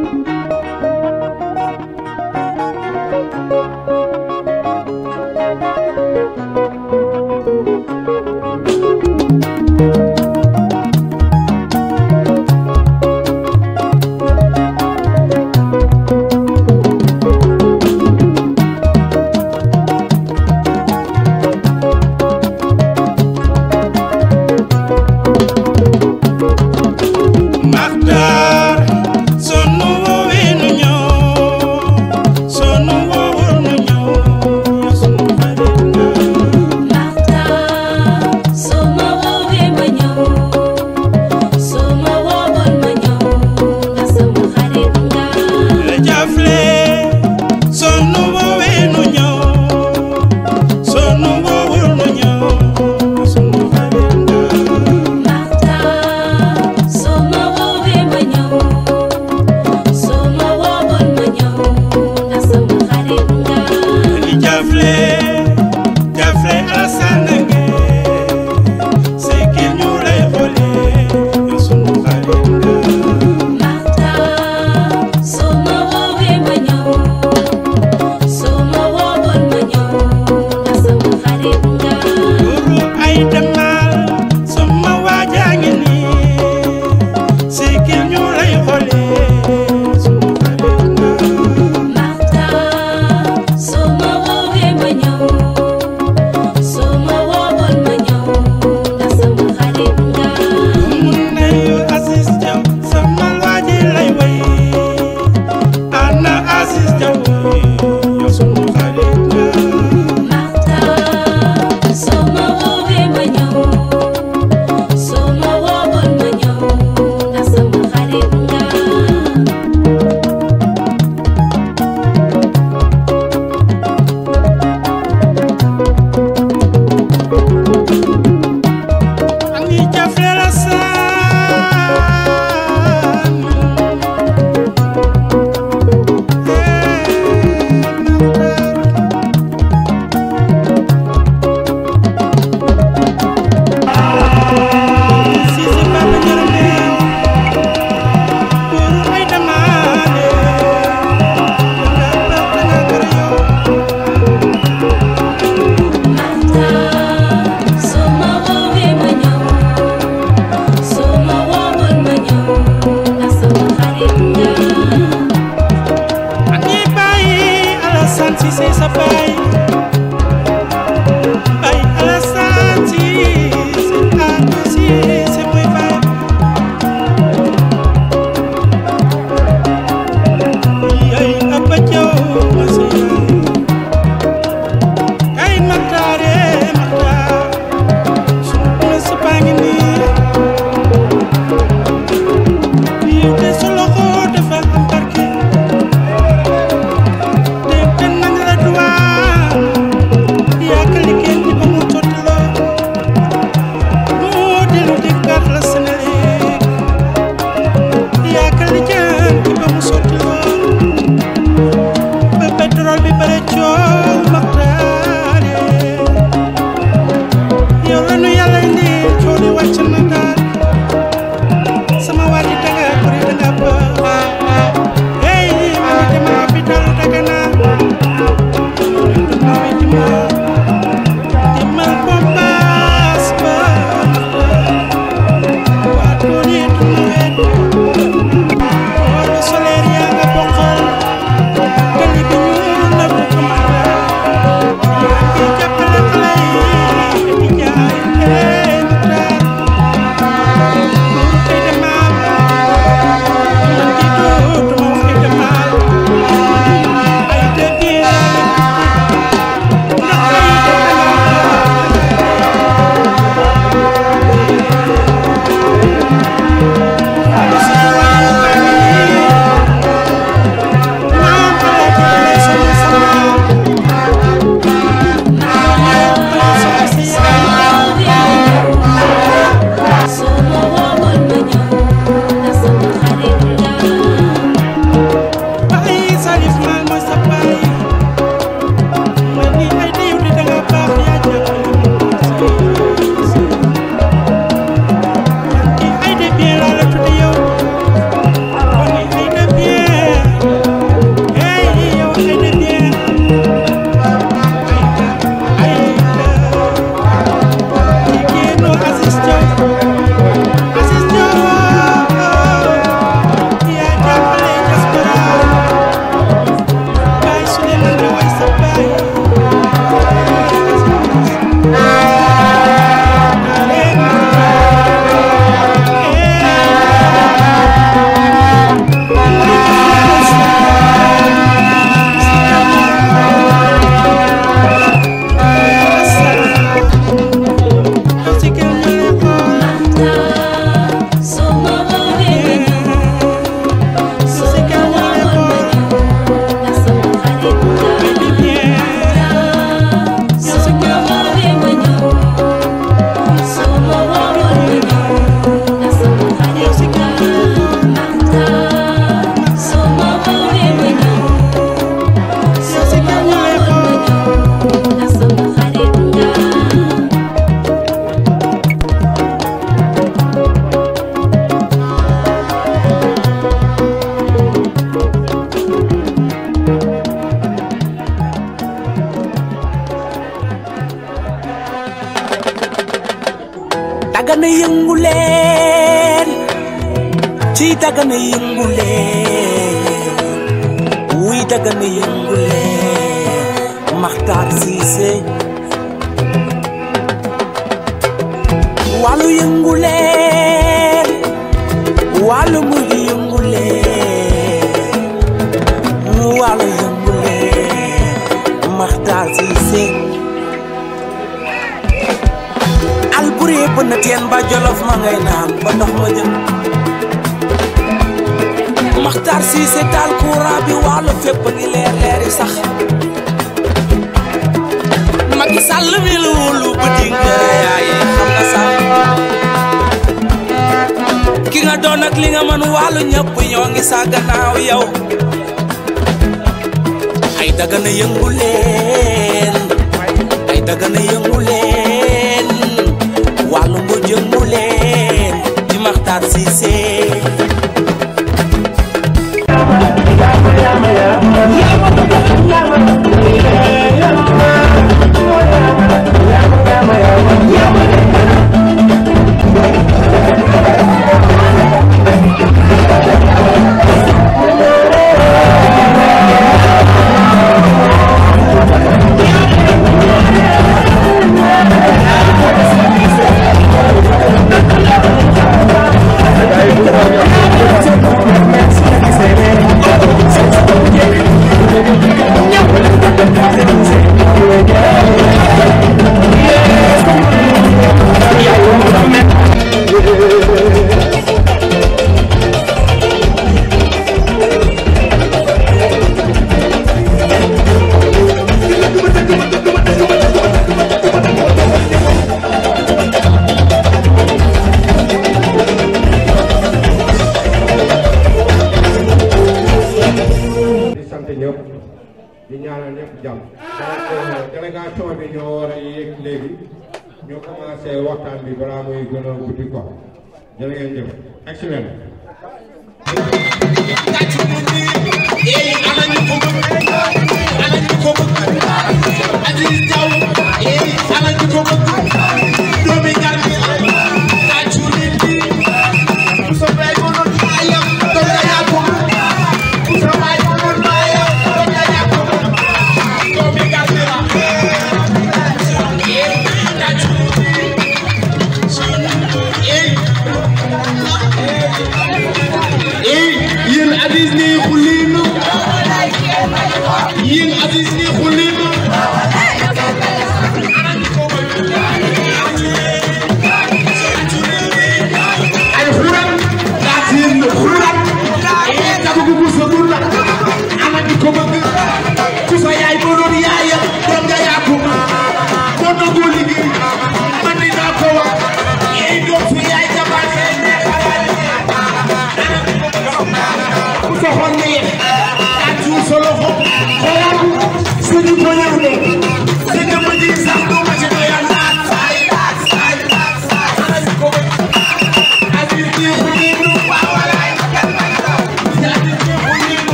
thank you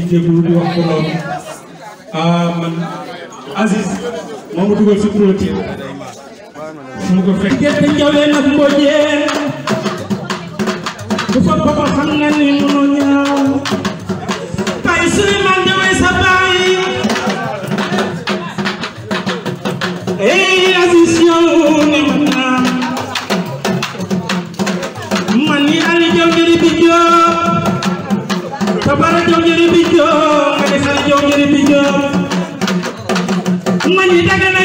ciy jéglu di wax ko loolu ah man Aziz moo ma dugal si projet su ma ko fekk. gerte jawee nag mbojee bu fa papa xam nga ni mënoo ñaaw Baye Souleymane Jawee sa baay eh Aziz yow Bara jom jadi bijak, ada salah jom jadi bijak. Menyita kena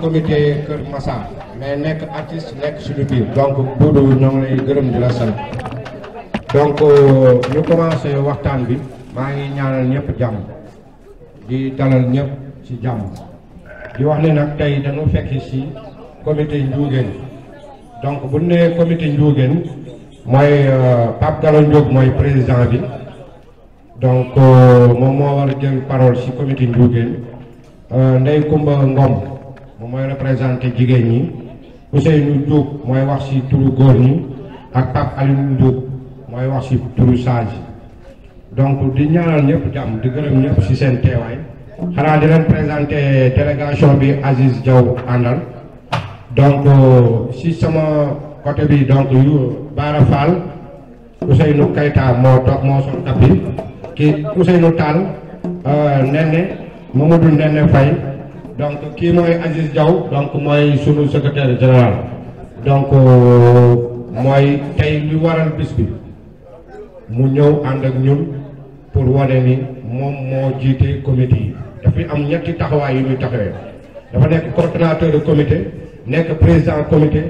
comité Kër Massar mais nekk artiste nekk suñu biir donc Doudou ñoo ngi lay gërëm di la sant donc euh, ñu commencé waxtaan bi maa ngi ñaanal ñëpp jàmm di dalal ñëpp ci jàmm di wax ne nag tey dañu fekk ci comité Ndiougène donc bu nee comité Ndiougène mooy euh, Pape Gallo Ndiog mooy président bi donc euh, moom moo war a jël parole ci comité Ndiougène Ndeye Kumba Ngom représenté jigéen ñi Ousseynou Diop mooy wax ci turu góor ñi ak Pape Alioune Diop mooy wax ci turu sage donc di ñaanal ñëpp jàmm di gërëm ñëpp ci seen teewaay xanaa di leen présenté délégation bi Aziz Diaw àndal donc ci euh, sama côté bi donc yu Bara Fall Ousseynou Kayta moo toog moo sol tapis ki Ousseynou Tall euh, Nene Mamadou Nene Faye donc kii mooy Aziz Diaw donc mooy sunu secrétaire général donc euh, mooy tey lu waral bis mu ñëw ànd ak ñun pour wane ni moom moo jiite comité yi dafay am ñetti taxawaay yu muy dafa nekk coordonnateur de comité nekk président comité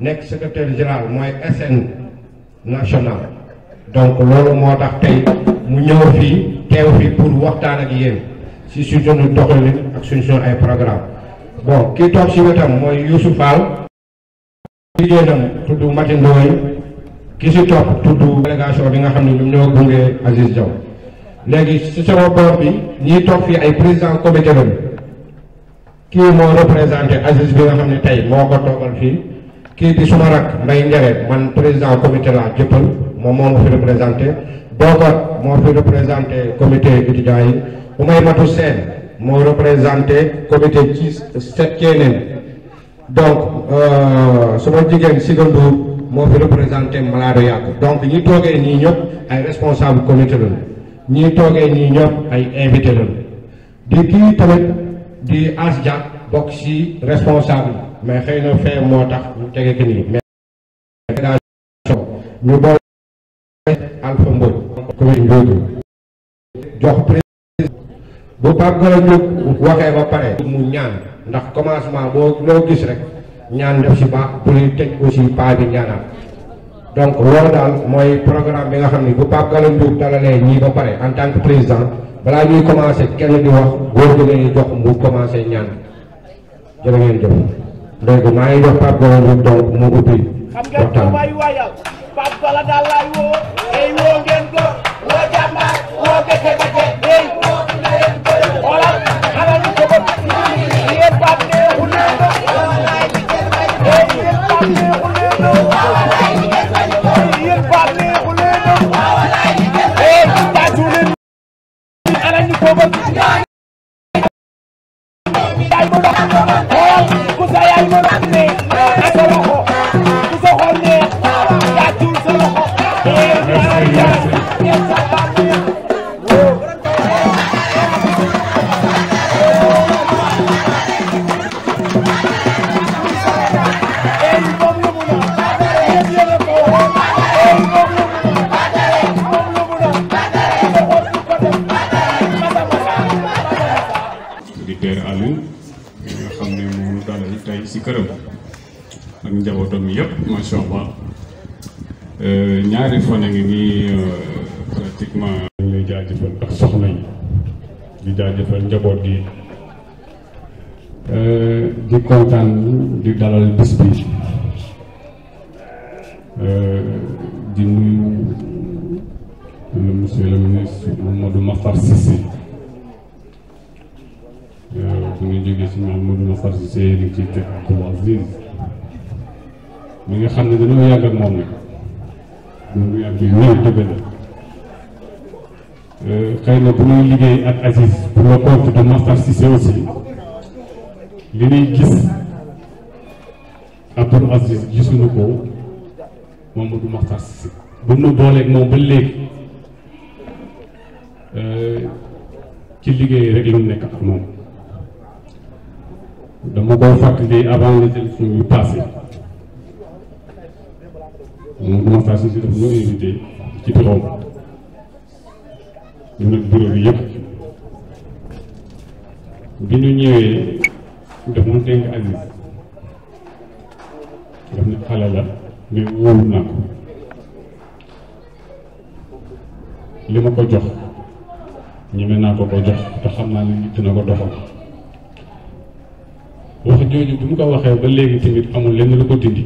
nekk secrétaire général mooy SN national donc loolu moo tax tey mu ñëw fii teew fii pour waxtaan ak yéen. si suñu doxalin ak suñu suñu ay programme bon kii toog si wetam mooy Youssou Fall jigéenam tudd Mati Ndoye ki si topp tudd délégation bi nga xam ne ñoom ñoo gunge Aziz léegi si sama boor bi ñiy toog fii ay président comité la kii moo représenté Aziz bi nga xam ne tey moo ko toogal fii kii di suma rak Mbaye Ndiare man président comité la jëppal moom moo ma fi représenté Bokar moo fi représenté comité étudiant yi Oumaymatou Sène moo représenté comité ci set Thiénène donc euh, suma jigéen Siga Ndour moo fi représenté Malaado Yàgg donc ñi toogee nii ñëpp ay responsable comité lañu ñi toogee nii ñëpp ay invité lañu di kii tamit di As Dia ci responsable mais xëy na fee moo tax ñu tege ki nii mais ñu bu Pape Gora Diop waxee ba pare mu ñaan ndax commencement boo loo gis rek ñaan def si baax bu luy tëj aussi paa bi ñaanal donc loolu daal mooy programme bi nga xam ni bu Pape Gora Diop dalalee ñii ba pare en tant que président balaa ñuy commencé kenn di wax góor gi lañuy jox mu commencé ñaan jërë ngeen jëf léegi maa ngi jox Pape Gora Diop donc mu ubbi waxtaan Pape fàttali avant les élections yu passé moom Moustapha Cissé daf ñoo ci bureau ñu nag bureau bi yëpp bi ñu ñëwee daf ma dénk Aziz daf ne xale la mais naa ko li ma ko jox ñeme naa ko ko jox te xam naa ne nit dina ko doxal wax jooju bi mu ko waxee ba léegi tamit amul lenn lu ko dindi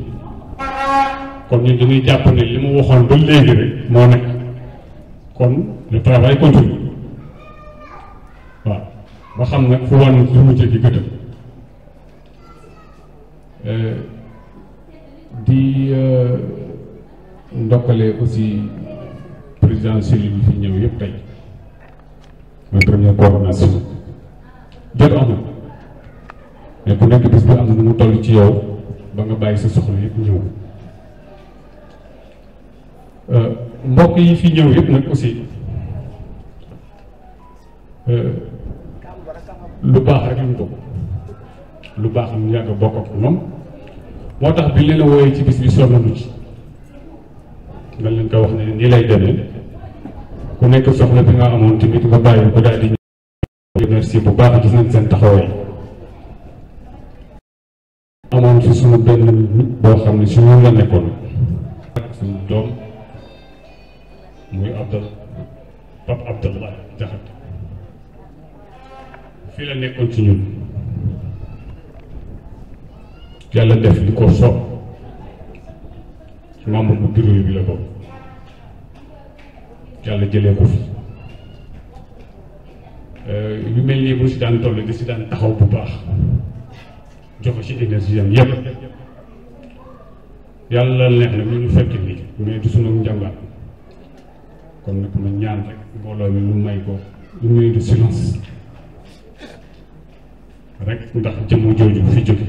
kon ñun dañuy jàpp ne li mu waxoon ba léegi rek moo nekk kon le travail continue waaw ba xam nag fu wan lu mu jëkki gëtëm euh, di euh, ndokkale aussi président cellule bi fi ñëw yëpp tey mooy première coordination jot amul mais ku nekk bis bi am nu mu toll ci yow ba nga bàyyi sa soxla yëpp ñëw euh, mbokk yi fi ñëw yëpp nag aussi euh, lu baax rek am ko lu baax am yàgg bokk ak ñoom moo tax bi leen a wooyee ci bis bi sonn ci nga leen ko wax ne nii lay demee ku nekk soxla bi nga amoon tamit nga bàyyi ko daal di merci bu baax gis nañ seen taxawaay amoon ci suñu benn nit boo xam ne si la nekkoon ak suñu doom muy Abdal Pape Abdallah Jaxate fii la nekkoon ci ñun yàlla def li ko soob ci membre bu bureau bi la bokk yàlla jëlee ko fi euh, yu mel nii si daan toll di si daan taxaw bu baax joxe ci énergie am yépp yàlla neex na ñu fekk nii mais du sunu njàmbaar kon nag ma ñaan rek mbooloo mi mu may ko lu muy du silence rek ndax jëmm jooju fi jóge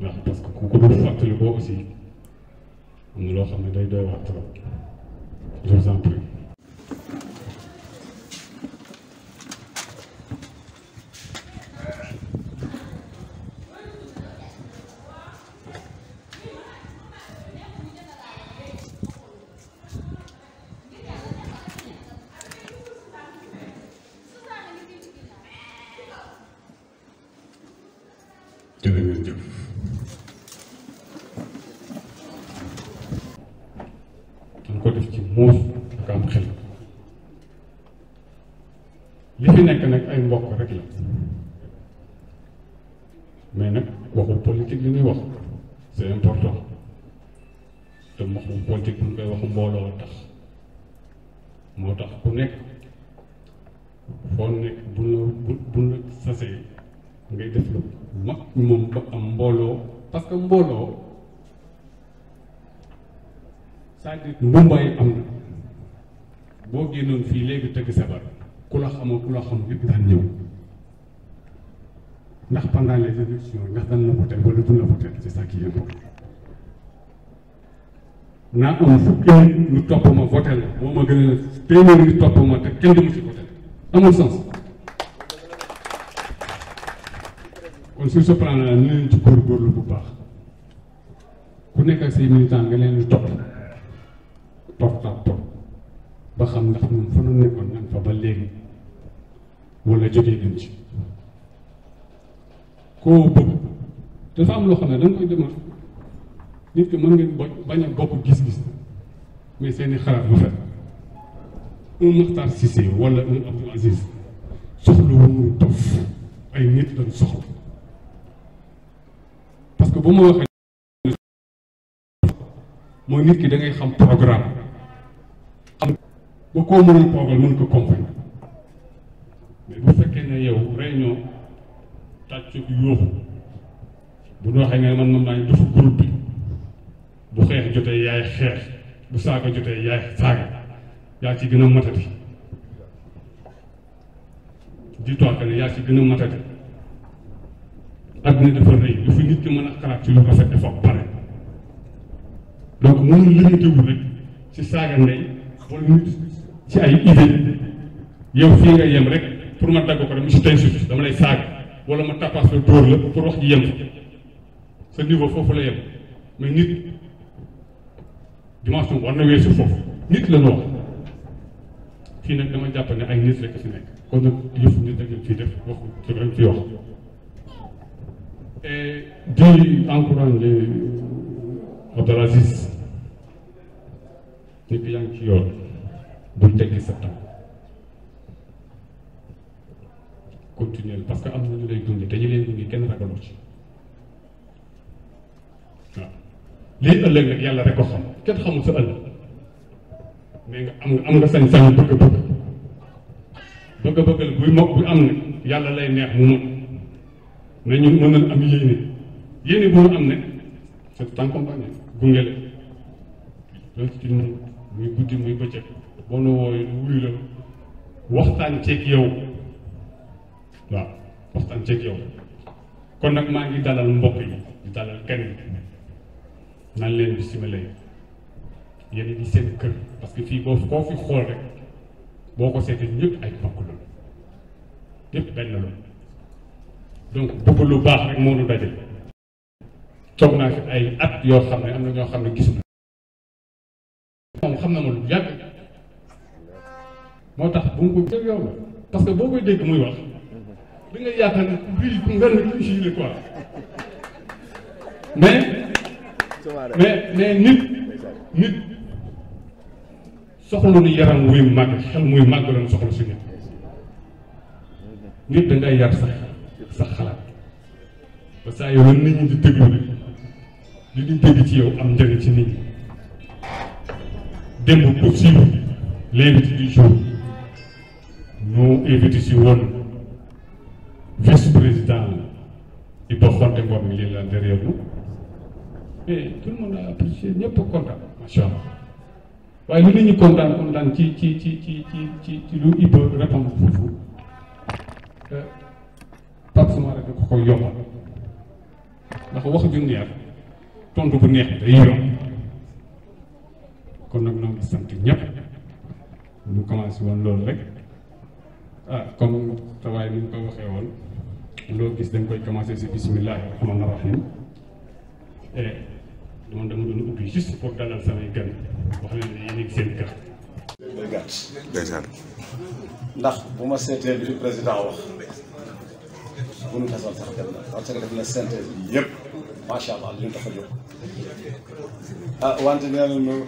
ndax parce que ku dul fàttali aussi am loo xam ne day doy waar trop je mbumbaay am na boo génnoon fii léegi tëgg sabar ku la xamoo ku la xam yëpp ndax pendant les élections ndax dañ naa am fukki ñu topp ma voté la ma gën a téeméer ñu topp ma te kenn du ci voté amul sens kon sur ce plan là bu baax nekk ak say militant topp topp ak topp ba xam ndax ñun fa nu nekkoon nañ fa ba léegi wala jógee nañ ci koo bëgg dafa am loo xam ne da nga koy demal nit ki mën ngeen bañ a bokk gis-gis mais seeni xalaat bu fet un Makhtar Cissé wala un Abdou Aziz soxla wuñu dof ay nit lañ soxla parce que bu ma waxee ba koo mënoon toogal mën ko convaincre mais bu fekkee ne yow réunion tàccu yooxu bu ñu waxee nga man moom naa ñu dafa groupe bi bu xeex jotee yaay xeex bu saaga jotee yaay saaga yaa ci gën a matati dis dafa rëy lu fi nit ki mën a xalaat ci lu rafet dafa pare donc mënul limité wu rek ci saaga ndey wala nit ci ay idée yow fii nga yem rek pour ma dagg ko rek monsieur tey suuf dama lay saag wala ma tapas la dóor la pour wax ji yem fa sa niveau foofu la yem mais nit dimension war na weesu foofu nit la noo fii nag dama jàpp ne ay nit rek fi nekk kon nag yëfu nit rek lañ fiy def waxu ci lañ fiy wax nit yaa ngi ci yoon. bul teggi sa tànk continuer parce que am na ñu lay gunge te ñu lay gunge kenn ragaloo ci waaw lii ëllëg nag yàlla rek ko xam kenn xamul sa ëllëg mais nga am nga am nga sañ-sañ bëgg-bëgg bëgg-bëggal buy mokk bu am ne yàlla lay neex mu mën na mën nañ am yéene yéene boobu am ne c'est en compagnie gunge la muy guddi muy bëccëg. moom la wooyu wuyu la waxtaan ceeg yow waaw waxtaan ceeg yow kon nag maa ngi dalal mbokk yi di dalal gan yi naan leen bisimilah yéen a ngi seen kër parce fii boo koo fi xool rek boo ko seetee ñëpp ay mbokk la ñëpp benn la donc bëgg lu baax rek moo nu daje toog naa fi ay at yoo xam ne am na ñoo xam ne gis na lu yàgg moo tax bu mu ko jël yow parce que boo koy dégg muy wax da ngay yaakaar ne luy ngeen luy gile quoi mais mais mais nit nit soxla nu yaram wuy màgg xel muy màgg lañ soxla si nit nit da ngay sax sax xalaat ba saa yow nit ñi di déglu rek li di dégg ci yow am njëriñ ci nit ñi démb ko siiw léegi jour ñu invité si woon vice président Iba Xonde Ngom mi ngi la derrière nous mais tout le monde a apprécié ñëpp kontaan allah waaye lu nit ñi kontaan kontaan ci ci ci ci ci ci lu Iba répondre foofu euh, Pape Soumaré rek ko koy yombal ndax wax ju neex tontu bu neex day yomb kon nag ñoo ngi sant ñëpp ñu commencé woon loolu rek. ah comme tawaay bi ñu ko waxee woon loo gis dañ koy commencé si bisimilahi rahmaani rahim et eh, man dama doon ubbi juste pour dalal samay gan wax ne yéen a ngi seen kër. ndax bu ma seetee li fi président wax bu nu tasal sax dem na parce que def na synthèse bi yëpp allah li ñu tax a jóg ah wante nee nañu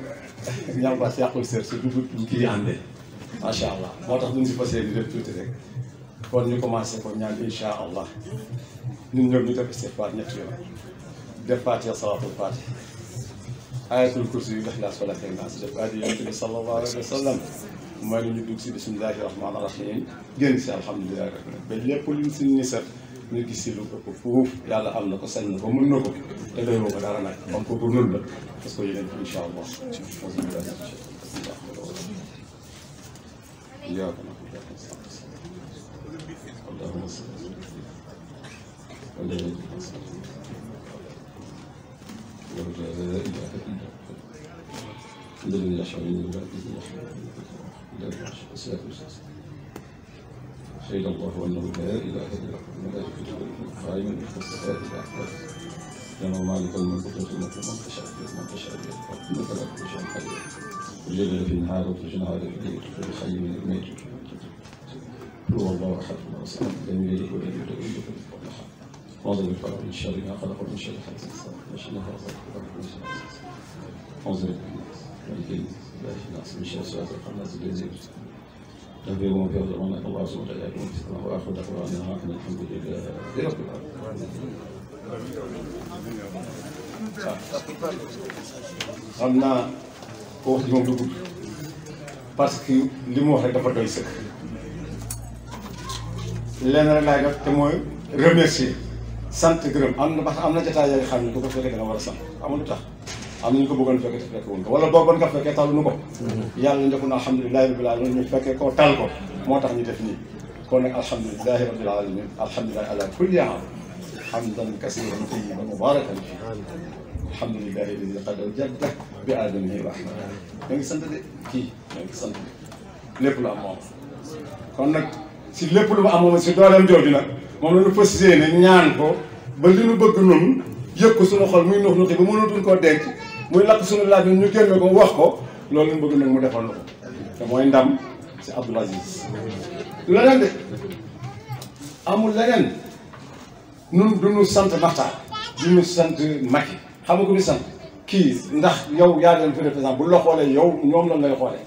ñamba yàqul seer surtout kii yi àndee. macha allah moo tax ñu ngi si fas yéene di def tuuti rek kon ñu commencé ko ñaan incha allah ñun ñoom ñu def istighfar ñetti yoon def Faatiha salaatul Faatiha ayatul kursi yu Ixlaas wala Naas def aadi yonent bi sallallahu alayhi wa sallam mooy li ñu dugg si bismillahi rahmaani rahim génn si alhamdulilah rabbil ba lépp luñ si ni am na ko sañ na ko mën na ko te doy woo ko dara nag. am ko pour nun la parce que yéen a ngi fi incha allah. إياك نعبد اللهم صل على لا إله إلا أنت الذي يحشر من بعده يحشر لا يحشر سيد شهد الله أنه لا إله إلا هو الملائكة قائما بالصلاة الأحوال لأنه مالك الملك وتؤتي الملك من تشاء من تشاء بيده إنك لا تشاء والليل في النهار وفي النهار في الليل وفي الحي من الميت قل هو الله احد الله الصمد لم يلد ولم يولد ولم يكن له كفوا احد أعوذ بالله من شر ما خلق ومن شر حاسد ما شاء الله رزقك ومن شر حاسد أعوذ بالله ملك الناس الناس من شر سوء الناس الذي تهبي وما في أرض أمانك الله سبحانه وتعالى يكون في السماء وآخر دعوانا أن الحمد لله رب العالمين. xam naa ko wax ji moom parce que li mu wax rek dafa doy sëkk lenn rek laay te mooy remercier sant gërëm am na ba am na jotaay yooyu xam ne bu ko fekkee da nga war a sant amul am nañu ko bëggoon fekkee te fekk wuñ wala boo bon nga fekkee taluñu ko mhm. yàlla njëkk na alhamdulilahi rabbil alamin ñu fekkee ko tal ko moo tax ñu def nii kon nag alhamdulilahi rabbil alamin alhamdulilahi ala kulli haal hamdan kasiran tayyiban mubarakan fi alhamdulilah alladi qadam jadda bi aadamihi rahma kii ñoo lépp lu am moom kon nag si lépp lu mu amoon si dooleem jooju nag moom la ñu fas yéene ñaan ko ba li ñu bëgg noonu yëg ko suñu xol muy nux nuxi ba mënatuñ koo denc muy lakk suñu laaj ñu génne ko wax ko loolu la bëgg nag mu defal ko te mooy ndam si Abdoul Aziz du leneen de amul leneen nun du ñu sant Maxtaar du ñu sant Macky xam nga ko ni sant kii ndax yow yaa leen fi représenté bu la xoolee yow ñoom la ngay xoolee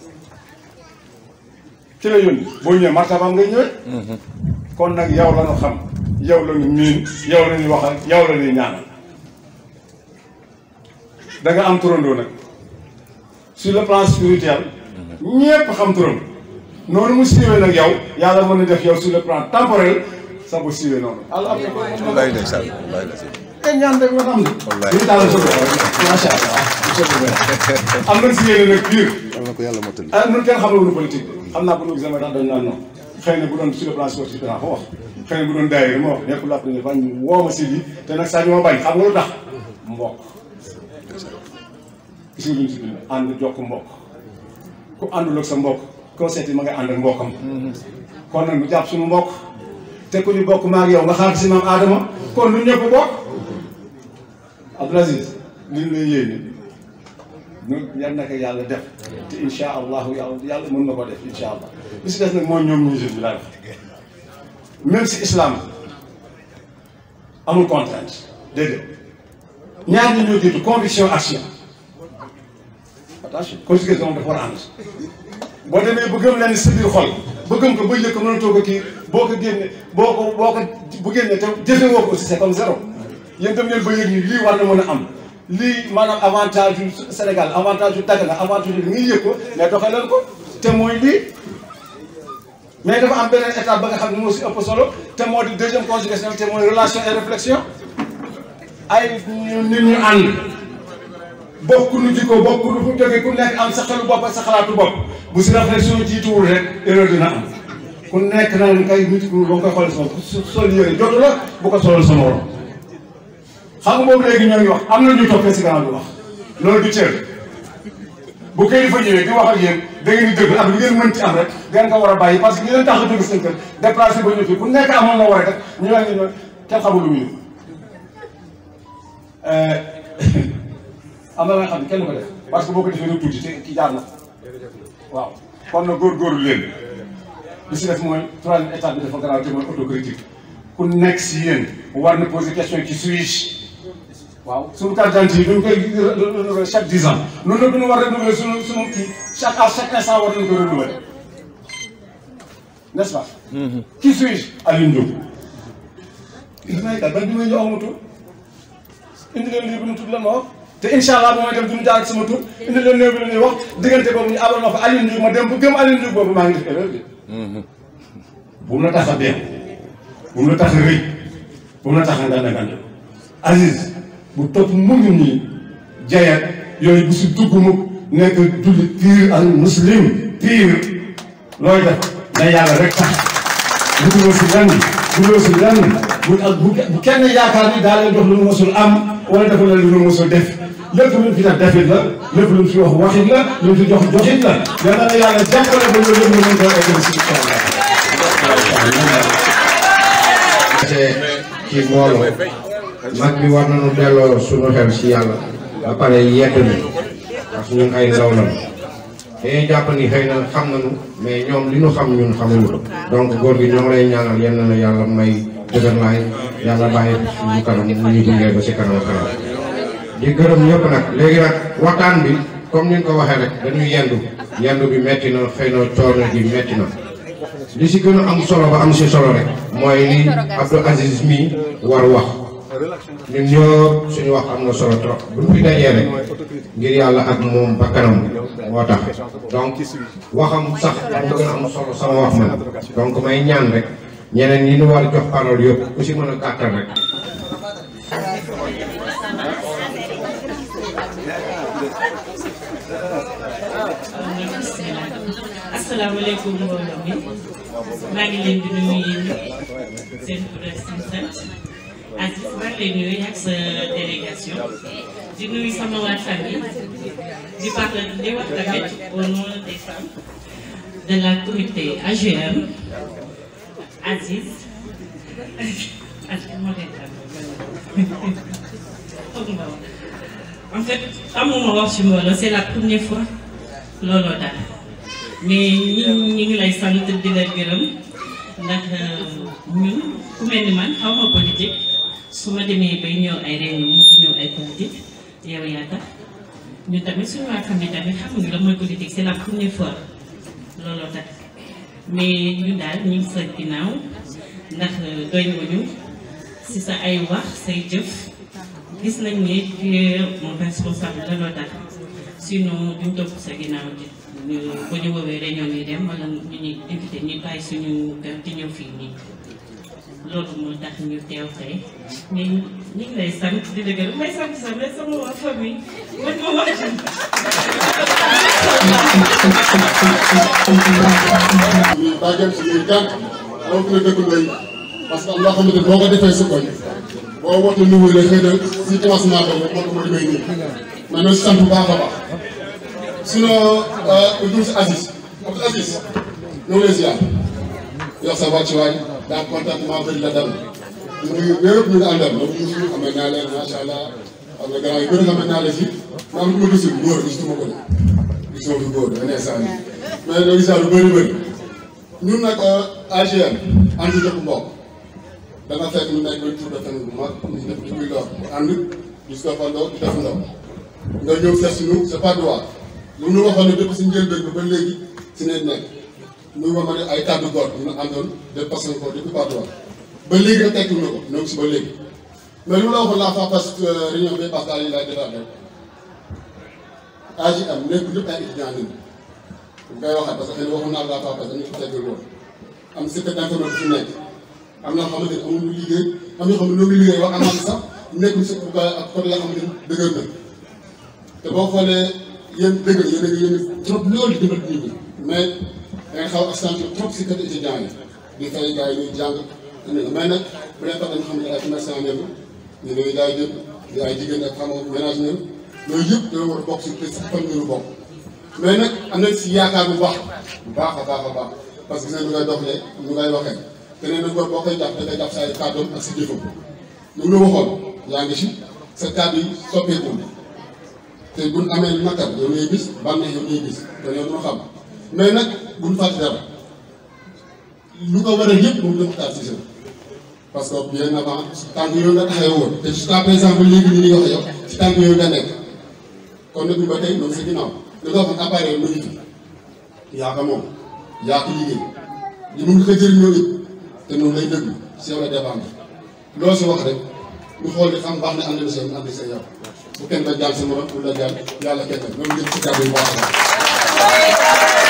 ci la yónni boo ñëwee martabaam ngay ñëwee kon nag yow la ñu xam yow la ñu miin yow la ñu wax yow la ñuy ñaanal da nga am turandoo nag sur le plan spirituel ñépp xam turandoo noonu mu siiwee nag yow yàlla mën na def yow sur le plan temporel sa bu siiwee noonu. allah. te ñaan rek am na. wallaahi macha allah. am nañ si yéene nag biir. yàlla ko yàlla mottali. Ah, ñun kenn xamaloon politique xam naa ko nu examen tax dañu naan noonu na bu ko wax xëy na bu doon daayira ma wax nekkul laa ko dañuy bañ woo ma si lii te nag saa ñu ma bañ xam nga lu tax mbokk. gis si dund ànd jokk mbokk ku àndul sa mbokk koo seeti ma nga ànd ak mbokkam kon nag jàpp suñu mbokk te ku ñu bokk maa ak nga xaar si maam Adama kon lu ñëpp bokk. Abdou Aziz li la lay yéene ñu yan naka yàlla def te incha yàlla mën na ko def incha allah li si des nag mooy ñoom ñu jeunes yi daal si islam amul contrainte déedéet ñaar ñi ñoo jiitu conviction action attention conviction dafa war a ànd boo demee ba gëm leen sa biir xol ba gëm ko ba yëg ko mënatoo ko kii boo ko génne boo ko boo ko bu génne te jëfee woo ko aussi c'est comme zéro. yéen dem leen ba yëg ni lii war na mën a am lii maanaam avantage yu Sénégal avantage yu Dagana avantage yu da ngay yëg ko mais te mooy lii mais nga xam te moo di deuxième conjugaison te mooy relation et réflexion ay nit ñu ànd bokkuñu jikko bokkuñu fu jógee la bu ko solal sama morom xam nga boobu léegi ñoo ngi wax am na ñuy toppee si gannaaw bi wax loolu du cër bu kay dafa ñëwee di wax ak yéen da ngeen di dëgg ak lu ngeen mën ci am rek ngeen ko war a bàyyi parce que ñi leen tax a dugg seen kër déplacé ba ñëw fii bu nekk amoon na war a def ñu wax ñu kenn xamul lu muy def euh, am na la nga xam ne kenn ko def parce que boo ko defee rek tuuti te ki jaar na waaw kon na góorgóorlu leen li si def mooy troisième étape bi dafa garaaw te mooy autocritique ku nekk si yéen war na poser question ci suis waaw suñu carte d'identité dañ koy renouveler chaque dix ans noonu la dañu war a renouveler suñu suñu kii chaque à chaque instant war nañu ko renouveler n'est-ce pas. Mm-hmm. qui suis-je Alioune Diop. li may kat ban bi may ñëw amatul indi leen lii bu ñu tudd lan ma wax te incha allah bu may dem du ñu jaar sama tur indi leen néew bi la ñuy wax diggante boobu ñu abal ma fa Alioune Diop ma dem bu gëm Alioune Diop boobu maa ngi def erreur bi. Mm-hmm. bu mu la tax a dem bu mu la tax a rëy bu mu la tax a ngànd ngànd Aziz. bu topp mu nii jayaat yooyu bu si dugg mu nekk jullit piir al muslim piir looy def na yàlla rek tax buguloo si lenn buguloo si lenn bu ak bu kenn yaakaar ni daa leen dox lu mu mosul am wala dafa leen lu mu mosul def lépp lu fi def defit la lépp lu fi wax waxit la lu fi jox joxit la yal na yàlla jàppale ba loolu yëpp mën koo egg si incha allah. kii mbooloo mag bi war nañu delloo suñu xel ci yàlla ba yedd ni parce que ñun ay ndaw lañu dañuy jàpp ni xëy na xam nañu mais ñoom li ñu xam ñun xamuñu donc góor gi ñoo lay ñaanal yenn na yàlla may dëgër laay yàlla bàyyi suñu kanam mu ñu dungee ba si kanam kanam di gërëm ñëpp nag léegi nag waxtaan bi comme ni ko waxee rek dañuy yendu yendu bi metti na xëy na coono bi metti na li si gën a am solo ba am si solo rek mooy li Abdou Aziz mi war wax ñun ñëpp suñu wax am na solo trop buñ fi dajee rek ngir yàlla ak moom bakkanam moo tax donc waxam sax moo gën a am solo sama wax man donc may ñaan rek ñeneen ñi ñu war jox parole yëpp ku si mën a gàttal rek. maa ngi leen di nuyu Aziz maa ngi lay ak sa délégation di nuyu sama waa famille di parler di wax tamit au nom des femmes de la comité AGM Aziz Aziz moo leen foog nga wax en fait amuma wax c'est la première fois looloo daal mais ñi ñi ngi lay sant di la gërëm ndax euh, ñun ku mel ni man xaw ma politique su ma demee bay ñëw ay réunion mu ñëw ay politique yow yaa tax ñu tamit suñu waa xam ne tamit xam nga la mooy politique c'est la première looloo tax mais ñu daal ñu ngi sa ginnaaw ndax doy nañu si sa ay wax say jëf gis nañ ne tu es mon responsable looloo tax sinon duñ topp sa ginnaaw ji bu ñu woowee réunion yi dem ñu ñuy invité ñuy bàyyi suñu kër di ñëw fii nii. loolu moo tax ñu teew tey mais ñu ngi lay sant di dëggal may sant sax mais sama waa famille man ma wax ñu bàjjen suñuy gàtt rawatina dëkk mbay parce que am loo xamante boo ko defee si koñ boo woote lu wële xëy na si commencement boobu moo tax ma demee nii mais ñoo si sant bu baax a baax sinon ñu dul si Aziz parce que Aziz ñoo lay ziar yor sa wàccuwaay daa contentement bëri la dal ñu ngi wéyëpp ñu ngi àndal loolu ñu allah am na gannaaw yu bëri ma gisul góor gisuma ko de gisuma fi góor dafa nekk saa nii mais loolu saa lu bëri bëri ñun nag euh, AGM ànd jëpp mbokk danga fekk ñu nekk benn tur de famille bu mag ñu def li muy lor ànd gis ko fandoo def ndox nga ñëw fes ñu c'est pas droit lu ñu waxoon ne depuis si si ne nekk muy ma ne ay kàddu góor ñu ne àndoon dépassé ko depuis Padoa ba léegi rek tekkiwul na ko ñoo ngi si ba léegi mais lu la waxoon laa fa parce que euh, réunion bi parce que Aliou laay jotaat rek AJM nekkul ñëpp ay étudiants lañu ñu koy waxaat parce que xëy na waxoon naa la fa parce que ñu ko teggul woon am secrétaire d'information fi nekk am na xamante ne amul liggéey am na xam ne ñoo ngi liggéey wax amaat sax nekkul si bu baax ak côté la xamante ne dëgër na te boo xoolee yéen dëgg yéen a yéen trop loolu di dimbali nit ñi mais. da nga xaw accentué trop si kër étudiant yi di fay gars yi ñuy jàng mais nag bu leen tax dañu xam ne loolu yëpp dañoo war a bokk si fan ngeen bokk nag am nañ si yaakaar bu baax bu baax a baax a baax que gis nañ ñu ngay doxalee ñu ngay waxee keneen nag boo koy jàpp da ngay jàpp sa ay kàddoom ak si jëfam ñu lu waxoon yaa ngi si sa kàddu yi soppeekul te buñ amee nakar yow ngay gis bànneex yow ngay xam mais nag. bu ñu fàtte dara lu ko war a yëpp moom la Makhtar Cissé parce que bien avant si tànk yooyu nga taxee woon te jusqu'à présent ba léegi ñu ngi wax yow si tànk yooyu nga nekk kon nag ñu ba tey noonu si ginnaaw da nga wax appareil mu ngi fi yaa ko moom yaa ko liggéey ñu mun ko jëriñoo it te noonu lay déglu si yow la dépendre loo si wax rek ñu xool di xam baax na ànd na seen ànd seen yow bu kenn la jàll si morom bu la jàll yàlla kenn la loolu yëpp si kàddu yi baax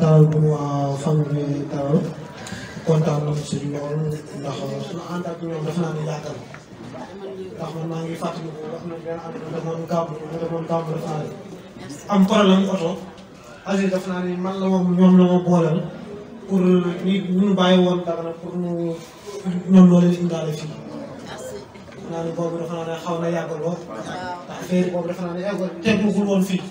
daaw bi waa famille bi daaw kontaan nañu si lool ndax dafa naa ne yàggal ndax man maa ngi fàttali ko wax na benn at ma demoon gàmmu ma demoon gàmmu dafa naa ne am problème oto dafa naa ne man la moom ñoom la ma booleel pour ñi ñu bàyyi woon dara pour ñoom loolu leen indaale fii naa ne boobu dafa naa ne xaw na yàgg lool ndax affaire boobu dafa naa ne yàgg teggagul woon fii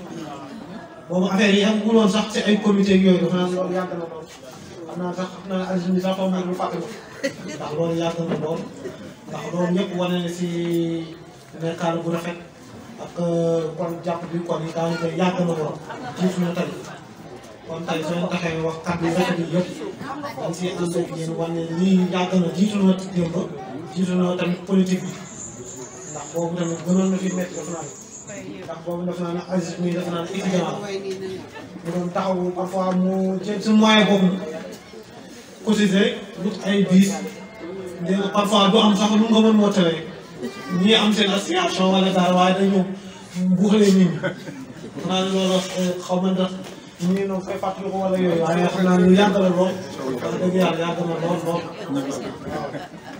boobu affaire yi yàggagul woon sax ci ay comité yooyu dafa naa ne loolu yàgg na lool xam naa sax xam ndax lool ndax loolu ñëpp wane na si nekkaal bu rafet ak euh, kon jàpp bi kon yi daanaka yàgg na lool jiitu na tey kon tey soo leen taxee wax kàddu yi rafet yi yëpp dañ siy ànd ak yéen wane na tamit politique bi. boobu tamit gënoon na fi métti def naa ne ndax boobu def naa ne Aziz mii def naa ne étudiant mu doon taxawu parfois mu ci su moyen boobu cotiser wut ay biis léegi parfois du am sax lu nga mën moo tawee ñii am seen association wala dara waaye day ñëw buuxalee nit ñi xanaa ne loolu eh, xaw ma ndax ñii ñoom koy fàttali ko wala yooyu waaye xam naa lu yàgg la lool wax dëgg yàlla yàgg na lool lool waaw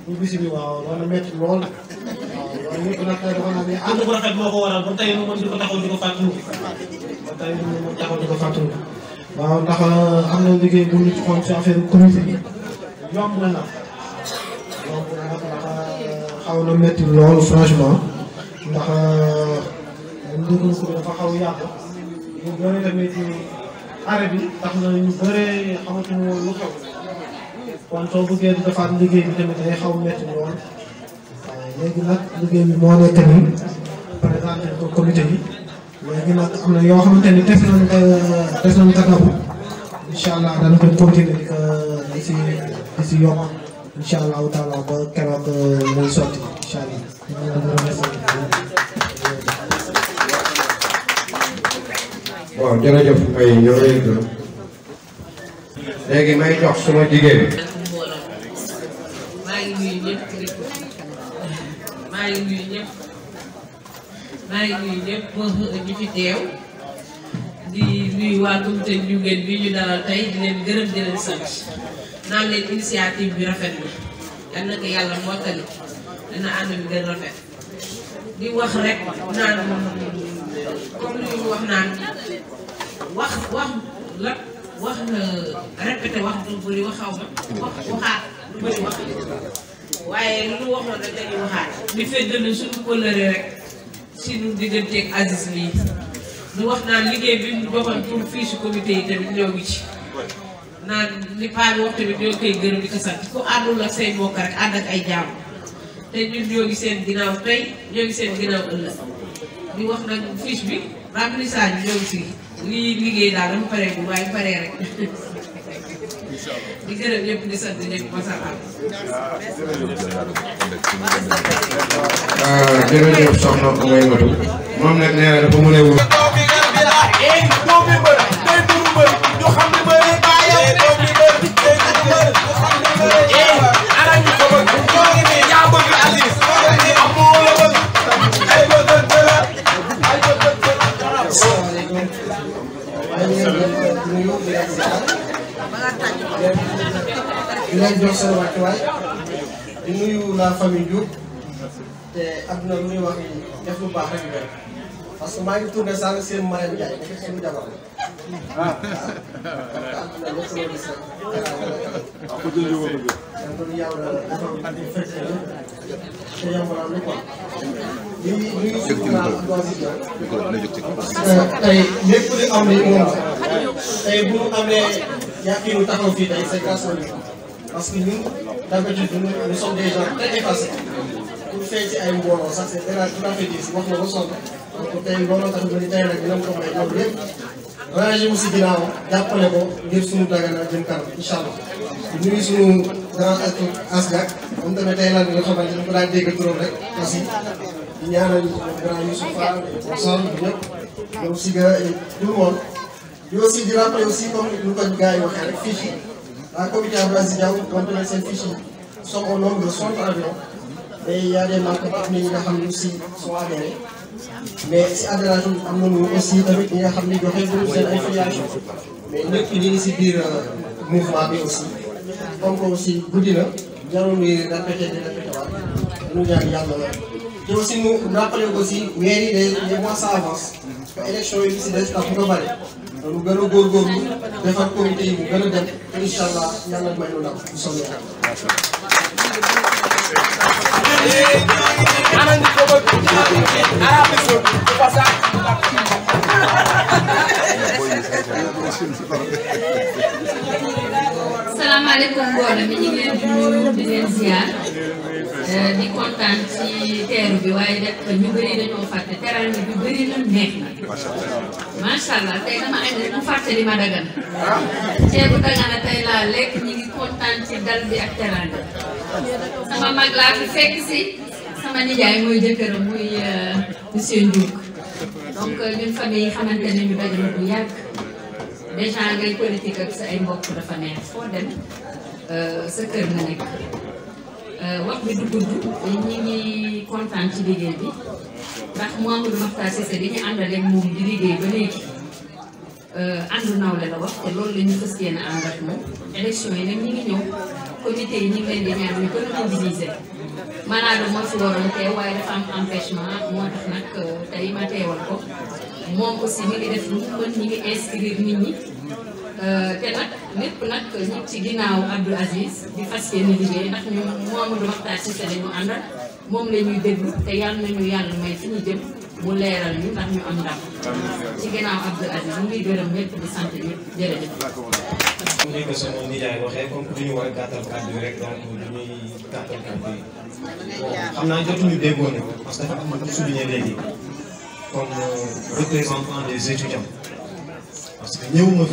ñu bisi bi waaw loolu métti lool waaw loolu ñëpp nag tey dafa naan ne ànd bu rafet moo ko waral ba tey moom di ko taxaw di ko fàttaliku ba tey moom taxaw di ko fàttaliku waaw ndax euh, am na liggéey bu ñu xool ci affaire comité bi yomb na nag yomb na nag ndax euh, xaw na métti lool franchement ndax euh, ndugul ko dafa xaw yàgg ñu bëri tamit arrêt bi tax na ñu bëree xamatuñu woon lu xew kon soo bëggee di defaat liggéey bi tamit day xaw metti lool waaye léegi nag liggéey bi moo nekk nii présenté ko comité bi léegi nag am na yoo xamante ni def nañ ko def nañ ko nabu incha allah dana ko continuer di euh, ko di si di si yokk incha allahu taala ba keroog euh, muy sotti incha allah. waaw jërëjëf Mbaye ñoo ngi lay gërëm léegi may jox suma jigéen maa ngi nuyu ñëpp maa ngi nuyu ñëpp maa ngi nuyu ñëpp ñu fi teew di nuyu waa comité ñu ngeen bi ñu dalal tey di leen gërëm di leen sant leen initiative bi rafet na yal ko yàlla mottali dina ànd bi gën rafet di wax rek naan comme li wax naan wax wax la wax na répété wax du bëri waxaw ma wax waxaat waaye lu waxoon rek dañuy waxaat di feddali suñu kóllëre rek si nu digganteeg Aziz lii ñu wax naan liggéey bi ñu doxal pour fii yi tamit ñoo ngi ci naan li paa bi wax tamit ñoo koy gërëm di ko sant ku àndul ak say mbokk rek ànd ak ay jàmm te ñun ñoo ngi seen ginnaaw tey ñoo ngi seen ginnaaw ëllëg di wax nag fiche bi remplissage bi ñoo ngi si lii liggéey daal dama paree bu waaye paree rek. di gërëm ñëpp di sant ñëpp masalaam. jërëjëf soxna Oumay Matou moom nag nee na dafa mën a di leen jox seen wàccuwaay di nuyu la famille Diouf te adduna lu ñuy wax def lu baax rek ñu parce que maa ngi tourné seen Mariam Ndiaye nekk suñu jabar la waaw adduna lépp loo gis rek waaw ko jël yow ko yàlla te lu am ni moom la yàqinu taxaw fii tey c'est grâce à lui parce que ñun d'habitude ñun nous sommes des pour feeñ ci ay mbooloo sax c'est très tout à fait diis wax na ba sonn donc tey mbooloo tax ñu ne rek dina ko may loolu ngir suñu Dagana jëm kanam incha allah nuyu suñu grand acteur Asgak moom tamit tey lan nga xamante ni ko daan si nga tout le monde. di aussi di rappelé aussi comme ni ko gars yi waxee rek fiche yi ah seen fiche yi sont au nombre mais y a des marques am na ñi nga xam ne aussi sont adhérés mais si adhération am nga xam ne joxe nañu seen ay mais ñëpp ñu ngi si biir euh, mouvement bi aussi comme que aussi guddi na jarul ñuy répété di répété waat ñu ñaan yàlla te aussi aussi weer yi day des mois à avance parce que élection yi si des tax bu ko mu gën a góorgóorlu defar comité yi mu gën a def incha allah yàlla may lu ndaw bu soobee yàlla. asalaamaaleykum mbooloo mi ñu ngi leen di nuyu di leen ziar euh, di kontaan ci teeru bi waaye nag ñu bëri dañoo fàtte teral bi bëri na neex na. macha allah tey dama añ rek mu fàtte li ma dagan. ceebu dagana tey laa lekk ñu ngi kontaan ci dal bi ak teral bi sama mag laa fi fekk si sama nijaay mooy jëkkëram muy euh, monsieur Ndiouk donc ñun famille yi xamante ne ñu daje bu yàgg. déjà ngay politique ak sa ay mbokk dafa neex foo dem euh, sa kër nga nekk euh, wax bi du gudd ñi kontaan ci liggéey bi ndax Mouhamadou Makhtar Cissé di ñu àndal ak moom di liggéey ba léegi euh, àndu nawle la wax te loolu la ñu fas yéene ànd moom élection yi nag ñi ngi ñëw comité ñu ngi di ñaan ñu gën a mobiliser maanaam moo waaye dafa am empêchement moo tax nag tey ma teewal ko moom aussi mi ngi def lu mën ñi ngi inscrire nit ñi euh, te nag lépp nag ñu ci ginnaaw Abdou Aziz di fas yéene liggéey ndax ñu Mouhamadou Makhtar Cissé la moom la ñuy te yàlla nañu yàlla may fi ñu jëm mu leeral ñu ndax ñu am ndam ci ginnaaw Abdou Aziz mu ngi gërëm ñëpp di sant ñëpp jërëjëf. bu ñu ko sama nijaay waxee comme que ñu war a gàttal kàddu yi rek donc dañuy gàttal kàddu yi xam naa jotuñu déggoo ne parce que dafa am lu souligné léegi. comme euh, représentant des étudiants parce que ñëwuma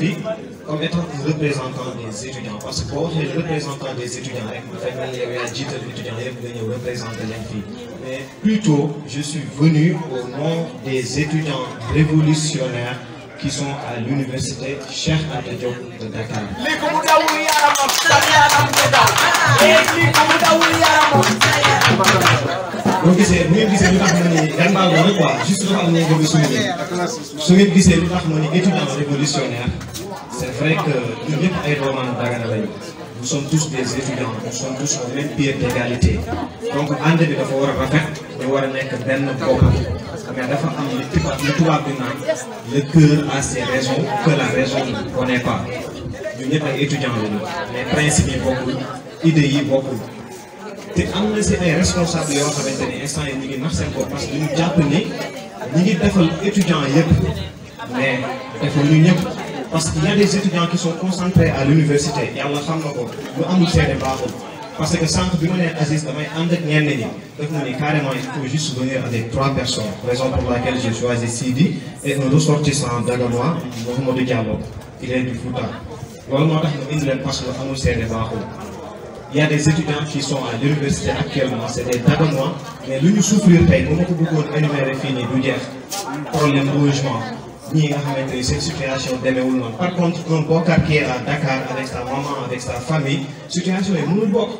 représentant des étudiants parce que boo waxee représentant des étudiants rek mais plutôt je suis venu au nom des étudiants révolutionnaires qui sont à l'université Cheikh Anta Diop de Dakar. lii ku mu dawul yaramam sa yaram di daw. Eh, lii ku mu dawul yaramam. boo gisee bu ngeen gisee lu tax ma ni gan maa ngi woon quoi juste dafa am lu ñu bëgg souligner su ngeen gisee lu tax ma ni étudiant révolutionnaire c' est vrai que ñun ñëpp ay doomaanu Dagana lañu nous sommes tous des étudiants nous sommes tous au même pied d'égalité donc ànd bi dafa war a rafet ñu war a nekk benn bopp mais dafa am lu tubaab lu tubaab bi naan le cœur a ses raisons que la raison ne connaît pas ñun ñëpp ay étudiants lañu mais principe yi bokkul idées yi bokkul. te am na seen ay responsable yoo xamante ne instant yi ñu ngi nax seen bopp parce que ñu jàpp ni ñu ngi defal étudiants yëpp mais defal ñu ñëpp parce que y a des étudiants qui sont concentrés à l'université parce que sànq bi ma nee Aziz damay ànd ak ñenn ñi def ma ni carrément il faut juste avec trois personnes raison pour laquelle j'ai choisi Sidi et un ressortissant daganois Mouhamadou Diallo il est du Fouta loolu moo tax ñu indi parce que amul seede baaxul il y a des étudiants qui sont à l'université actuellement c'est des mais lu ñu souffrir tey bu ma ko bëggoon énumérer fii nii du jeex problème logement ñii nga xamante ni seen situation demeewul noonu par contre un Bokar qui est à Dakar avec sa maman avec sa famille situation yi mënul bokk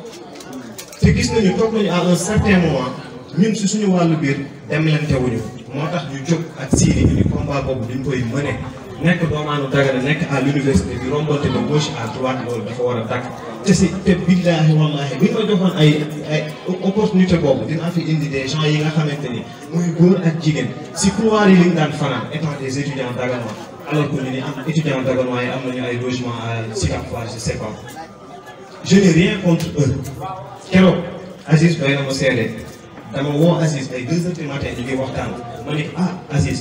te gis nañu toog nañu à un certain moment ñun suñu wàllu biir demlante wuñu moo tax ñu jóg ak Siri ñu ni combat boobu duñ koy mëne nekk doomaanu Dagana nekk à l'université bi rombante de gauche à droite loolu dafa war a dakk te si te billaahi wallaahi bi ñu ma joxoon ay ay opportunité boobu dinaa fi indi des gens yi nga xamante ni muy góor ak jigéen si couloir yi liñ daan fanaan étant des étudiants Dagana alors que ñu ni am étudiants Dagana yi am nañu ay logement à Sicap Foire je sais pas je n'ai rien contre eux keroog Aziz doy na ma seede dama woo Aziz ay deux heures du matin ñu ngi waxtaan ma ne ah Aziz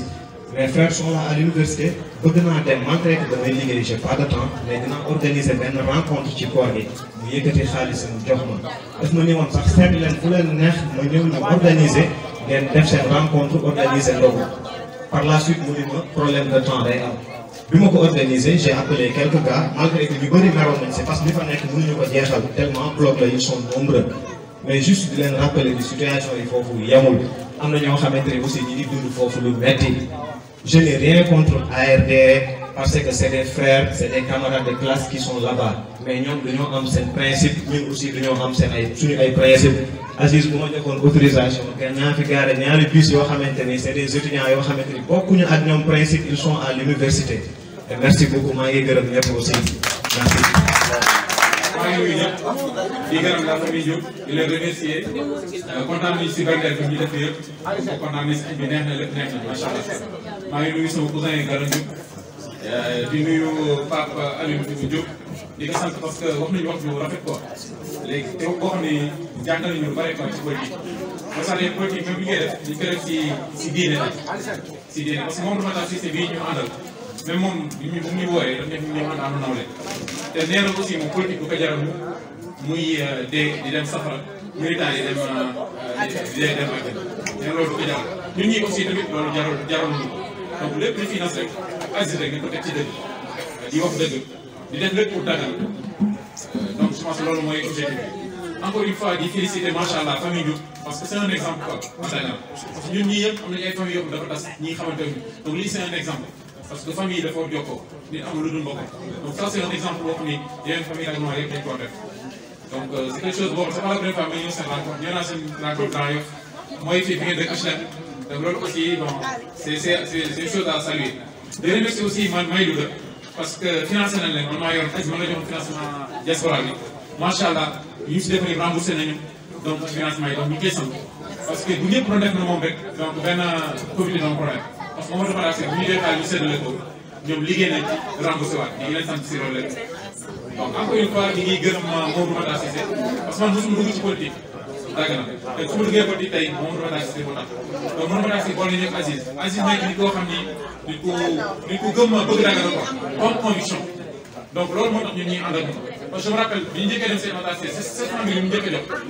mes frères sont là à bëgg naa dem malgré que damay liggéey j'ai pas de temps mais dinaa organiser benn rencontre ci koor gi mu yëkkati xaalisam jox ma daf ma ne woon sax seet leen fu leen neex ma ñëw ñu organiser ngeen def seen rencontre organiser ndogu par la suite mu ne ma problème de temps day am bi ma ko organisé j'ai appelé quelques gars malgré que ñu bëri meroon nañ si parce que li fa nekk mënuñu ko jeexal tellement bloc la ils sont nombreux yi foofu yemul am na ñoo xamante ne aussi ñi ngi dund foofu lu metti je n'ai rien contre ARD parce que c'est des frères c'est des camarades de classe qui sont là mais ñoom dañoo am seen principe ñun aussi dañoo am seen ay suñu ay principe Aziz bu ma joxoon autorisation nga ñaari bus yoo xamante ni c'est des étudiants yoo xamante ni bokkuñu ak ñoom principe ils son à l'université merci beaucoup maa ngi gërëm ñëpp aussi merci nuyu ñëpp di gërëm la famille Diop di leen remercier kontaan nañu si béykat bi ñu def yëpp kontaan nañu si bi neex na lépp neex na macha allah maa ngi nuyu sama cousin yi Galo Diop di nuyu Pape Alioune Diop di ko parce que wax nañu wax bu rafet quoi léegi te boo xam ne jàngal nañu lu bari quoi ci politique parce que politique même bi ngay def dañu koy def si si diine parce que moom dama daal si bii ñu àndal. mais moom bi ñu bu ñu wooyee daf ñu ne man am nawle te nee na aussi moom politique bu ko jaral mu muy euh, dee di dem safara militant yi dem euh, euh, di dem àjjana nee loolu bu ko jaral ñun ñu ko donc lépp li finance rek agir rek nga ko teg ci dëgg di wax dëgg di def lépp pour loolu mooy objectif bi encore une fois di féliciter macha allah famille Diouf am nañu ay famille yëpp dafa tas ñi xamante ne donc lii c' est un exemple. parce que famille dafa jokkoo nit amul lu dul mbokkam donc ça c' est un exemple boo xam ni yeneen famille ak noonu yëpp dañ koo def donc euh, c' est quelque chose boobu c' est pas la première fois ma ñëw seen rencontre ñëw naa seen rencontre dans Yoff mooy fii bi ngeen dëkk HLM donc loolu aussi bon c' est c' est c' est une chose à saluer di remercier aussi man may Louga parce que financé nañ leen man maa yor as ma nga joxoon financement diaspora bi macha allah ñu ngi si defee remboursé nañu donc financement yi donc ñu ngi koy sant parce que bu ñëpp doon def na moom rek donc benn euh, comité doon problème parce que Mamadou Fara Seck bu ñu dee xaalis ñu séddale ko ñoom liggéey nañ ci remboursé waat ñu ngi leen sant si loolu lépp. donc encore une fois ñu ngi gërëm Mamadou Fara Cissé parce que man mosuma dugg ci politique dàgg na te su ma duggee politique tey Mamadou Fara Cissé moo tax donc Mamadou Fara Cissé boole nañu ak Aziz Aziz nekk nit koo xam ni nit ku nit ku gëm bëgg dàgg na ko am loolu moo tax ñun ñuy àndal man je me rappelle bi ñu njëkkee dem seen mandat c'est sept cent mille ñu njëkk a jox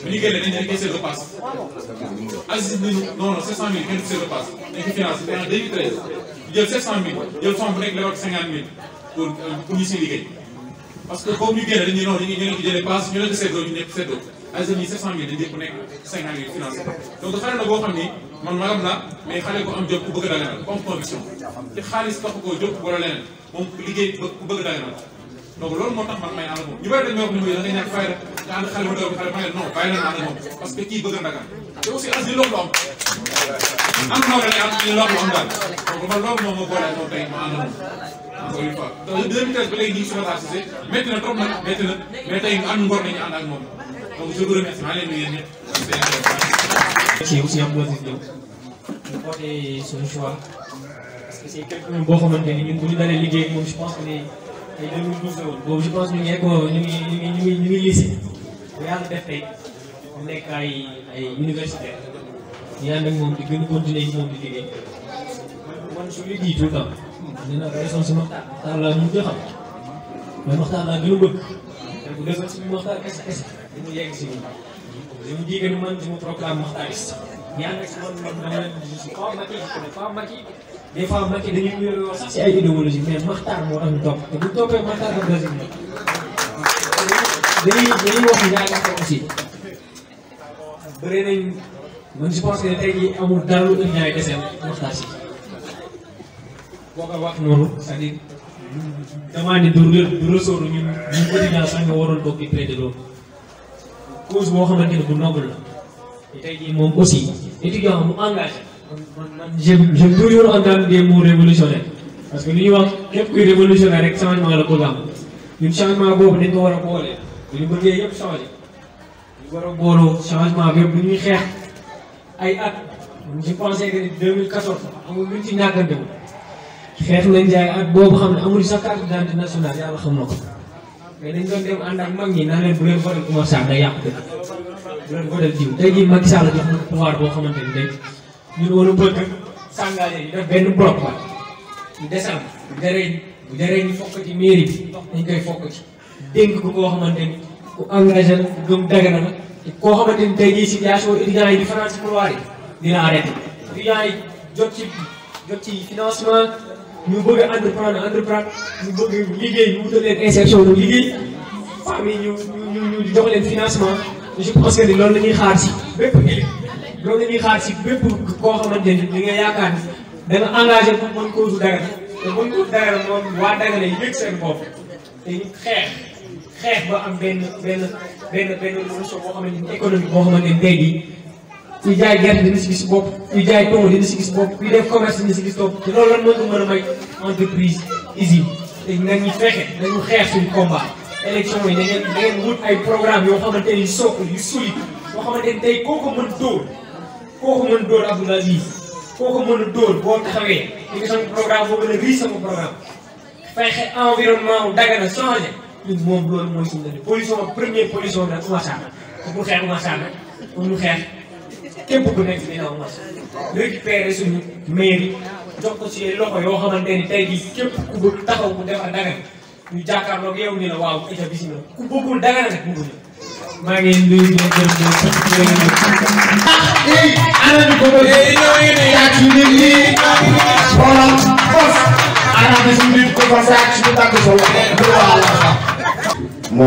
bu ñu génnee dañu nekkee seen repas Aziz nañu non non sept cent mille kenn seen repas dañ ko financé en 2013 jël sept cent mille jël fond bu nekk lebal cinquante mille pour euh, pour ñu siy liggéey parce que boobu ñu génne dañuy non dañuy ñu nekk jëlee paas ñu nekk seddoo ñu nekk seddoo Aziz ñi sept cent mille dañ jëpp nekk cinquante mille financé donc xale na boo xam ni man magam la mais xale ko am jot ku bëgg daganal comme conviction te xaalis taxu koo jóg wala leneen moom liggéey ku bëgg daganal donc loolu moo tax man may ànd ak moom ñu bëri dañ may wax ni muy da ngay ñàkk fayda nga ànd xale bu ndaw bi xale ma ne non bàyyi leen ànd ak moom parce que kii bëgg a Dakar te aussi as li loolu am am noo dañuy am ñu loolu am daal donc man loolu moom moo boole ak moom tey ma ànd ak moom encore une fois donc 2013 ba léegi ñu ngi Soubassar Cissé métti na trop nag métti na mais tey nga am ngor nañu ànd ak moom donc je vous remercie maa ngi leen di nuyu ñëpp ci aussi am loolu ñëw ñu porté suñu choix parce que c'est quelqu'un boo xamante ni ñun bu ñu dalee liggéey moom je pense que te deux mille douze la woon boobu je pense ñu ngi école ñu ngi ñu ngi ñu ngi ñu ngi lycée bu yàlla def tey mu nekk ay ay universitaire ñu ànd ak moom di gën a continuer ci moom di liggéey man su li di tout le temps nee naa raison si waxtaan waxtaan laa mun joxam mais waxtaan laa gën a bëgg te bu defoon si biir waxtaan kese kese du mu yegg si ñun li mu jigéen man je me proclame waxtaaniste ñaan rek man man dama leen je suis pas Macky je ne pas Macky des fois Macky dañuy wéeroo sax si ay idéologie mais Makhtar moo tax aussi bëri nañ man je pense que tey jii amul dara lu ëpp du du ressort ñun ñun quotidien sax nga waroon toog di traité loolu cause boo xamante ne bu noble la moom aussi étudiant mu engagé. je j'aime toujours entendre des mots révolutionnaire parce que li ñuy wax képp kuy révolutionnaire rek changement la bëgg am ñun changement boobu dañ ko war a boole bu ñu bëggee yëpp changé ñu war a booloo changement bi bu ñuy xeex ay at je pensais que 2014 amul luñ ci ñàkkante xeex nañ jaay at boobu xam ne amul sa carte d'identité nationale yàlla xam na ko mais dañ doon dem ànd ak mag ñi naan leen bu leen voté Oumar Sarr day yàq dëkk bu leen voté jiw tey jii Macky Sall jox na pouvoir boo xamante ni day ñun war a bëgg sàngaale yi def benn bloc la ñu descendre bu jaree bu jaree fokk ci mairie bi dañ koy fokk ci dénk ko koo xamante ni ku engagé la ku gëm dagana la koo xamante ni tey jii situation étudiants yi di fanaan si couloir yi dina arrêté étudiants yi financement ñu bëgg a entreprendre entreprendre ñu bëgg liggéey ñu wutal leen ñu liggéey famille ñu ñu ñu jox leen financement je pense que ni loolu la ñuy xaar si loolu ñuy xaar si bépp koo xamante ni li nga yaakaar ni da nga engagé pour mën cause Dagana te mën cause Dagana moom waa Dagana yëg seen bopp te ñu xeex xeex ba am benn benn benn benn solution boo xamante ni économique boo xamante ni tey jii kuy jaay gerte dina si gis bopp kuy jaay tool dina si gis bopp kuy def commerce dina si gis bopp te loolu lan moo ko mën a may entreprise usine te nañu fexe nañu xeex suñu combat élection yi da ngeen da ngeen wut ay programme yoo xamante ni socle yu solide yoo xamante ni tey koo ko mën dóor kooku mën dóor Abdoul Aziz kooku mën a dóor boo taxawee li nga sama programme boo gën a riche sama programme fexe environnement wu Dagana changé ñun moom loolu mooy suñu la pollution première pollution nag Oumar Sall te bu xeex Oumar Sall pour ñu xeex képp ku nekk dina Oumar Sall récupérer suñu mairie jox ko ci loxo yoo xamante ni tey jii ku bëgg ku defar Dagana ku bëggul Dagana moom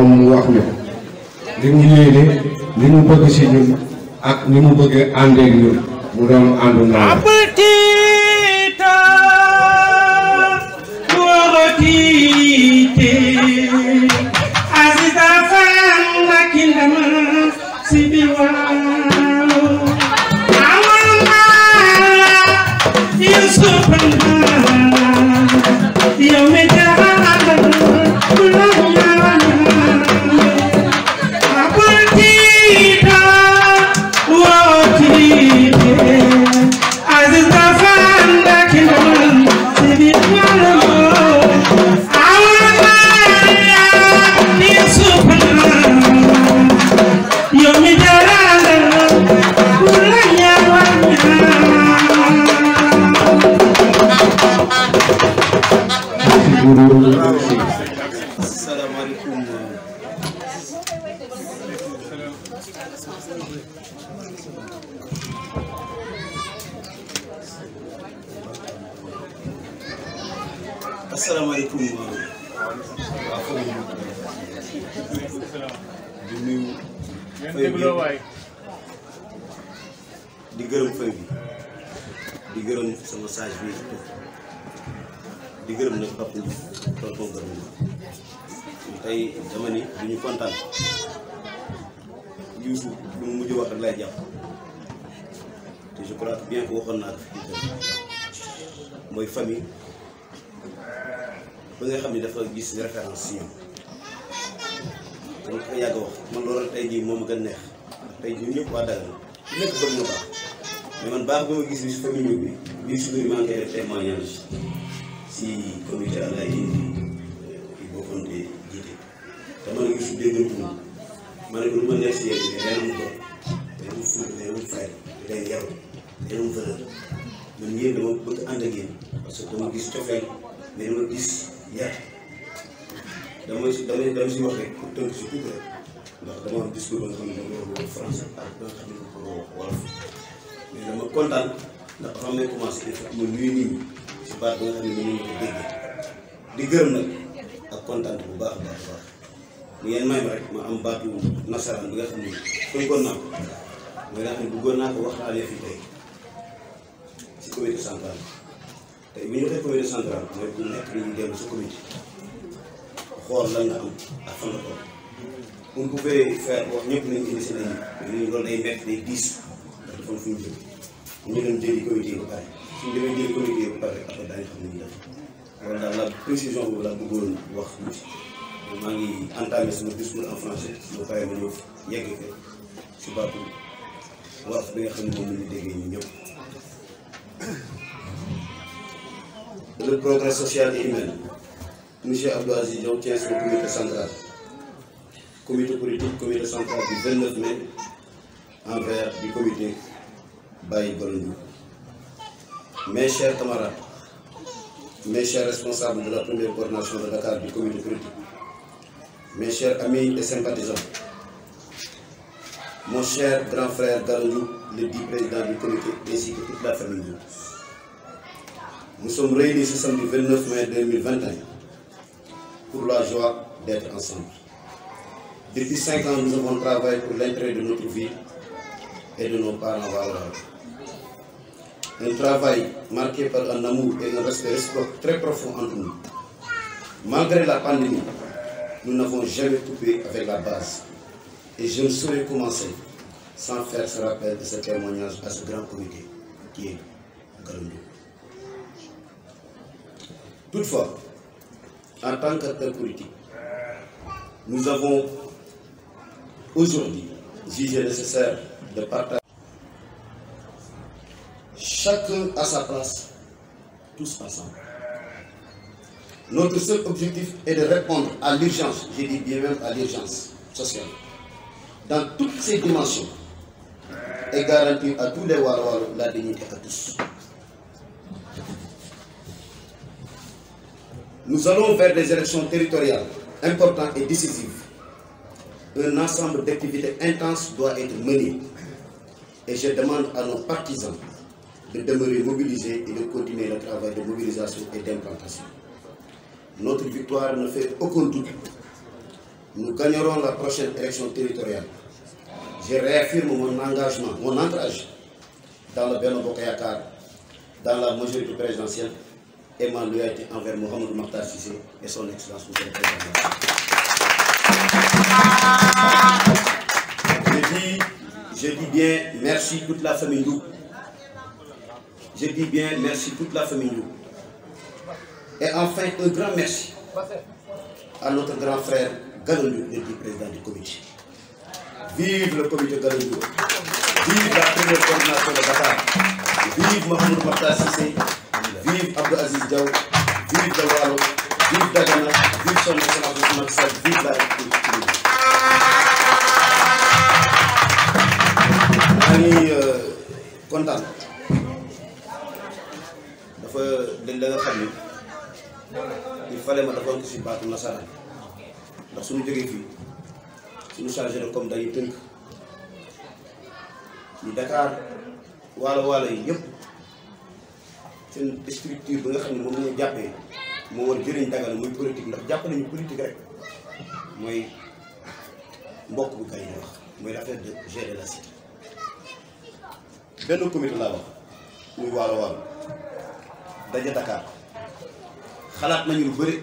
mu wax ñu li mu yéene li mu bëgg si ñun ak li mu bëgg àndee ak mu doon àndu naa message bi di gërëm nag Pape Diouf tey dama ni du ñu kontaan lu mu mujj wax rek lay jàpp te je bien que waxoon naa ko mooy famille ba nga xam ne dafa gis référence si ñoom loolu ko yàgg wax man loolu tey jii moom a gën neex tey jii ñëpp waa Dagana nekk bëgg na baax mais man baax boo gis si commune bi bii suñu manqué def témoignage si comité Ablaye Dieng euh, bi bokkoon di jiite te man gis déggantu ma ma ne ko lu ma nekk si yéen day man yéen dama bëgg ànd parce que dama gis cofeel mais dama gis yar dama si dama si wax rek pour tënk si tuuti rek ndax dama am discours ba nga xam ne dama ko wax français ak ba nga xam ne dama ko mais dama kontaan ndax dafa may commencé il nuyu nit ñi baat bi nga xam ne ñu ngi ko déggee di gërëm nag ak kontaan bu baax a baax baax bu ngeen may ma rek ma am baatu nasaraan bi nga xam ne fëggoon naa ko mooy nga xam ne bëggoon naa ko waxtaanee fi tey ci comité central tey bu ñu waxee comité central mooy bu nekk dañuy dellu sa comité xool lan nga am ak fan la pour bu fekkee wax ñëpp nañu indi seen ay loolu day métti day diis dafa am fu ñu jëm. ñu dem jëli comité ba pare suñ demee jëli comité ba pare après daañu xam ne ñu def loolu daal la précision boobu laa bëggoon wax maa ngi entamé sama discours en français ba pare ma ñëw yegg ko si baatu wolof bi xam ne moom la ñu déggee ñu ñëpp. le progrès social et humain monsieur Abdou Aziz Diaw tient son comité central comité politique comité central du 29 mai en du comité. bàyyi gol ñu mes chers camarades mes chers responsables de la première coordination de Dakar du comité politique mes chers amis et sympathisants mon cher grand frère Gallo Ndiouk le dit président du comité ainsi que la famille Ndiouk nous sommes réunis ce mai pour la joie d'être ensemble depuis cinq ans nous avons travaillé pour l'intérêt de notre vie et de nos parents valorables un travail marqué par un amour et un respect très profond entre nous. Malgré la pandémie, nous n'avons jamais coupé avec la base. Et je ne saurais commencer sans faire ce rappel de ce témoignage à ce grand comité qui est Galandou. Toutefois, en tant qu'acteur politique, nous avons aujourd'hui jugé nécessaire de partager chacun à sa place, tous ensemble. Notre seul objectif est de répondre à l'urgence, je dis bien même à l'urgence sociale, dans toutes ses dimensions, et garantir à tous les Walawalo la dignité à tous. Nous allons vers des élections territoriales importantes et décisives. Un ensemble d'activités intenses doit être mené. Et je demande à nos partisans de demeurer mobilisés et de continuer le travail de mobilisation et d'implantation. Notre victoire ne fait aucun doute. Nous gagnerons la prochaine élection territoriale. Je réaffirme mon engagement, mon ancrage dans le Benno Bokk Yakaar, dans la majorité présidentielle et ma loyauté envers Mouhamadou Makhtar Cissé et son excellence monsieur le président. Je dis, je dis bien merci toute la famille Ndour. Je dis bien merci toute la famille. Et enfin, un grand merci à notre grand frère Galondou, le président du comité. Vive le comité Galondou. Vive la première coordination de Dakar. Vive Mahmoud Marta Sissé. Vive Abdou Aziz Diaw. Vive Dawalo. Vive Dagana. Vive son excellence Vive la République. maa ngi kontaan. dafa dañ da nga xam ni il fallait ma defoon ko si baatu nasaraan ndax suñu jógee fii suñu chargé de com dañuy tënk ñu Dakar waalo waalo yi yëpp seen structure bi nga xam ne moom la jàppee moo war jëriñ Dagana muy politique ndax jàpp nañu politique rek mooy mbokk bu kañ wax mooy l'affaire de gérer la cité benn comité laa wax muy waalo waalo daje Dakar xalaat nañu lu bëri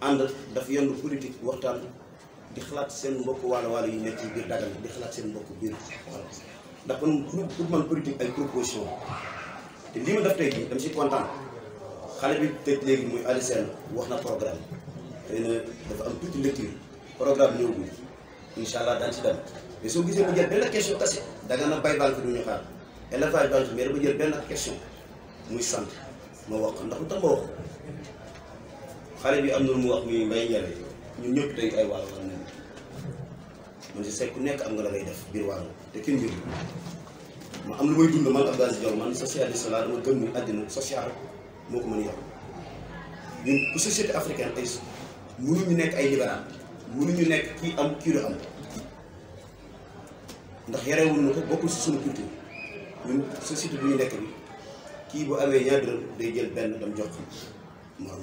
ànd daf yendu politique waxtaan di xalaat seen mbokk waalo waalo yu nekk ci biir Dagana di xalaat seen mbokk biir waalo ndax kon pour man politique ay proposition te li ma def tey jii dama si kontaan xale bi te léegi muy Aliou Sène wax na programme xëy na dafa am tuuti lecture programme ñëwagul incha allah daan si dem mais soo gisee mu jël benn question kese Dagana bay banque du ñu xaar élevage banque mais dafa jël benn question muy sant ma wax ko ndax lu tax ko xale bi am na lu mu wax muy mbay njëriñ ñun ñëpp tey ay waalo am nañu man si seet ku nekk am nga la def biir waalo te kenn biir ma am lu may dund man Abdou Aziz Diaw man socialiste laa dama gëm ni àddina social moo ko mën a yor ñun bu société africaine tey mënuñu nekk ay libéral mënuñu nekk kii am kii am ndax yarewul na ko bokkul si suñu culture ñun société bu ñu nekk bi. kii bu amee ñaar day jël benn dam jox ko ndax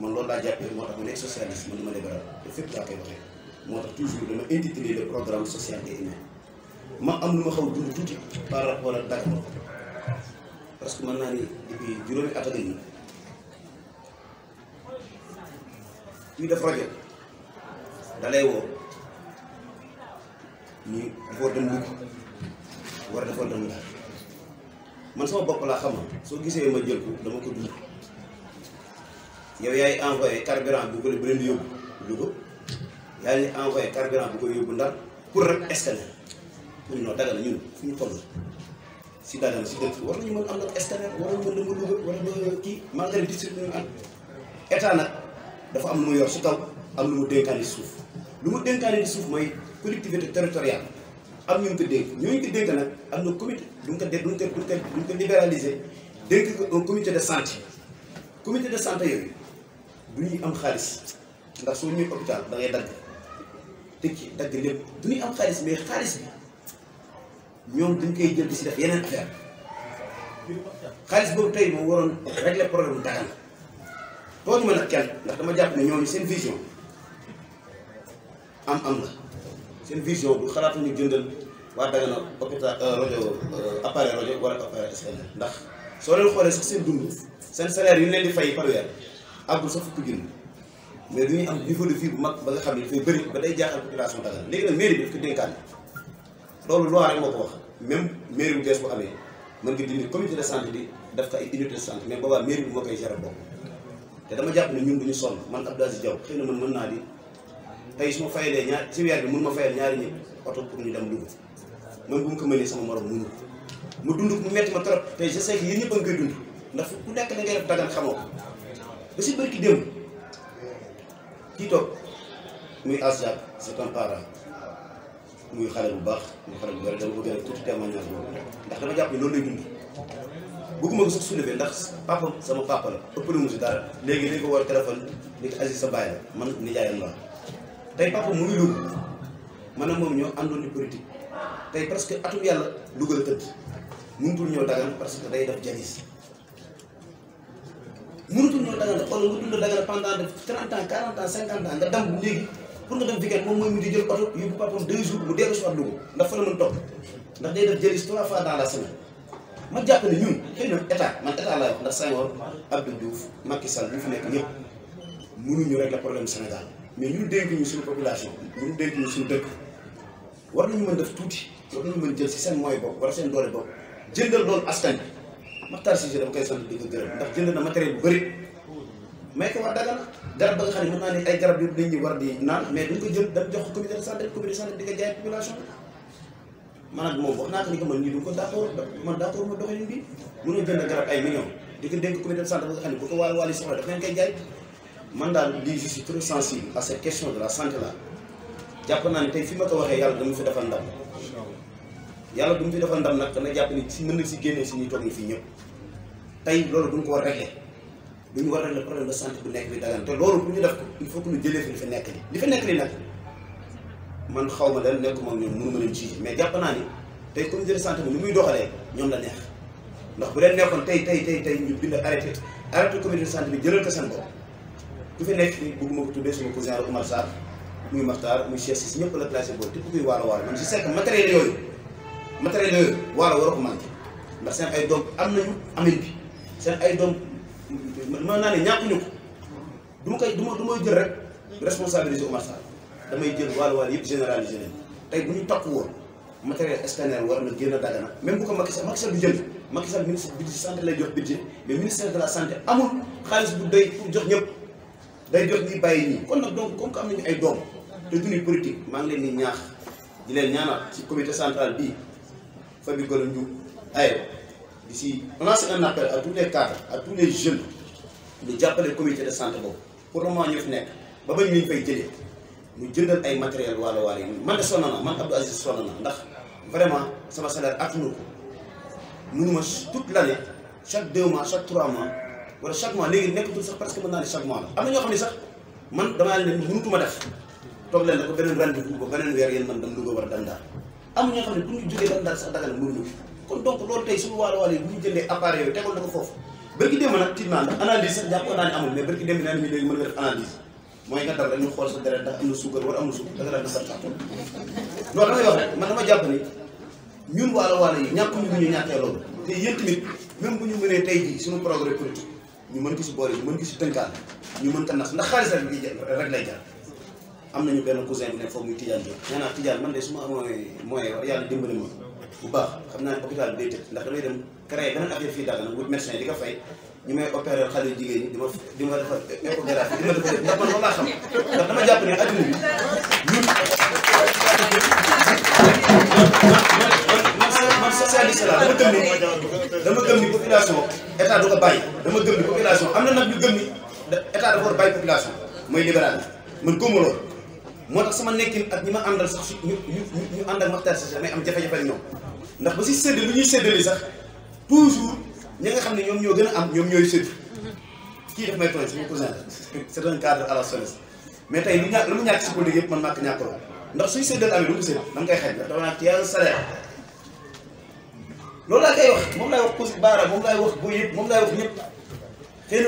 man loolu laa jàppee moo tax ma nekk socialiste man dama libéral te fépp laa koy waxee moo tax toujours dama intitulé le programme social et humain ma am lu ma xaw dund tuuti par rapport ak Dakar parce que mën naa ni depuis juróomi at a nii kuy def rajo dalay woo ñu war dem war defal dem man sama bopp laa xamal soo gisee ma jël ko dama ko dund yow yaay envoyé carburant bu ko bu leen yóbbu Louga yaa ngi envoyé carburant bu ko yóbbu Ndar pour rek scanner pour ñu noo Dagana ñun fu ñu toll si Dagana si dëkk war nañu mën am nag scanner war nañu mën dama Louga war nañu kii malgré district ñu am état nag dafa am lu mu yor si kaw am lu mu dénkaani suuf lu mu dénkaani suuf mooy collectivité territoriale am ñu ngi ko dénk ñu ngi ko dénk nag am na comité duñ ko duñ ko duñ ko duñ ko libéraliser dénk ko un comité de santé comité de santé yooyu du ñuy am xaalis ndax soo ñëwee hôpital da ngay dagg tekki dagg lépp du ñuy am xaalis mais xaalis bi ñoom dañ koy jël di si def yeneen affaire xaalis boobu tey moo waroon régler problème mu Dagana ma nag kenn ndax dama jàpp ne ñooñu seen vision am am la seen vision bu xalaatu ñu jëndal waa Dagana hôpital euh, rajo euh, appareil rajo wala appareil scanner ndax soo leen xoolee sax seen dund seen salaire yu leen di fay par weer àggul sax fukki junni mais du ñuy am niveau de mag ba nga xam ne ba day jaaxal population Dagana léegi nag mairie bi daf ko dénkaan loolu loi rek moo ko wax même mairie bu bees bu amee mën nga dindi comité de santé bi daf ko ay unité de santé mais boobaa mairie bi moo koy gérer bopp te dama jàpp ne ñun du ñu sonn man Abdou Aziz Diaw xëy man mën naa di tey su ma fayalee ñaar si weer bi mun ma fayal ñaari nit oto pour ñu dem dugg man bu mu ko mënee sama morom mënu ko mu dund mu metti ma trop tey je sais que yéen ñëpp a ngi ndax ku nekk la ngay def dagan xamoo si bërki démb toog muy asiat c'est un parent muy xale bu baax muy xale bu bëri dama bëgg rek tuuti témoignage boobu ndax dama jàpp ni loolu lay dund bëgguma ko sax soulever ndax papa sama papa la ëpp na mu si dara léegi dañ ko war téléphone ni ko Aziz sa baay la man nijaayam laa tey papa mu ngi Louga maanaam moom ñoo àndoon di politique tey presque atum yàlla Louga la tëdd mënutul ñoo dagal parce que day def jalis mënutul ñoo dagal wala nga dund dagal pendant de 30 ans 40 ans 50 ans nga léegi pour nga dem weekend moom mooy mu di jël oto yóbbu papam deux jours mu dellu soit Louga ndax fa la mën topp ndax day def jalis trois fois dans la ma jàpp ne ñun xëy na état man état laa ndax Senghor Abdou Diouf Macky fi nekk ñëpp mënuñu régler problème Sénégal mais ñu dénk ñu suñu population ñu dénk ñu suñu dëkk war nañu mën def tuuti war nañu mën jël si seen mooy bopp wala seen doole bopp jëndal doon askan bi Makhtar Cissé dama koy sant di ko gërëm ndax na matériel bu bëri may ko wax naa ne ko jël dam jox comité de santé comité de santé man ak moom wax naa ko ni ko man ñii du ko d'accord man d'accord ma doxalin bi mënoo jënd garab ay millions di ko dénk comité de nga xam ne bu ko waal waali soxla daf leen koy jaay man daal lii je suis trop sensible à cette question de la santé là jàpp naa ne tey fi ma ko waxee yàlla dama fi defal ndam yàlla du mu fi defal ndam nag dana jàpp ni si mën na si génnee si ñuy toog ni fii ñëpp tey loolu duñ ko war régler duñu war régler problème de santé bu nekk bi dagan te loolu bu ñu def ko il faut que ñu jëlee fi li fi nekk li li fi nekk li nag man xaw ma leen nekkuma ak ñoom mënu ma leen juger mais jàpp naa ni tey comité de santé bi ni muy doxalee ñoom la neex ndax bu leen nekkoon tey tey tey tey ñu bind arrêté arrêté comité de santé bi jëlal ko ku fi nekk fii bëgguma ko tuddee sama cousin la Oumar Sarr muy Maxtaar muy Cheikh Cissé ñëpp la classé boobu képp kuy waalo waalo man je sais que matériel yooyu matériel yooyu waalo war a ko manqué ndax seen ay doom am nañu amin bi seen ay doom mën naa ne ñu ko du ma koy du ma du may jël rek responsabiliser Oumar Sarr damay jël waalo waalo yëpp généraliser leen tey bu ñu takk woon matériel scanner war na génn a dagana même bu ko Macky Sall Macky Sall du jël Macky Sall ministre budget mais ministère de la santé amul xaalis bu doy pour jox ñëpp day jot ñi bàyyi ñii kon nag donc comme que am nañu ay doom te duñu politique maa ngi leen di ñaax di leen ñaanal ci comité central bii Fabi Golo Ndiouk aywa di si lancer un appel à tous les cadres à tous les jeunes ñu jàppale comité de santé boobu pour le moment ñu fi nekk ba bañ mu fay jëlee mu jëndal ay matériel waalo waalo yi man de sonn na man Abdou Aziz sonn na ndax vraiment sama salaire attanu ko mënuma toute l' année chaque deux mois chaque trois mois. wala chaque mois léegi nekkatul sax parce que naa ne chaque mois la am na ñoo xam ne sax man damaa leen ne ko beneen rendez-vous ba beneen weer yéen man dam Louga war a dem Ndar am ñoo xam ne bu ñu jógee dem Ndar sax yi bu ñu jëndee appareil yooyu sax jàppoon naa ne amul mais bërki démb naa ne léegi mën nga analyse mooy damay wax rek man dama jàpp ni ñun waalo waalo yi ñàkk ñu ñu ñàkkee loolu te yéen tamit bu ñu mënee tey suñu progrès politique ñu mën ko si boole ñu mën ko si tënkaat ñu mën ko nas ndax xaalis rek rek lay jar am nañu benn cousin bi nekk foofu muy Tidiane Diop nee naa Tidiane man de su ma amoon moyen yàlla dimbali ma bu baax xam naa ne hôpital bi day tëj ndax damay dem créé beneen affaire fii Dakar ñu may opéré xale ñi di di ma defal échographie di ma defal ndax man xam ndax dama jàpp ne adduna ñun man socialiste la dama gëm ni dama gëm ni population état du ko bàyyi dama gëm ni population am na nag ñu gëm ni état dafa war a bàyyi population mooy libéral bi man góob loolu moo tax sama nekkin ak ñi ma àndal sax su ñu ñu ñu àndal Makhtar Cissé am jafe-jafe ak ba si sédd lu ñuy séddali sax toujours ñi nga xam ne ñoom ñoo gën a am ñoom ñooy sédd kii daf may tooñ sama cousin c'est un cadre à la SONES mais tey lu ñàkk lu mu ñàkk si politique yëpp man màkk ndax suy séddal amee du ko sédd dama koy xaj loolu laa koy wax moom laay wax Kousi Baara moom laay wax Boye moom laay wax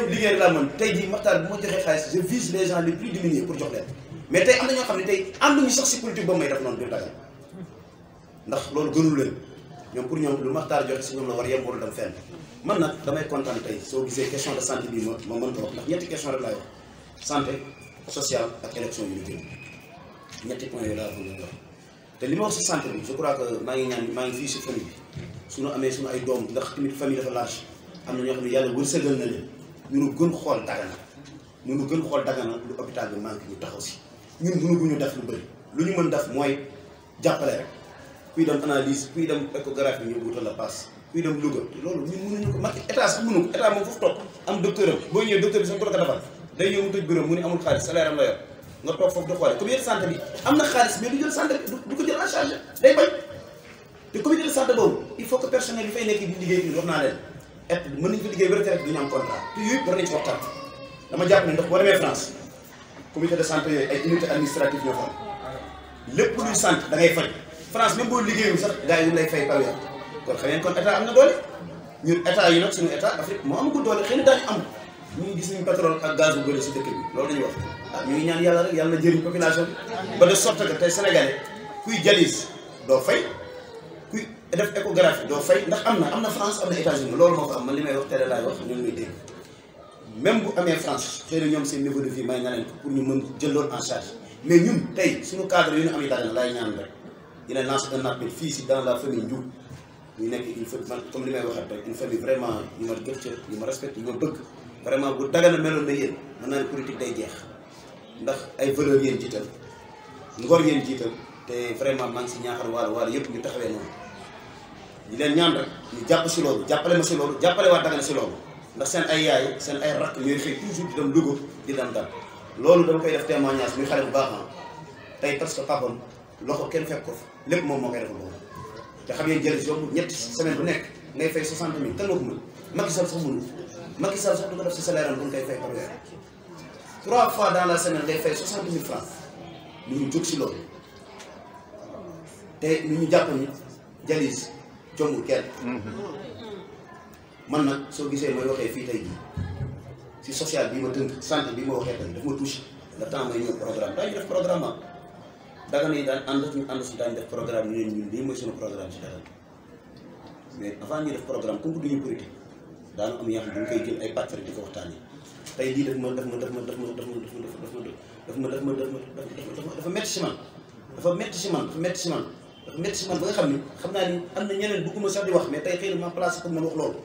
liggéey laa mën tey jii Makhtar bu ma joxee xaalis je vise les gens les plus diminués pour jox leen mais tey am na ñoo xam ne tey ànduñu sax si politique ba may def noonu du dagal ndax loolu gënul leen ñoom pour ñoom lu Makhtar joxe si ñoom la war yem warul dem fenn man nag damay kontaan tey soo gisee question de santé bii ma ma mën ko wax ndax ñetti question rek laay wax santé sociale ak ko mën a te li ma wax si sant bi je crois que maa ngi ñaan maa ngi fii si famille bi suñu amee suñu ay doom ndax tamit famille dafa large am na ñoo xam ne yàlla wërsëgal na leen ñu gën xool mu ñu gën xool Dagana lu hôpital bi manqué ñu taxaw si ñu ñun mënaguñu def lu bëri lu ñu mën def mooy jàppale rek kuy dem analyse kuy dem échographie ñu wutal la passe kuy dem Louga loolu ñun mënuñu ko mag état sax mënu ko état moom foofu toog am docteur am boo ñëwee docteur mu am la yor nga toog foofu di xoole comité de santé bi am na xaalis mais du jël santé du ko jël en charge day bañ te comité de santé boobu il faut que personnel yi fay nekk di liggéey ñu wax naa leen et mën nañu fa liggéey ne ndax boo de santé yooyu ay unité administrative ñoo xam lépp luy da ngay faj France même boo liggéeyul sax gars yi ñu lay fay par weer kon na doole ñun état yi nag suñu état Afrique moo amagul doole xëy na daañu am ñu gis nañu pétrole ak gaz bu bëri si dëkk bi loolu la wax ñu ñaan yàlla rek yàlla na jëriñ population ba de sorte que tey sénégalais kuy jalis doo fay kuy def échographie doo fay ndax am na am na France am na États-Unis loolu moo ko am man li may wax télé laay wax ñoom ñuy dégg même bu amee France xëy na ñoom seen niveau de vie may na leen ko pour ñu mën jël loolu en charge mais suñu cadre yu ñu am yi daal ñaan rek dina lancer un fii si dans la famille ñu nekk une famille man comme li may waxat rek une famille vraiment ñu ma gëf cër ñu ma respecte ñu ma bëgg vraiment bu dagana meloon na day jeex ndax ay valeurs yéen jiital ngor yéen jiital te vraiment maa ngi si ñaaxal waal waal yëpp ñu taxawee noonu ñu leen ñaan rek ñu jàpp si loolu jàppale ma si loolu jàppale waa Dagana si loolu ndax seen ay yaay seen ay rakk ñooy xëy toujours di dem Louga loolu dama koy def témoignage muy xale bu baax ah. tey parce que papam loxo kenn fekk ko fa lépp moom moo koy defal loolu te xam ngeen jël yomb ñetti semaine bu nekk ngay fay 60 mille te loo ko mën Macky Sall sax mënul Macky Sall sax du trois fois dans la semaine day fay soixante mille francs lu ñu si loolu te lu ñu jàpp ni jalis soo gisee mooy waxee fii si social bi ma tënk bi ma waxee tey daf ma le temps may ñëw programme daañu def programme am ah. daga na yi daan ànd suñu ànd si daañu def programme ñu ne ñun lii mooy def programme comme que duñu politique daana am yoo xam dañ koy jël ay pàcc rek di ko waxtaanee tey lii daf ma daf ma daf ma daf ma daf ma daf ma daf ma daf ma dafa métti si man dafa métti si man dafa métti si man dafa métti si man ba nga xam ni xam naa ni am na ñeneen bëgguma sax di wax mais tey xëy na ma place pour man wax loolu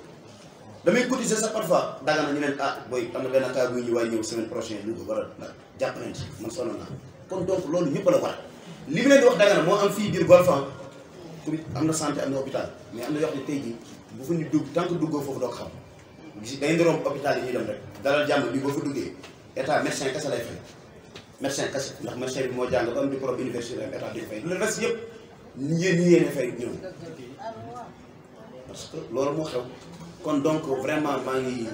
damay cotiser sax parfois daga na ñu leen ah booy am na benn cas bu ñu waay ñëw semaine prochaine lu ko war a jàpp nañ ci man sonn naa kon donc loolu ñëpp la war li mu leen di wax daga na moo am fii biir golfan pour am na santé am na hôpital mais am na yoo xam ne tey jii bu fa ñu dugg tant que duggoo foofu doo ko xam gis day ndoroom hôpital yi ñuy dem rek dalal jàmm bi boo fa duggee état médecin kese lay fay médecin ndax médecin bi moo jàng ba am diplôme université am état di fay le reste yëpp yéen ñi yéene fay ñoom parce que loolu moo xew kon donc vraiment maa ngi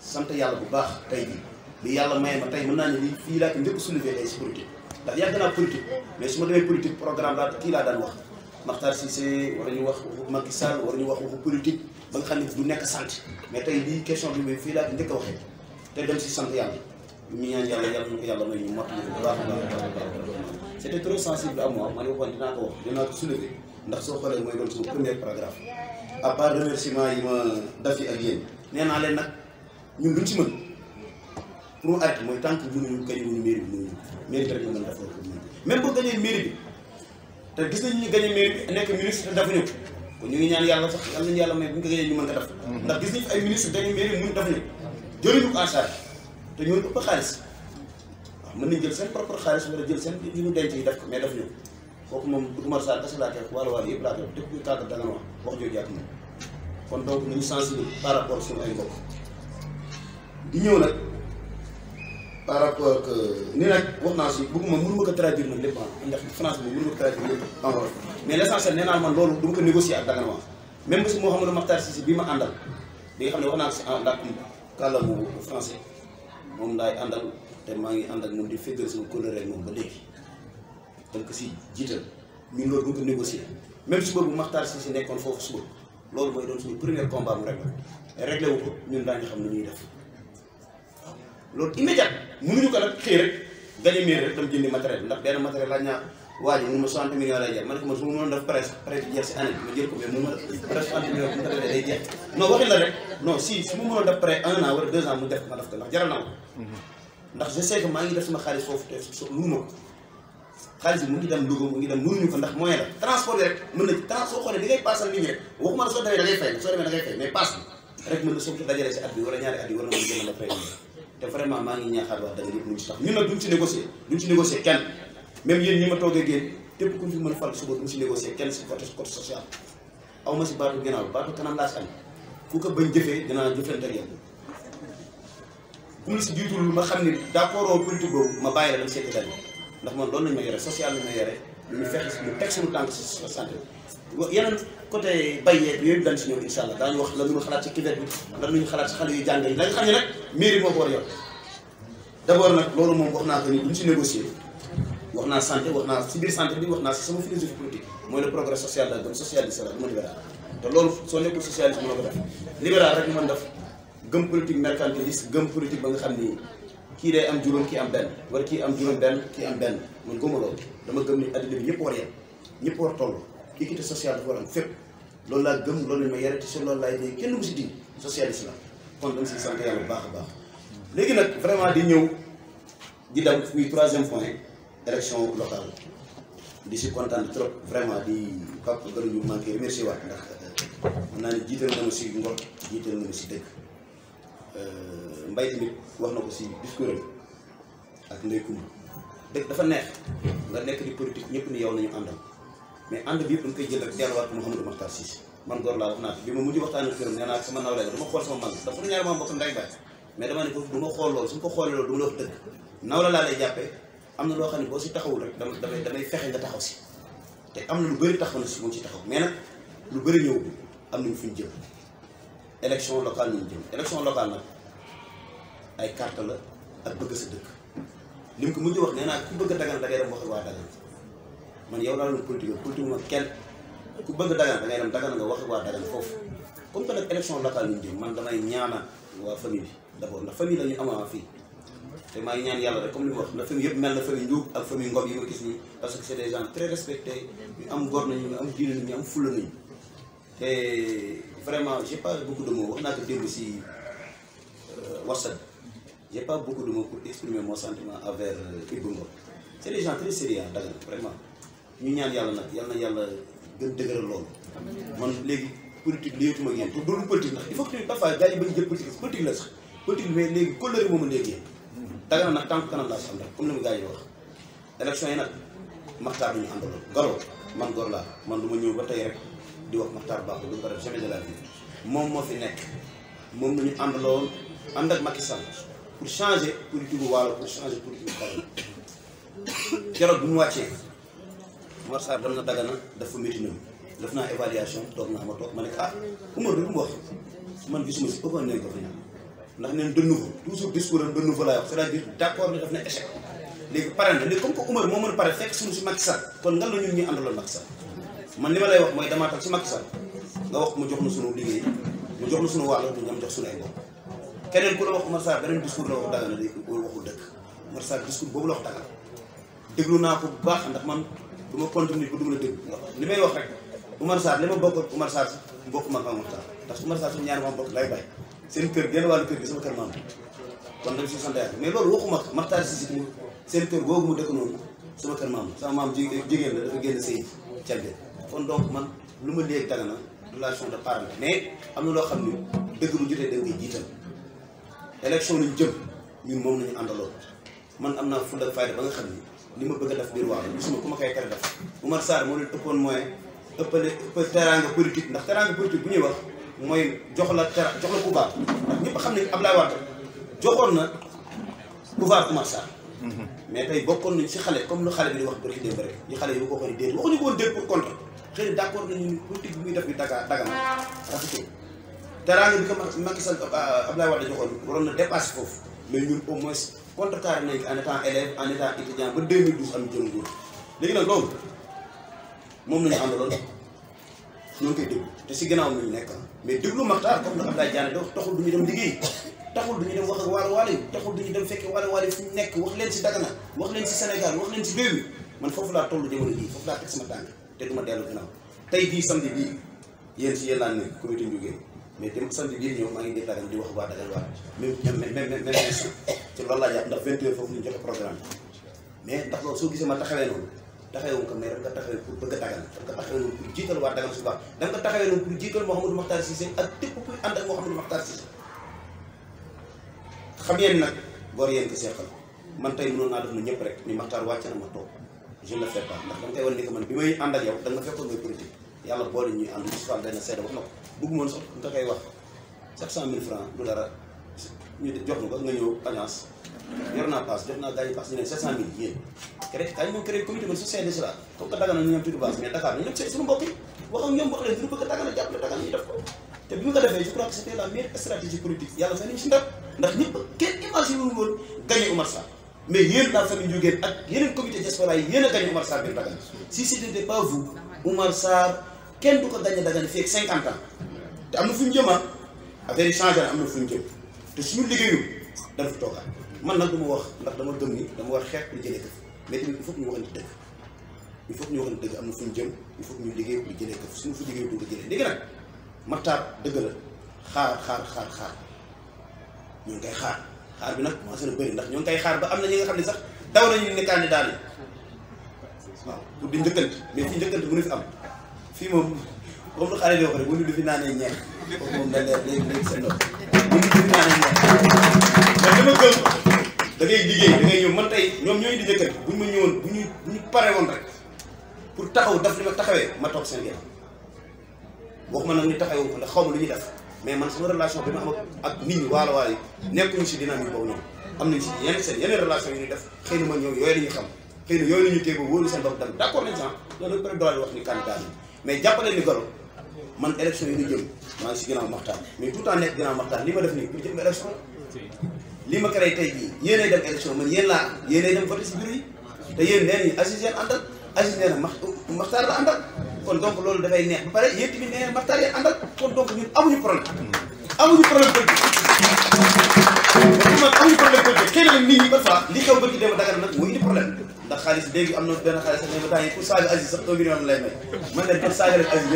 sant yàlla bu baax tey jii li yàlla maye ma tey mën naa ne li fii laa ko njëkk soulevé tey si politique ndax yàgg naa politique mais su ma demee politique programme laa kii laa daan wax Makhtar Cissé war ñu wax waxu Macky Sall war ñu wax waxu politique ba nga xam ne nekk sant mais tey lii question bi mooy fii laa ko njëkk te dem si sant yàlla ñu ñaan yàlla yàlla ñu ko yàlla may ñu mot a baax a baax wax dinaa ko soulever ndax mooy doon sama premier paragraphe à part remerciement yi ak nee naa leen nag ñun duñ ci mën pour mu arrêté mooy tant que bi mënuñu mairie bi rek nga mën dafa même bu bi te gis nañu ñu gañe mairie bi nekk ministre dafa ñëw kon ñu ngi ñaan yàlla sax yàlla nañu yàlla may bu ñu ko gañee ñu mën ko def mm-hmm. ndax gis nañu fi ministre gañe mairie mënu dafa ñëw jëluñu ko en charge te ñooñu ëpp xaalis waaw mën nañ jël seen propre xaalis wala jël seen li ñu denc yi def ko mais daf ñu kooku moom Oumar Sarr kese laa koy wax wàllu wàllu yëpp laa koy wax dëpp kon donc nañu sensible par rapport suñu ay mbokk di ñëw nag par rapport que ni naa si bëgguma mënuma ko ah, ko traduire lépp en wolof mais l' essentiel nee naa man loolu du ma ko négocier ak Dagana Wax même bés moo xam ne Maxtar Cissé bii ma àndal di xam ne wax naa ko si en kàllaama bu français moom laay àndal te maa ngi ànd ak moom di fédérer sama kóllëre moom ba léegi donc si jiital ñun loolu duñ ko négocier même suba bu Makhtar si si nekkoon foofu suba loolu mooy doon suñu premier combat mu réglé te réglé wu ko ñun daañu xam ne ñuy def waaw loolu immédiat mënuñu ko nag xëy rek dañu miin rek tam jëndi matériel ndax benn matériel laaj naa waa ji mun ma 60 millions lay jar ma ne ko man su ma mënoon def presse presse jeex si année bi ma jël ko mais mu ma presse 60 millions bu ma defee day jeex non waxin la rek non si su ma mënoon def près un an wala deux ans mu def ma def ko ndax jaral na ma mhm. ndax je sais que maa ngi def sama xaalis foofu te so luu ma ko xaalis bi mu ngi dem Louga mu ngi dem mënuñu ko ndax moyen la transport bi rek mën na ci trans soo xoolee li ngay passal nit ñi rek waxuma la soo demee da ngay fay soo demee da ngay fay mais passe bi rek mën na soo ko dajalee si at bi wala ñaari at yi war na mën a jënd la près te vraiment maa ngi ñaaxaat wax dëgg yëpp luñ ci tax ñun nag duñ ci négocier duñ ci négocier kenn même yéen ñi ma toogee ak yéen képp ku fi mën fal suba du ma si négocier kenn si côté côté social aw ma si baatu ginnaaw baatu kanam laa si am ku ko bañ jëfee dinaa jëflante ak yow bu mu ma xam ni d'accord politique boobu ma bàyyi la dem seeti dañu ndax man loolu lañ ma yore social lañ ma yore ñu fexe ñu teg suñu tànk si santé yeneen côté bay yeeg yooyu dañ si ñëw incha allah daañu wax lan la ñu xalaat si kivet bi lan la ñu xalaat si xale yu jàng yi la nga xam ne nag mairie moo ko war a moom wax naa ko ni duñ si négocier wax naa santé wax naa si wax naa si sama philosophie politique mooy le progrès social la gëm socialiste la du ma libéral te loolu soo nekkul socialiste mënoo ko def libéral rek mën def gëm politique ba nga xam kii day am juróom kii am benn wala kii am juróom benn kii am benn man gëmma loolu dama gëm ni adduna bi ñëpp war yem ñëpp war toll équité sociale dafa war am loolu laa gëm loolu lañ ma yare te si loolu laay dee kenn mu si di socialiste la kon dama si sant yàlla bu baax a baax léegi nag vraiment di ñëw di dem muy troisième yi élection locale di si kontaan trop vraiment di Pape Gora Ndioum maa remercier waat ndax euh, mën naa ne jiital na ma si ngor jiital na ma si dëkk euh, mbay tamit wax na ko si discours am ak ndey kumb dëkk dafa neex nekk di politique ñëpp ni yow nañu àndal mais ànd bi yëpp dañ koy jël rek delluwaat Mouhamadou Makhtar Cissé man góor laa wax naa bi ma mu waxtaan ak këram nee naa sama nawle la dama xool sama man dafa ñaari ma mbokk ndey baay mais dama ne ko du ma xool loolu su ma ko xoolee loolu du ma laa lay jàppee am na loo xam ne boo si taxawul rek dama damay damay fexe nga taxaw si te am na lu bëri taxaw na si moom ci taxaw mais nag lu bëri ñëw am na fuñ fi élection locale ñu jëm élection locale nag ay carte la ak bëgg sa dëkk li mu ko mujj wax nee naa ku bëgg a dagan dem wax waa dagan man yow laa doon politique la politique ma kenn ku bëgg dagan da ngay dem dagan nga wax waa dagan foofu comme que nag élection locale ñu jëm man damay ñaana waa famille bi d'abord ndax famille la ñu amaa fii te may ñaan yàlla rek comme li mu wax na famille yëpp mel na famille Ndioub ak famille Ngom yi ma gis nii parce que c' est des gens très ñu am góor nañu ñu am diine ñu am fulla nañu te vraiment j'ai pas beaucoup de wax naa ko démb si euh, WhatsApp j'ai pas beaucoup de mots pour exprimer moo sentiment envers euh, Ibou Ngom c' est des gens très Dagana vraiment ñu ñaan yàlla nag yàlla yàlla gën dëgëral loolu man léegi politique léetuma ak yéen pour doolu politique ndax léegi kóllëre mooma léegi dagana nag tànk kanam laa sam rek comme li mu gars yi wax élection yi nag maxtaar bi ñu àndaloon goro man gor laa man lu ma ñëw ba tey rek di wax maxtaar baax la moom moo fi nekk moom la ànd ak Macky pour changer bu pour changer politique bu keroog bu ñu wàccee Omar Sarr dem na dagana dafa métti ñoom def naa évaluation toog naa ma toog ma ne ah, mu wax man gisuma si ëppoon nañ ko fi ñaan ndax neen de nouveau toujours discours am de nouveau laay wax c'est-à-dire d'accord ne def na échec léegi pare na léegi comme que Umar moo mën pare fekk suñu si Macky Sall kon nga la ñun ñuy àndaloon Macky Sall li ma lay wax mooy damaa si Macky Sall nga wax mu jox na sunu liggéey mu sunu wàll du ñam jox sunu ay bopp keneen ku la wax Umar Sarr beneen discours la wax daga na day waxul dëkk Umar Sarr discours boobu la wax naa ko bu baax ndax man du ma continuer bu du ma la may wax rek Umar Sarr li ma bokk Umar Sarr si ma ak Umar Sarr ndax Umar Sarr suñu ñaar moom bokk lay bàyyi seen kër genn wàllu kër gi sama kër maam kon dañ si sant yàlla mais loolu waxuma Maxtaar si si seen kër googu mu dëkk noonu sama kër maam sama maam jigéen la dafa génn sëy calde kon donc man lu ma léegi daga na relation de parent mais am na loo xam ne dëgg bu jotee da nga koy jiital élection lañ jëm ñun moom nañu àndaloo man am naa fulla ak fayda ba nga xam ni li ma bëgg a def biir waaw gisuma ku ma koy tere def Oumar Sarr moo leen ëppoon moyen ëppale ëppal teraanga politique ndax teraanga politique bu ñuy wax mooy jox la tera jox la pouvoir ndax ñëpp xam ne Abdoulaye Wade joxoon na pouvoir Oumar Sarr mhm. mais tay bokkoon nañ si xale comme lu xale bi di wax barki démb rek ñu xale yi ko waxoon déet na d' accord nañu ni politique bi muy def bi daga dagana ah. rafetul teraanga bi ko Macky Sall ah, Abdoulaye Wade joxoon waroon na dépassé foofu mais ñun au moins contrecarré nañ en étant élève en étant étudiant ba 2012 léegi nag loolu moom la am na ñoo ngi koy déglu te si gannaaw mi ñu nekk mais déglu Maxtaar comme nag Abdoulaye Diané dox taxul du ñu dem liggéey taxul du ñu dem wax ak waalo waalo yi taxul du ñu dem fekkee waalo waalo yi fu ñu nekk wax leen si Dagana wax leen si Sénégal wax leen si réew mi man foofu laa toll jamono jii foofu laa teg sama tànk te du ma dellu ginnaaw tey jii samedi bii yéen si yéen laa ne comité Ndioguène mais dem samedi bii ñëw maa ngi dee Dagana di wax waa Dagana waa même même même même instant ci loolu laa jàpp mais ndax loolu soo gisee ma taxawee taxawee ko mais danga ko taxawee pour bëgg a dagal danga ko taxawee noonu pour jiital waa dagal su baax danga ko taxawee noonu pour jiital Mouhamadou Makhtar Cissé ak tépp kuy ànd ak Mouhamadou xam ngeen nag góor yéen ko seexal man tey mënoon naa def na ñëpp rek ni Makhtar wàcc na ma toog je ne le fais ndax danga koy wan ni man bi may ànd ak yow danga fekkoon ngay politique yàlla boole ñuy ànd Moustapha dana seede wax na ko bëggumoon sax nga koy wax 700000 francs du dara ñu jox na ko nga ñëw agence yor naa paas jox naa gars yi paas ñu ne 700000 yéen créé gars moom créé comme que Dagana a Dagana jàppale Dagana ñu def si la famille du ko gagné Dagana fii ak 50 ans te am na fu ñu jëm ah affaire yi changé na am na fu ñu jëm dafa toogaat man nag du ma wax ndax dama gëm ni dama wax xeex pour jëlee këf mais tamit il faut que ñu waxante dëgg il faut ñu waxante dëgg am na fu ñu jëm il faut ñu liggéey pour jëlee këf suñu fu liggéey du ko jëlee léegi nag Matar dëgg la xaar xaar xaar xaar ñu ngi koy xaar xaar na bëri ndax ñu ngi xaar ba am na ñi nga xam ne sax daw nañu ne candidat yi waaw pour di njëkkante mais fi njëkkante mënu fi am fii moom comme lu xale di wax rek bu ñu du fi naanee ñeex moom na leer léegi léegi sa ndox ñu ngi biir naanam la mais dama gëm da liggéey da ñëw man tey ñoom ñooy di jëkkër bu ñu ma ñëwoon bu ñu bu ñu paree woon rek pour taxaw daf li ma taxawee ma toog seen yàlla waxuma nag ñu taxawee ko ndax xaw ma lu ñuy def mais man sama relation bi ma am ak nit ñi waalo waalo yi nekkuñu si dynamique si yenn seen yeneen relation yu ñuy def xëy na ma ñëw yooyu la ñuy xam xëy na yooyu la ñuy téye wóolu seen bopp dem d' accord nañ sax loolu peut être doole wax ni candidat mais jàppale ni galo man élection yi ñu jëm maa ngi si ginnaaw maxtaan mais tout le temps nekk ginnaaw maxtaan li ma def nii pour jëm élection li ma créé tey jii yéenay dem élection man yéen laa yéenay dem voté si bureau yi te yéen nee nañu Aziz yéen àndal Aziz nee max maxtaar la àndal kon donc loolu dafay neex ba pare yéen tamit nee na maxtaar yéen àndal kon donc ñun amuñu problème amuñu problème bëgg man amuñu problème politique xëy na nit ñi parfois li di bëgg dem dagal nag muy di problème ndax xaalis léegi am na benn xaalis sax ne ma temps yi pour saaga Aziz sax 1 million lay am man bëgg naa waa dagal saaga ma lool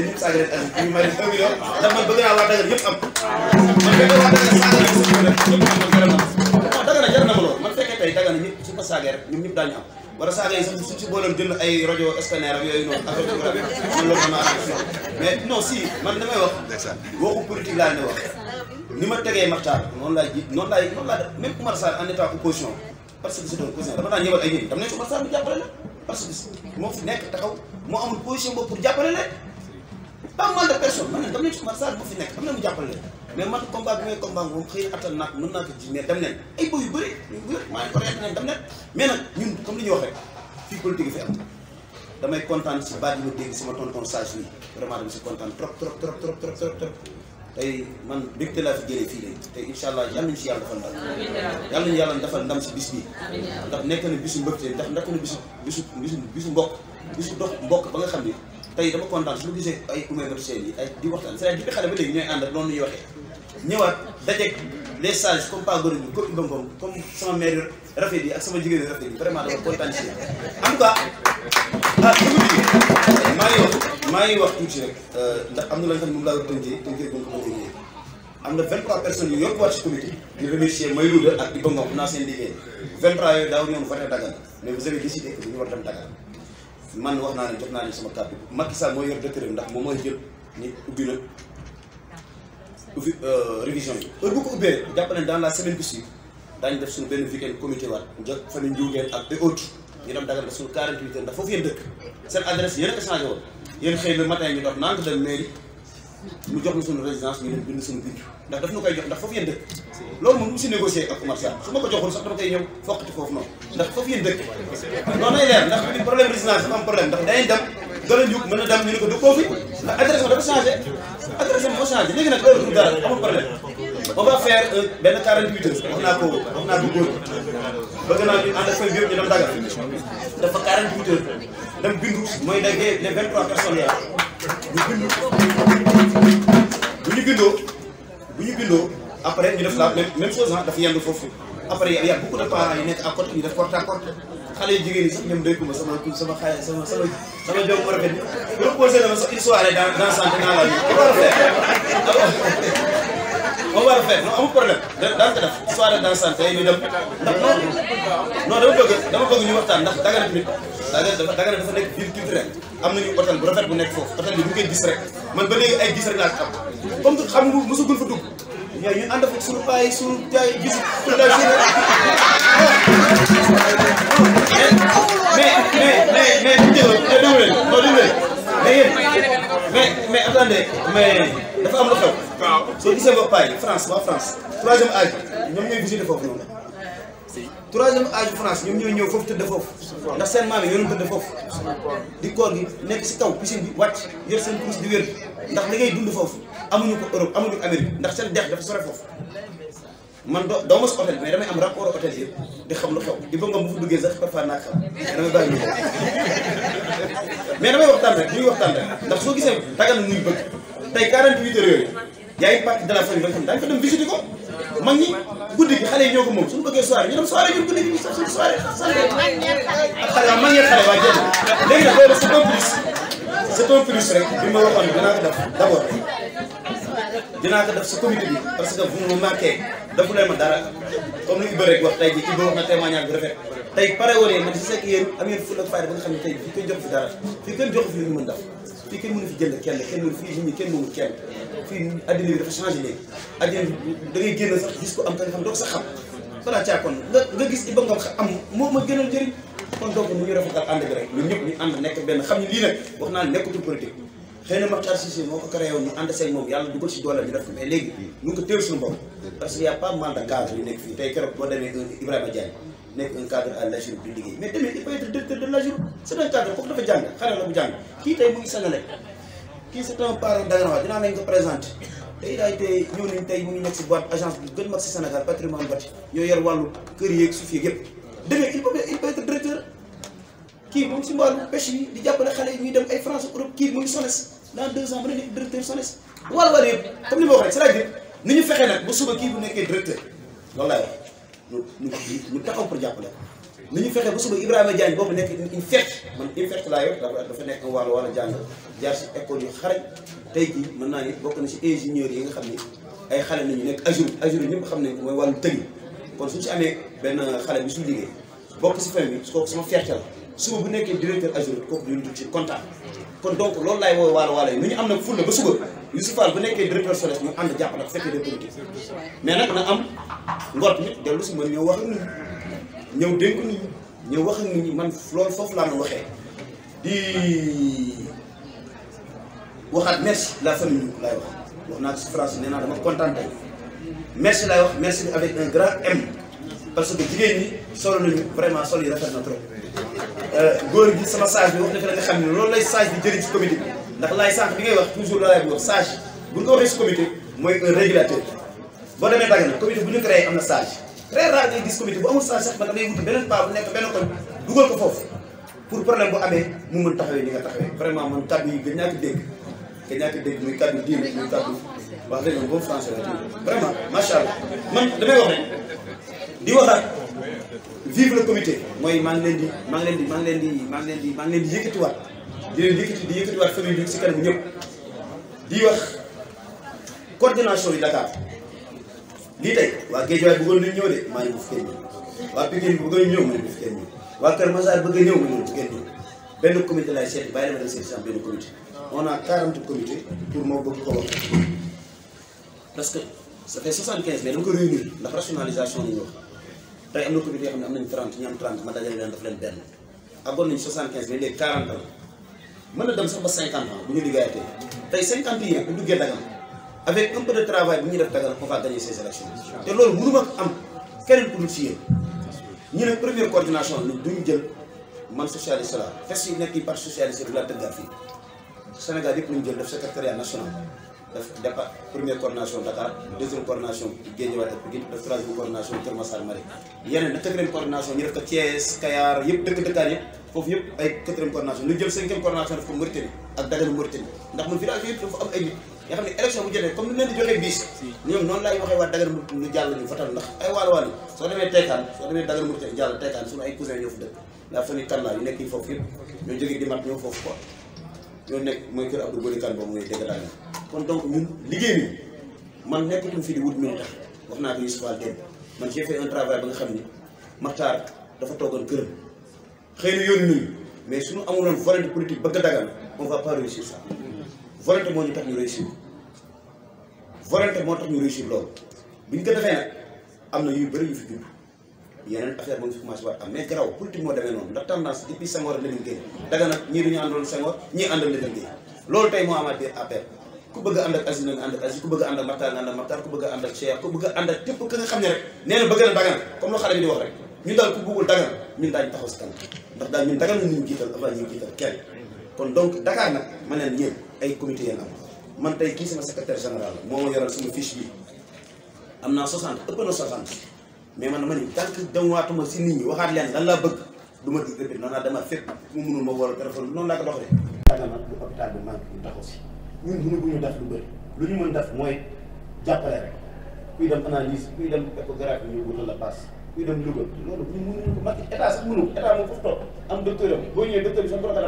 man ñëpp su ko saagee rek ñoom ñëpp daañu am wala saaga yi sax su si booloon jënd ay rajo scanner ak yooyu noonu affaire bi laa ne wax ni ma tegee Makhtar noonu laay ji noonu laay noonu laa def même Oumar Sarr en état opposition parce que c'est un cousin dama daan ñëwal ay nit dama ne si Oumar Sarr mu jàppale la parce que moo fi nekk taxaw moo amul position boobu pour jàppale la pas mal de personne man ne dama ne si Oumar Sarr moo fi nekk am na mu jàppale la mais man combat bi may combat moom xëy na attan naa ko mën naa ko ji mais dem nañ ay bëy yu bëri yu bëri maa ngi ko reet nañ dem nañ mais nag ñun comme li ñuy wax rek fii politique fi am damay kontaan si baat yi ma dégg sama tonton sage bi vraiment dama si kontaan trop trop trop trop trop trop tey man bégte laa fi jëlee fii léegi te incha allah yal nañu si yàlla defal ndam yal nañu yàlla defal ndam si bis bi ndax nekk na bisu bisu bisu bisu bisu mbokk bisu dox mbokk ba nga xam ne tey dama kontaan su ma gisee ay umeebat seen yi ay di waxtaan c'est-à-dire depuis xale ba léegi ñooy ànd ak noonu ñuy waxee ñëwaat dajeeg les sages comme pas góor bi comme Ibangom comme sama mère rafet yi ak sama jigéen rafet yi vraiment dama kontaan si en tout cas ah, maa ngi wax maa ngi tuuti rek euh, am na la nga xam ne moom laa am na 23 personnes yu yokkuwaat ci comité di remercier Mayou Louga ak Iba Ngom naa seen liggéey 23 yooyu daaw ñoom voté Dagana mais man wax naa ne jox naa ni sama kàddu Macky Sall mooy yor dëkk ndax moom mooy jël ni ubbi na ubbi euh, révision yi heure bu ko la semaine bi suivie def suñu benn weekend comité waat jot fan njuugeen ak des autres ñu dem Dagana def suñu 48 ndax foofu yéen dëkk seen adresse yéen a ko changé woon xëy matin ñu dox naa ko dem mairie mu jox ñu suñu résidence ñu dem bind ndax daf ñu koy jox ndax foofu yéen dëkk loolu moom si négocier ak commercial su ma ko joxul sax dama koy ñëw foqati foofu noonu ndax foofu yéen dëkk noonu leer ndax i problème résidence dafa am problème ndax danañ dem gën a ñuug mën a dem ñu ne ko dëkkoo fi ndax adresse dafa changé adresse moo changé léegi nag heure du dara euh, dafa 48 heures bindu mooy daggee les 23 personnes ya bindu bu ñu bindoo bu ñu bindoo après ñu def la même même chose ah dafa yendu foofu après y' a beaucoup de parents yi nekk à côté def porte à porte xale yu jigéen ñi sax ñoom dégguma sama sama xale sama sama sama jom rafet bi na ma sax une soirée dans dans santé dans la vie on va refaire on va refaire non ko def soirée ñu dem ndax non non dafa nekk ville culturelle am nañu hôtel bu rafet bu nekk foofu hôtel bi bu koy gis rek man ba léegi ay gis laa am comme que xam nga mosagul fa dugg mais ñun ànd fa suñu bàyyi suñu jaay gis. mais mais mais mais déggoo déggoo leen non déggoo leen mais yéen mais mais attendez mais dafa am lu xew. waaw soo gisee ba Paye France waa France troisième âge ñoom ñooy visité foofu noonu. troisième âge France ñoom ñooy ñëw foofu tëdd foofu ndax seen maam ñoo doon tëdd foofu di koor gi nekk si kaw piscine bi wàcc yor seen kurus di wér ndax li ngay dund foofu amuñu ko Europe amuñu ko Amérique ndax seen dex dafa sore foofu man doo doo mos hôtel mais damay am rapport hôtel yi di xam lu xew di bëgg bu fa duggee sax parfois naa xam damay bàyyi ñu mais damay waxtaan rek ñuy waxtaan rek ndax soo gisee tagal nuy bëgg tey 48 heures yooyu yaay a une partie de la famille ba nga dem visiter ko mag ñi guddi gi xale yi ñoo ko moom suñu bëggee soirée ñu dem soirée ñun guddi gi ñu suñu soirée xale waaw mag ñee xale waa jël léegi nag loolu c'est un plus c'est dinaa ko def d'abord dinaa ko def sa comité bi parce que vous me marquez defu leen ma dara comme ni Iba rek wax tey jii Iba wax na témoignage bu rafet tey pare woon man si sekk yéen am ngeen ful ak fayda ba nga xam ne tey fii kenn joxu fi dara fii kenn joxu fi fii kenn mënu fi jënd kenn kenn mënu fii nit kenn mënu kenn fii addina bi dafa changé léegi addina bi da ngay génn sax gis ko am téléphone doo xam nga gis Iba Ngom am moo ma gënal njëriñ kon donc nu ñu rafetal ànd bi rek ñun ñëpp ñu ànd nekk benn xam ne lii nag wax naa nekkatul politique xëy na Makhtar Cissé moo ko créé woon ànd seeg moom yàlla dugal si dooleel ñu def ko mais léegi ñu ngi ko téew suñu bopp parce que y' a pas mal nekk fii nekk un cadre à l'AGEROUP di liggéey mais tamit il peut être directeur de l'AGEROUP c'est un cadre kooku dafa jàng xale la bu jàng kii tey mu ngi Sénégal kii c'est un parent d'Agarawa dinaa leen ko présenté tey daay tey ñëw nañ tey mu nekk si boîte agence bu gën mag si Sénégal patrimoine bâti ñoo yor wàllu kër yeeg suuf yeeg yëpp demee il peut directeur kii mu si mbaalu pêche yi di jàppale xale yi ñuy dem ay France Europe kii mu ngi SONES dans deux ans comme li ma wax rek c'est-à-dire ni ñu fexee nag ba ñu ñu ñu taxaw pour jàppale ko. nañu fexe ba suba Ibrahima Diagne boobu nekk une ferte man une laa yor dafa nekk wàllu wàllu jàng jaar si école yu xarañ tey jii mën naa ni bokk na si ingénieurs yi nga xam ni ay xale nañu nekk Azur Azur ñëpp xam ne ko mooy wàllu tëgg kon suñu si amee benn xale bi su liggéey bokk si fin bi kooku sama ferte la suba bu nekkee directeur Azur kooku duñu dugg ci kontaan kon donc loolu laay waalo waalo yi nu ñu am n fulla ba suba Youssouf Fall bu nekkee directeur SONES ñu ànd jàppale ko fekkee day politique mais nag na am ngor tamit dellu si mën ñëw wax ak nit ñëw dénk nit ñi ñëw wax ak nit man loolu foofu laa doon waxee di waxaat merci la famille laay wax wax naa ci France nee dama kontaan tey merci laay wax merci bi avec un grand M parce que jigéen ñi solo nañu vraiment solo yi rafet na euh, sama sage bi wax na la nga xam ne loolu lay sage bi jëriñ ci comédie ndax laay sànq bi ngay wax toujours la laay wax sage bu ñu ko waxee si comité mooy régulateur boo demee dagg na comité bu ñu créé am na sage très rare ngay gis comité bu amul sage sax ba damay wuti beneen paa nekk benn koñ dugal ko foofu pour problème bu amee mu mën taxawee ni nga taxawee vraiment man kàddu yi gën ñaata dégg gën ñaata dégg muy kàddu diine muy kàddu wax dëgg boobu français la vraiment macha allah man damay wax rek di waxaat vive le comité mooy maa ngi leen di maa ngi leen leen di maa ngi leen di maa ngi leen di di leen di yëkkati waat famille bi si kanamu ñëpp di wax coordination yi Dakar lii tey waa Guédiawaye bëggoon nañ ñëw de maa ngi bëgg kenn ñëw waa Pikine bëggoon ñëw ma ne bëgg ñëw waa Kër ma bëgg ñëw benn comité laay seet bàyyi la ma dem seet si am benn comité on pour moo bëgg ko wax parce que ça fait 75 mais dama ko réunir ndax rationalisation la ñu wax tey am na comité yoo xam ne am nañ 30 ñu am 30 ma dajale leen daf leen benn agoon nañ 75 mais léegi 40 ans mën na dem sax ba cinquante ans bu ñu liggéeyatee tey cinquante yi bu duggee dagam avec un peu de bu ñuy def dagam on va gagner ces élections te loolu mënu ma am keneen ku dul ci yéen ne première coordination lu duñ jël man socialiste la fes yi nekk yi parti socialiste bi laa tëggaat fii Sénégal yëpp lañu jël def secrétariat national daf dafa première coordination Dakar deuxième coordination Guédiawaye ak Pikine def troisième coordination Kër Massar Mari yeneen ko Thiès Kayar yëpp dëkk dëkkaan yëpp foofu yëpp ay quatrième coordination ñu jël cinquième coordination def ko Mauritanie ak Dagana Mauritanie ndax man village yëpp dafa am ay nit nga xam ne élection bu jotee comme ni leen di joxee biis ñoom noonu laay waxee waa Dagana ñu jàll ñu fatal ndax ay waalo waalo ñoo nekk mooy kër Abdou Bari Kane boobu ngay dégg daal kon donc ñun liggéey bi man nekkatum fi di wut ñun tax wax naa ko Youssoufal démb man j'ai fait un travail ba nga xam ni Makhtar dafa toogoon këram xëy na yoon nuyu mais suñu amuloon volonté politique bëgg a dagal on va pas réussir ça volonté moo ñu tax ñu réussir volonté moo tax ñu réussir loolu bi ñu ko defee nag am na yu bëri yu fi jub yeneen affaire mu ngi fi commencé waat am mais garaw politique moo demee noonu ndax tendance depuis Senghor ak Lamine Gueye daga nag ñii dañu àndoon Senghor ñii àndal Lamine Gueye loolu tey moo amaat ku bëgg a ànd ak Aziz na nga ànd ak Aziz ku bëgg a ànd ak Makhtar nga ànd ku bëgg a ànd ak Cheikh ku na bëgg na ay comité yéen am man tey kii sama secretaire général moo ma yoral sama fiche bi am naa 60 ëpp na 60 mais man dama ni tant que demaatuma si nit ñi waxaat leen lan laa bëgg du ma di répété noonu laa dama fépp mu mënul ma wala téléphone noonu laa ko doxalee. yaakaar bu ñu taxaw lu bëri lu ñu mën def mooy jàppale rek kuy dem analyse kuy dem échographie ñu wutal la passe kuy dem Louga loolu ñu mënuñu ko Macky moom boo ñëwee docteur bi sax bu la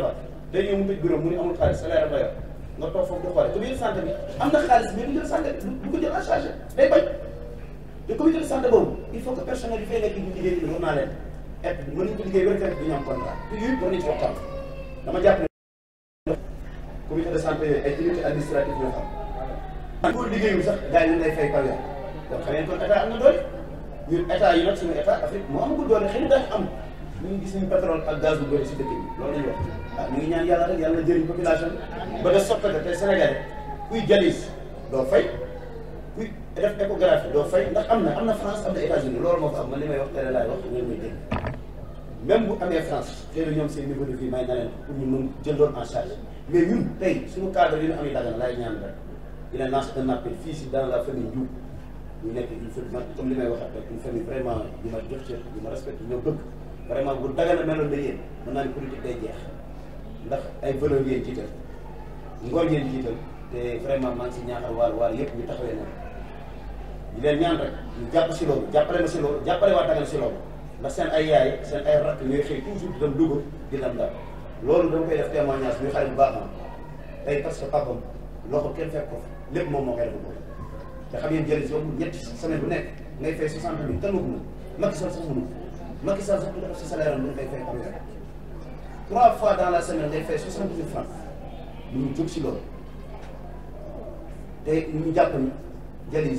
mu tëj bureau mu ni amul xaalis salaire a yor nga toog foofu di xoole te biir santé bi am na xaalis mais du jël santé bu ko jël en charge day bañ le comité de santé boobu il faut que personnel yi fay nekk ñu liggéey ñu journal leen et mën nañu liggéey wér du ñu am dama jàpp ne comité de santé ay unité administrative ñoo xam boo liggéeyul sax gars yi ñu lay fay par weer am na yi nag suñu état Afrique moo amagul doole xëy ñu ngi gis ñu pétrole ak gaz bu bëri si dëkk bi loolu la ñu wax waaw ah, ñu ngi ñaan yàlla rek yàlla jëriñ population ba nga soppate te Sénégalais kuy jalis doo fay kuy te def échographie doo fay ndax am na am na France am na états loolu moo fa am man li may wax teel laay wax ngeen muy dégg même bu amee France xëy na ñoom seen niveau de vie may na leen pour ñu mën jël loolu en charge mais ñun tey suñu cadre yi ñu amee Dagana laay ñaan rek di leen lancer un appel fii si dans la famille Diouf ñu nekk une famille comme li may wax rek une vraiment ñu ma jox cër ma respecté ñoo bëgg vraiment bu Dagana meloon na yéen mën naa ne politique day jeex ndax ay valeurs ngeen jiital ngor ngeen jiital te vraiment maa ngi si ñaaxal waal waal yëpp ñu taxawee di leen ñaan rek ñu jàpp si loolu jàppale ma si loolu jàppale waa Dagana si loolu ndax seen ay yaay seen ay rakk ñooy xëy toujours di dem Louga di dem Ndar loolu dama koy def témoignage muy xale bu baax na tey parce que papam loxo kenn fekk ko lépp moom moo koy def boobu te xam ngeen jëriñ soobu ñetti semaine bu nekk ngay fay soixante mille te loolu Macky Sall sax mënu Macky Sall sax bu def sa salaire am lu ngay fois dans la semaine ngay fay soixante mille francs ñu jóg si loolu te ñu jàpp ni jëriñ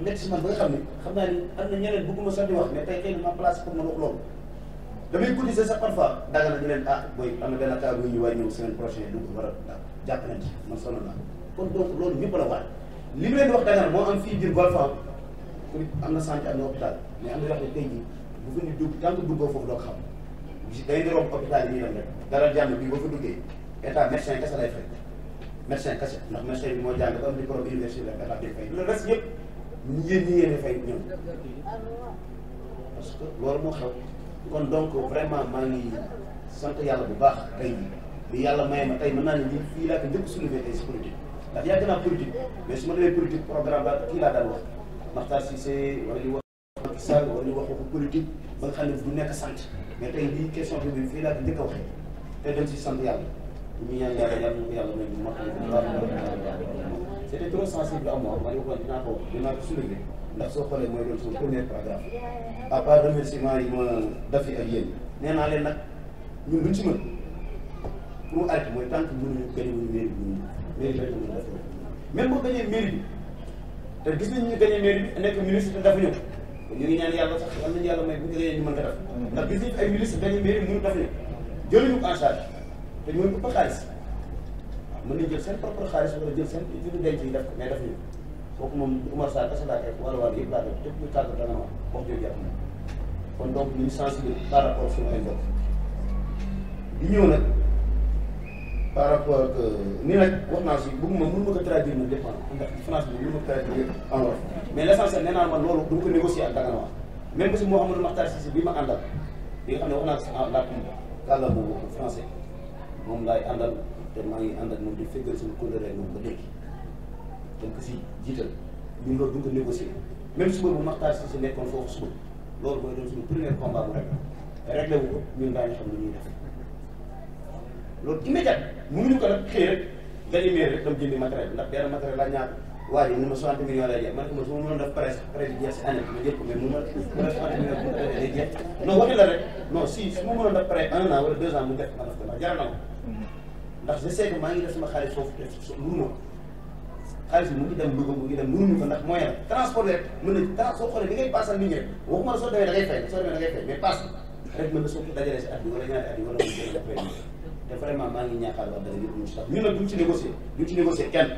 nekk si man ba nga xam ne xam naa ni am na ñeneen bëgguma sax di wax mais tey xëy na ma place pour ma wax loolu damay cotiser sax parfois dagg na ñu leen ah booy am na a cas bu ñu waay ñëw semaine prochaine lu ko war a jàpp nañ ci man sonn naa kon donc loolu ñëpp la waay li mu leen di wax dagal moo am fii biir Golf am na santé am na hôpital mais am na yoo xam ne tey jii bu fi ñu dugg tant que duggoo foofu doo xam day di romb hôpital yi ñuy dem rek dara jàmm bi moo jàng ba am diplôme université état yéen ñi ngeen di fay ñoom parce que loolu moo xew kon donc vraiment maa ngi sant yàlla bu baax tey bi yàlla ma tey mën naa ne ñun fii laa ko njëkk soulevé tey si politique naa politique mais su ma demee politique programme laa kii laa daan wax Makhtar Cissé wala ñu wax Macky Sall wala ñu wax nekk sant mais tey lii question bi fii laa ko njëkk a waxee te dem sant yàlla ñu ñaan yàlla yàlla ñu ko yàlla may bu mat c'était trop sensible à moi ma ne ko dinaa ko dinaa ko soulever ndax soo xoolee mooy doon sama premier paragraphe à part remerciement yi ma dafi ak yéen nee naa leen nag ñun luñ ci mën pour arrêté mooy tant que mënuñu gagné wuñu mairie bi mairie bi rek mën même boo gagné mairie bi te gis nañ ñu gagné mairie bi nekk ministre te dafa ñëw ñu ngi ñaan yàlla sax yal nañu yàlla may bu ñu gagné ñu mën ko def ndax gis nañ ay ministre gagné mairie mënu dafa ñëw jëluñu ko en charge te ñooñu ëpp xaalis waaw mën nañ jël seen propre xaalis wala jël seen li ñu def ko mais def ñu kooku moom Oumar Sarr kese laa koy wala wala yëpp laa def képp kuy kàddu dana ma wax jooju yàlla kon donc ñu sensibiliser par rapport suñu ay mbokk di ñëw nag par rapport que ni nag wax naa si bëgguma mënu ma ko traduire nag lépp ndax France bi mënu ma ko traduire en man loolu du ma ko négocier ak Dagana wax même si Mouhamadou Makhtar Cissé bi ma àndal bi nga xam ne wax moom laay àndal te maa ngi ànd ak moom di féggal suñu kóllëre moom ba léegi donc si jiital ñun loolu duñ ko négocier même suba bu Makhtar si si nekkoon foofu suba loolu mooy doon suñu premier combat bu rek réglé wu ko ñun daañu xam ko nag xëy rek rek dam jëndi matériel ndax benn matériel la ñaar waa ji ni ma soixante millions lay jeex man ko ma su ma mënoon def presse presse bi jeex si année bi ma jël ko mais mu ma mu def soixante millions bu ma defee day jeex non waxi la rek non si su ma mënoon ant presse mu def ma def ndax je sais que maa ngi def sama xaalis foofu def so mënuma xaalis bi mu ngi dem Louga mu ngi dem mënuñu ko ndax moyen la transport rek mën na trans soo xoolee li ngay paasal nit ñi rek waxuma la soo demee da ngay fay soo demee da ngay fay mais paas rek mën na soo ko dajalee si at bi wala ñaari at yi wala mu jël def fay te vraiment maa ngi ñaaxaar wax dara yëpp ñu sax ñun nag duñ ci négocier duñ ci négocier kenn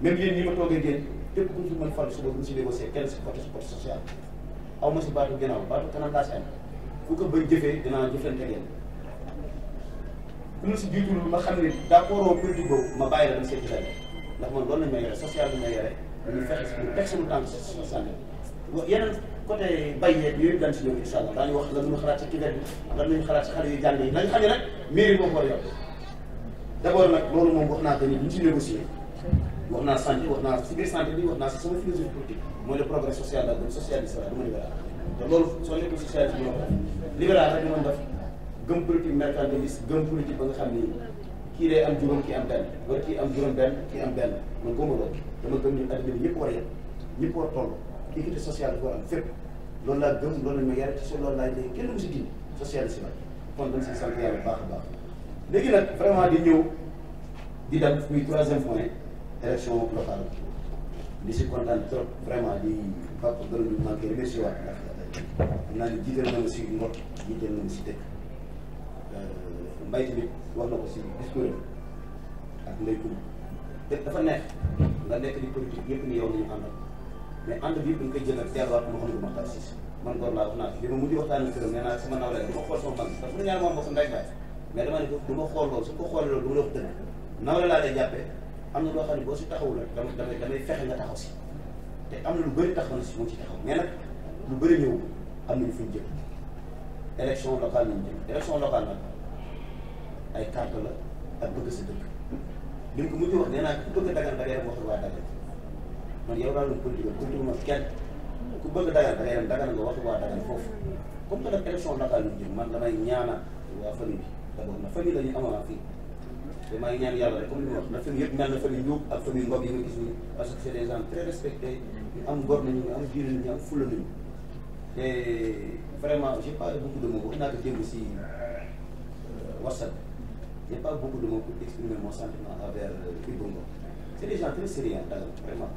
même yéen ñi ma toogee génn képp ku ci mën fal suba duñ ci négocier kenn si côté côté social aw ma si baatu ginnaaw baatu kanam laa si am ku ko bëgg jëfee dinaa jëflante ak yéen lu ma si jiitulul ma xam ne d'accord politique boobu ma bàyyi la ma seeti laaj ndax man loolu lañ may yore social bi may yore ñu fexe ñu teg suñu tànk sanni yeneen côté bay yeeg yooyu daan si ñëw incha allah daañu wax lan lañu xalaat ci kiber bi lan lañu xalaat si xale yu jàng yi nañ xam ne nag mairie moo ko yor d'abord nag loolu moom wax naa ko ni ñu ci négocier wax naa santé wax naa si biir santé bi wax naa si sama philosophie politique mooy le progrès social la dam socialiste la du ma libéral te loolu soo nekkul socialiste bi ñoo ko def libéral rek ñu mën def gëm politique mercantiliste gëm politique ba nga xam ni kii day am juróom kii am benn wala kii am juróom benn kii am benn man gëmuma loolu dama gëm ñun adduna bi ñëpp war a yem ñëpp war toll équité sociale dafa war am fépp loolu laa gëm loolu lañ ma yar ci so loolu laa jëlee kenn du si dindi socialisme kon dañ si sant yàlla bu baax a baax léegi nag vraiment di ñëw di dem muy troisième point élection locale di si kontaan trop vraiment di bàq gërëm di manqué remercié waat ndax xam naa ni jiital na ma si ngor jiital na ma si dëkk mbay tamit wax na ko si discours ak ndey kum te dafa neex nga nekk di politique ñëpp ni yow nañu àndal mais ànd bi dañ koy jël ak teelwaat Mouhamadou Makhtar Cissé man góor laa wax naa li ma mujj waxtaan ak këram nee naa sama nawle dama xool sama banque parce que ñaar moom bokk ndey baay mais dama ne ko du ma xool loolu su ko xoolee loolu du ma la wax dëgg nawle laa lay jàppee am na loo xam ne boo si taxawul rek dama damay damay fexe nga taxaw si te am na lu bëri taxaw na si moom si taxaw mais nag lu bëri ñëw am nañu fuñ jëm élection locale nañ jëm élection locale nag ay carte la ak bëgg sa dëkk bi ko mu wax nee naa ku bëgg a dagal da ngay dem waxal waa dagal man yow daal lañ politique politique ma kenn ku bëgg a dagal da ngay dem dagal nga waxal waa dagal foofu comme que nag élection locale ñu jëm man damay ñaana waa famille bi d'abord na famille la ñu amoon fii te maa ngi ñaan ma na famille yëpp mel na famille Ndiob ak famille Ngom yi nga gis nii parce que c'est des gens très respectés ñu am góor nañu ñu am diir nañu ñu am fulla nañu te vraiment j'ai pas beaucoup n'ai pas beaucoup de mots pour exprimer mon sentiment envers Ibongo euh, c'est des gens très sérieux daal vraiment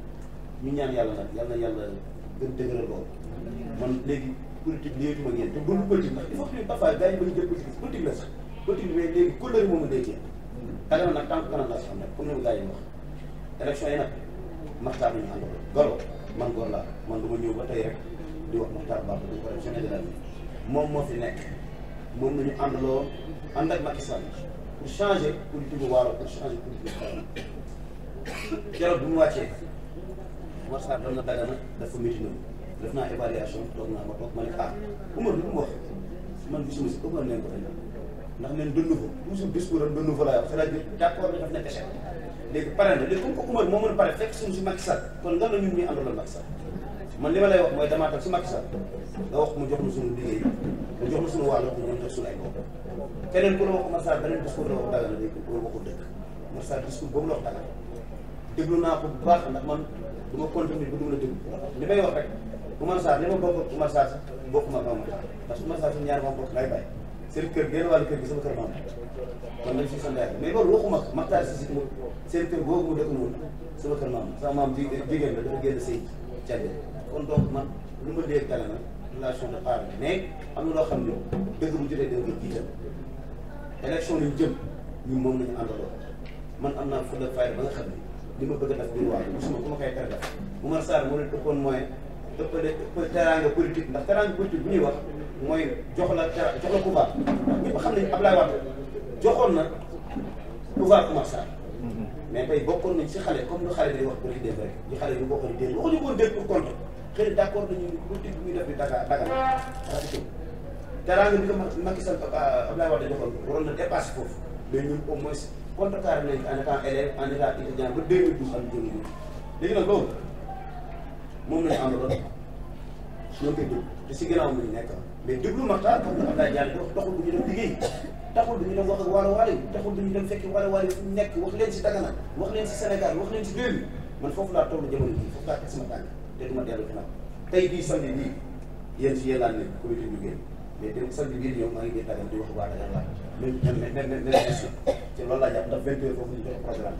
ñu ñaan yàlla nag yàlla na yàlla gën dëgëral lool man léegi politique léegi ma ngeen te bëgg politique ndax il faut que parfois gars yi ba ñu jël politique politique la sax politique mais léegi couleur moomu day jeex xale nag tant que kanam laa ni ma gars man góor man du ma ñëw ba di wax maxtaar baax na du ko def jamais de la vie moom moo fi nekk moom nañu àndaloo ànd ak Macky pour changer politique waalo pour changer politique xaw jarab bu mu wàccee Omar Sarr dal na Dagana dafa métti na def naa évaluation toog naa ma toog ma ne ah Omar li mu wax man gisuma si ëpp nañ ko fa ndax neen de nouveau toujours discours am de nouveau laa wax c'est-à-dire d'accord daf nekk échec léegi pare na léegi comme que Omar moo mën a pare fekk suñu si Macky Sall kon nga la ñun ñuy àndalal Macky Sall man li ma lay wax mooy damaa tax si Macky Sall nga wax mu jox ñu suñu liggéey mu jox ñu suñu wàll wax ñu jox suñu ay bopp keneen ku la wax Omar Sarr beneen discours la wax dagal na dégg loolu waxul dëgg Omar Sarr discours boobu la wax dagal déglu naa ko bu baax ndax man du ma continuer bu du ma la déglu li may wax rek Omar Sarr li ma bokk Omar Sarr sax bokkuma ak Omar parce que Omar Sarr suñu ñaar moom bokk ngay bàyyi seen kër génn wàllu kër gi sama kër maam man nañ si sant yàlla mais loolu waxuma Makhtar si si seen kër boobu mu dëkk moom sama kër maam sama maam jigéen la dafa génn sëy kon donc man lu ma dee tala na relation de part mais am na loo xam ne dëgg bu jotee da nga koy jiital élection yu jëm ñun moom nañu àndaloo man am naa fulla fayda ba nga xam ne li ma bëgg a def biñu waaye mosuma ku ma koy tere def moo leen ëppoon moyen ëppale teraanga politique ndax teraanga politique bu ñuy wax mooy jox la tera jox la pouvoir ndax ñëpp xam nañ Ablaye Wade joxoon na pouvoir Oumar Sarr mhm. mais tey bokkoon nañ si xale comme lu xale day wax politique rek ñu xale ñu bokkoon démb waxuñu ko dégg pour compte xëy na d' accord nañu ni politique bi muy def ni Dakar Dakar rafetlu teraanga bi ko Macky Sall Abdoulaye Wade joxoon waroon na dépassé foofu mais ñun au moins contrecarré nañ en étant élève en état étudiant ba deux mille douze ak deux mille léegi nag loolu moom la ñu àndaloon ñoo koy déglu te si ginnaaw mi ñu nekk mais déglu Makhtar taxul na Abdoulaye Diagne taxul du ñu dem liggéey taxul wax ak waalo waalo yi taxul du ñu dem fekki waalo waalo yi fu ñu nekk wax leen si Dagana wax leen si Sénégal wax leen si réew mi man foofu laa toll jamono jii foofu te du ma dellu ginnaaw tey bii samedi bii yéen si yéen laa nekk comité ñu génn mais dem samedi bii ñëw maa ngi dégg daal di wax waa Dakar laaj même même même même question ci loolu laa jàpp ndax vingt heures foofu ñu joxe programme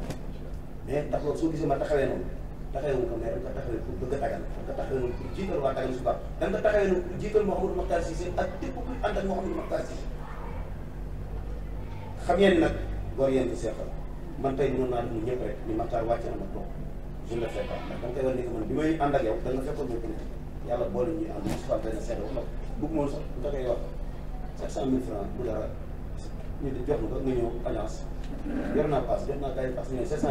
mais ndax loolu soo gisee ma taxawee noonu taxawee wu ko mais dañ ko taxawee pour bëgg a dagal dañ ko taxawee noonu pour jiital waa Dakar suba dañ ko taxawee noonu pour jiital Mouhamadou Makhtar Cissé ak képp kuy ànd ak Mouhamadou Makhtar Cissé xam ngeen nag góor yéen di seexal man tey mënoon naa def ñun ñëpp rek ni Makhtar wàcc na ma toog je le fais nga koy war a nekk man bi may ànd ak yow da nga fekkoon ma gën a yàlla boole ñu ànd si wàllu benn seet wax la bëgg moom sax da koy wax 700000 francs bu dara ñu di jox nga nga ñëw alliance yor naa paas yor naa gars yi paas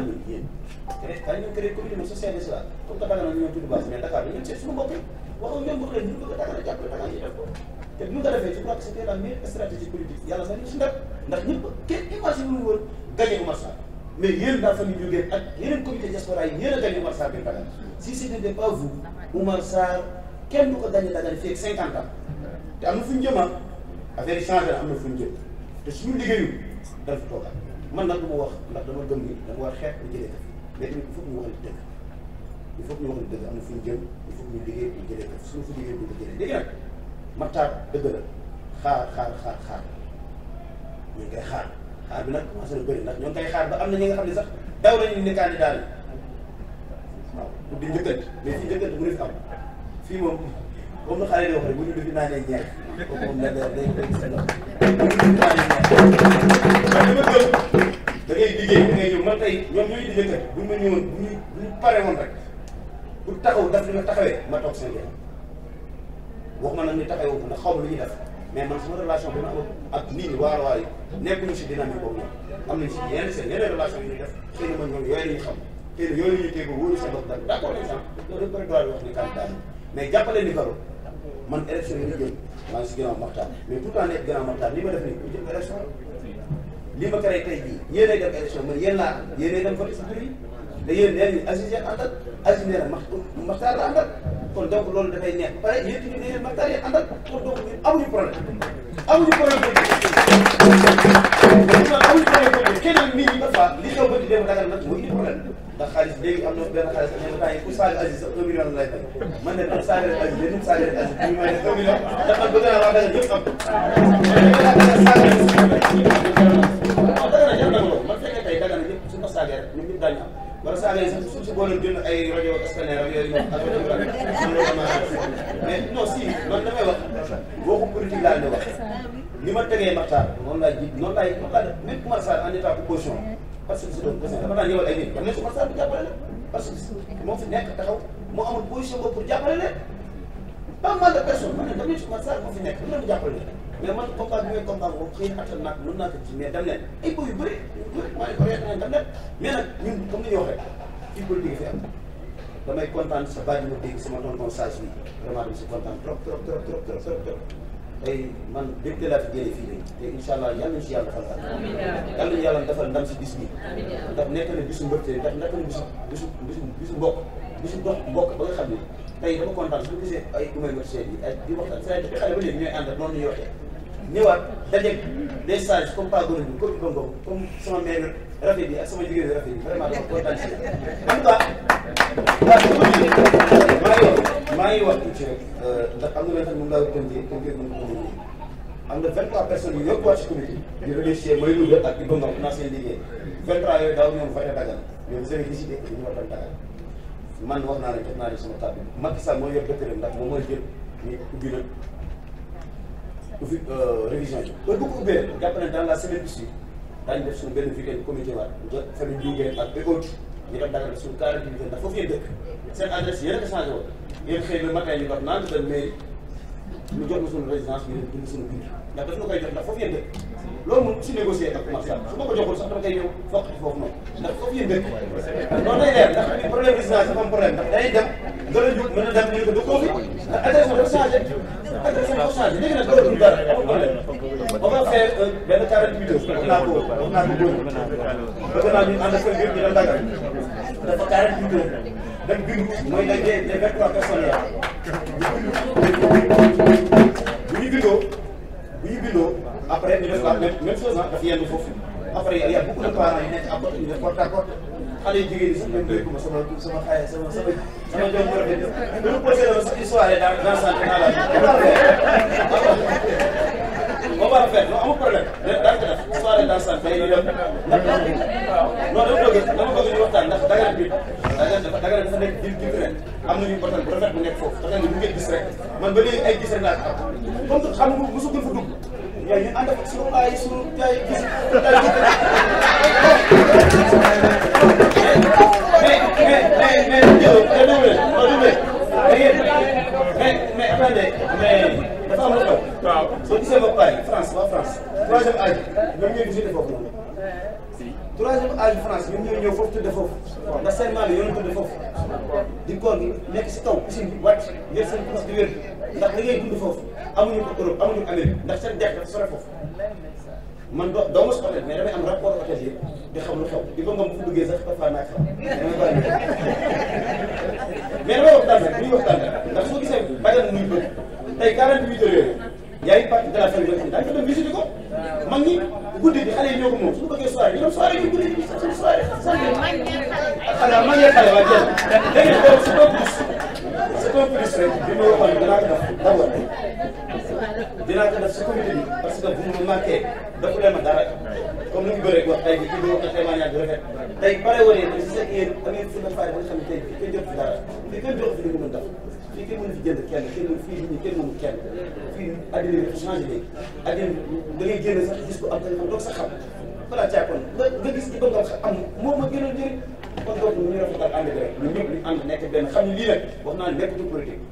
na créé commune bi sociale si la comme que Dakar ñu ñëw tudd base mais Dakar dañuy seet suñu bopp yi waxuñu même bu xëy ñu bëgg a Dakar jàppale Dakar yi def ko te bu ñu ko defee je crois que c'était la meilleure stratégie politique yàlla sax ñu si ndax ndax ñëpp mais yéen la famille ñu ngeen ak yeneen comité diaspora yi yéen a gagné Oumar Sarr biir Dakar si ce n'était pas vous Oumar Sarr kenn du ko gagné Dakar fii ak 50 ans te am na fu ñu jëm ah. affaire yi changé na am na fu ñu jëm te suñu liggéeyu dal fi toogaat ah. man nag du ma wax ndax dama gëm ni dama war xeet bu jëlee def mais tamit il faut que ñu waxante dëgg il faut que ñu waxante dëgg am na fu ñu jëm il faut que ñu liggéey bu jëlee def suñu fu liggéey bu ko jëlee léegi nag Matar dëgg la xaar xaar xaar xaar ñu ngi koy xaar ah bi nag commencé na bëri ndax ñoo ngi koy xaar ba am na ñi nga xam ne sax daw nañu ne candidat yi waaw pour di njëkkante mais fii njëkkante bu def am fii moom comme na xale yi wax rek bu ñu defi naa nee ñeer kooku moom nag day koy gis sa loxo bu ñu defi naa nee ñeer man li ma gëm da ngay liggéey da ngay ñëw man tey ñoom ñooy di njëkkante bu ñu ma ñëwoon bu ñu bu ñu pare woon rek pour taxaw daf li ma taxawee ma toog seen yoon wax ma nag ñu taxawee ko ndax xaw ma lu ñuy def mais man sama relation bi ma am ak nit ñi waar waar yi nekkuñu si dynamique boobu noonu am nañu si yenn seen yeneen relation yu ñuy def xëy na man ñoom yooyu la ñuy xam xëy na yooyu la ñuy dégg wóolu sa bopp d' accord exemple loolu dañ koy wax ni candidat mais jàppale ni Garo man élection yi ñu jëm maa ngi si ginnaaw Maxtaar mais tout temps nekk ginnaaw Maxtaar li ma def nii ku jëm élection li ma créé tey jii yéenay dem élection man yéen laa yéenay dem voté si tur yi te yéen nee nañu Aziz yéen àndal Aziz nee na Maxtaar la àndal kon donc loolu dafay neex ba pare yéen tamit nee na Maxtaar yéen àndal kon donc ñun amuñu problème amuñu problème amuñu problème keneen mii ba fa li xew ba di dem dagal nag mooy indi problème ndax xaalis léegi am na benn xaalis dañu bàyyi pour saaga Aziz sax 1 million lay fay man ne pour saaga Aziz dañu saaga Aziz ñu may def 1 million ndax man bëgg naa na jël na ko man fekkee tey na ñëpp suñu ko wala saa leen sax suuf si boo leen jënd ay rajo scanner ak yooyu ak rajo rajo mais non si man damay wax waxu politique laa leen wax ni ma tegee Makhtar noonu laa ji noonu laay noonu laa def même Oumar Sarr en état opposition parce que si doon parce que dafa daan ñëwal ay nit kon ne su Oumar Sarr bu jàppale leen parce que moo fi nekk taxaw moo amul position boobu pour jàppale leen pas mal de personnes man ne tamit Oumar Sarr moo fi nekk lu leen mais man combat bi ngay combat boobu xëy na attan naa ko mën naa ko ci mais dem nañ ay boobu yu bëri maa ngi bëri nañ dem nañ mais nag ñun comme ni ñu waxee ci politique fi am damay kontaan sa bàjj ma dégg sama tonton Sadio bi vraiment dama si kontaan trop trop trop trop trop trop tey man député laa fi jëlee fii léegi te incha allah yal nañu si yàlla defal la yal nañu yàlla defal ndam si bis bi ndax nekk na bisu mbërte ndax nekk na bisu bisu bisu bisu mbokk bisu dox mbokk ba nga xam ne tey dama kontaan su ma gisee ay umay mbërte yi ay di waxtaan c'est-à-dire xale ba léegi ñooy ànd noonu la ñuy waxee ñëwaat dajeeg des sages comme Paa Gourou comme Bongo comme sama mère rafet bi ak sama jigéen rafet bi vraiment dama kontaan si. en tout cas maa ngi wax maa ngi wax tuuti rek euh, ndax am na loo xam ne moom laa doon jëndee comme ngeen mën ko mën am na 23 personnes yu yokkuwaat si comité bi. yu remercié mooy Louga ak Bongo naa seen liggéey 23 yooyu daaw ñoom fay na dagal ñoom seen décidé ñu war doon dagal man wax naa ne jot naa ne sama table Macky Sall mooy yor bëtëram ndax moom mooy jël ñu ubbi na. ufi euh, révision yi kon bu ko ubbee jàpp na dans la semaine bi suivie daañu def suñu benn weekend comité waat jot famille bii ngeen ak et autres ñu dem Dakar def suñu quarante huit ndax foofu ngeen dëkk seen adresse yéen a ko changé woon ngeen xëy na matin ñu wax naan dañ mairie ñu jot na suñu résidence ñu dund suñu biir ndax daf na koy jot ndax foofu ngeen dëkk loolu moom si négocier ak Oumar Sall su ma ko joxul sax dama koy ñëw fokk ci foofu noonu ndax foofu yéen dëkk loolu day leer ndax ni problème résidence dafa am problème ndax day dem gën a jub mën a dem ñu ne ko du koofi ndax adresse dafa changé adresse dafa changé léegi nag loolu du dara amul problème on va faire benn 48 heures wax naa ko wax naa ko góor bëgg naa ñu ànd ak yëpp ñu dem Dakar dafa 48 heures dem bindu mooy nag les les 23 personnes là bu ñu bindoo bu ñu bindoo après ñu def la même même chose ah dafa yenn foofu après y' a beaucoup de parents yu nekk à côté ñu def porte à porte xale yu jigéen ñi sax même béykat sama sama xaye sama sama sama jom bu rafet bi ñu posé woon sax histoire dans dans sa dans la vie. boo ko rafet non amul problème daal ko def histoire dans sa bay ñu dem ndax non dama bëgg dama bëgg ñu waxtaan ndax Dagana bi Dagana dafa Dagana dafa nekk jiw jiw ren am nañu botal bu rafet bu nekk foofu dafa ne ñu ngi gis rek man ba léegi ay gis rek laa am comme xam nga mosu gën fa dugg. waaye ñu ànd ak suñu bàyyi suñu jaay gis mais mais mais mais troisième âge France ñun ñooy ñëw foofu tëdd foofu ndax seen maam yi yoonu tëdd foofu di koor gi nekk si taw piscine bi wàcc ngeen seen di wér ndax da ngay dund foofu amuñu ko Europe amuñu Amérique ndax seen dekk dafa sore foofu man doo doo mos hôtel mais damay am rapport hôtel yi di xam lu xew di ko ngam fu duggee sax parfois naa xam damay bàyyi mais damay waxtaan rek bu ñuy ndax soo gisee bajan muy bëgg tey 48 heures yooyu y a une partie de la famille boo xam ne daañu ko dem visité ko mag ñi guddi bi xale yi ñoo ko moom suñu bëggee soirée ñu dem soirée ñu guddi bi suñu soirée. xanaa mag ñee xale waa jeex léegi nag su ko su ko gis rek bi ma waxoon dinaa ko def d'abord dinaa ko def su comité bi parce que bu mu marqué dafa leen ma dara comme ni mu bëree wax tey jii kii bi wax na témoignage bu rafet tey pare wane ne su fekkee yéen da ngeen si mën faale ba nga xam ne tey fii kenn jot fi dara fii kenn jot fi li nga mën def fii kenn mënu fi jënd kenn kenn mënu fii nit ñi kenn mënu kenn fii addina bi changé léegi addina da ngay génn sax gis ko am téléphone doog sax xam balaa caakoon nga nga gis ci bëgg nga am moo ma gënoon njëriñ kon donc ñu rafetal ànd bi rek ñun ñëpp ñu ànd nekk benn xam ne wax naa ne nekkatul politique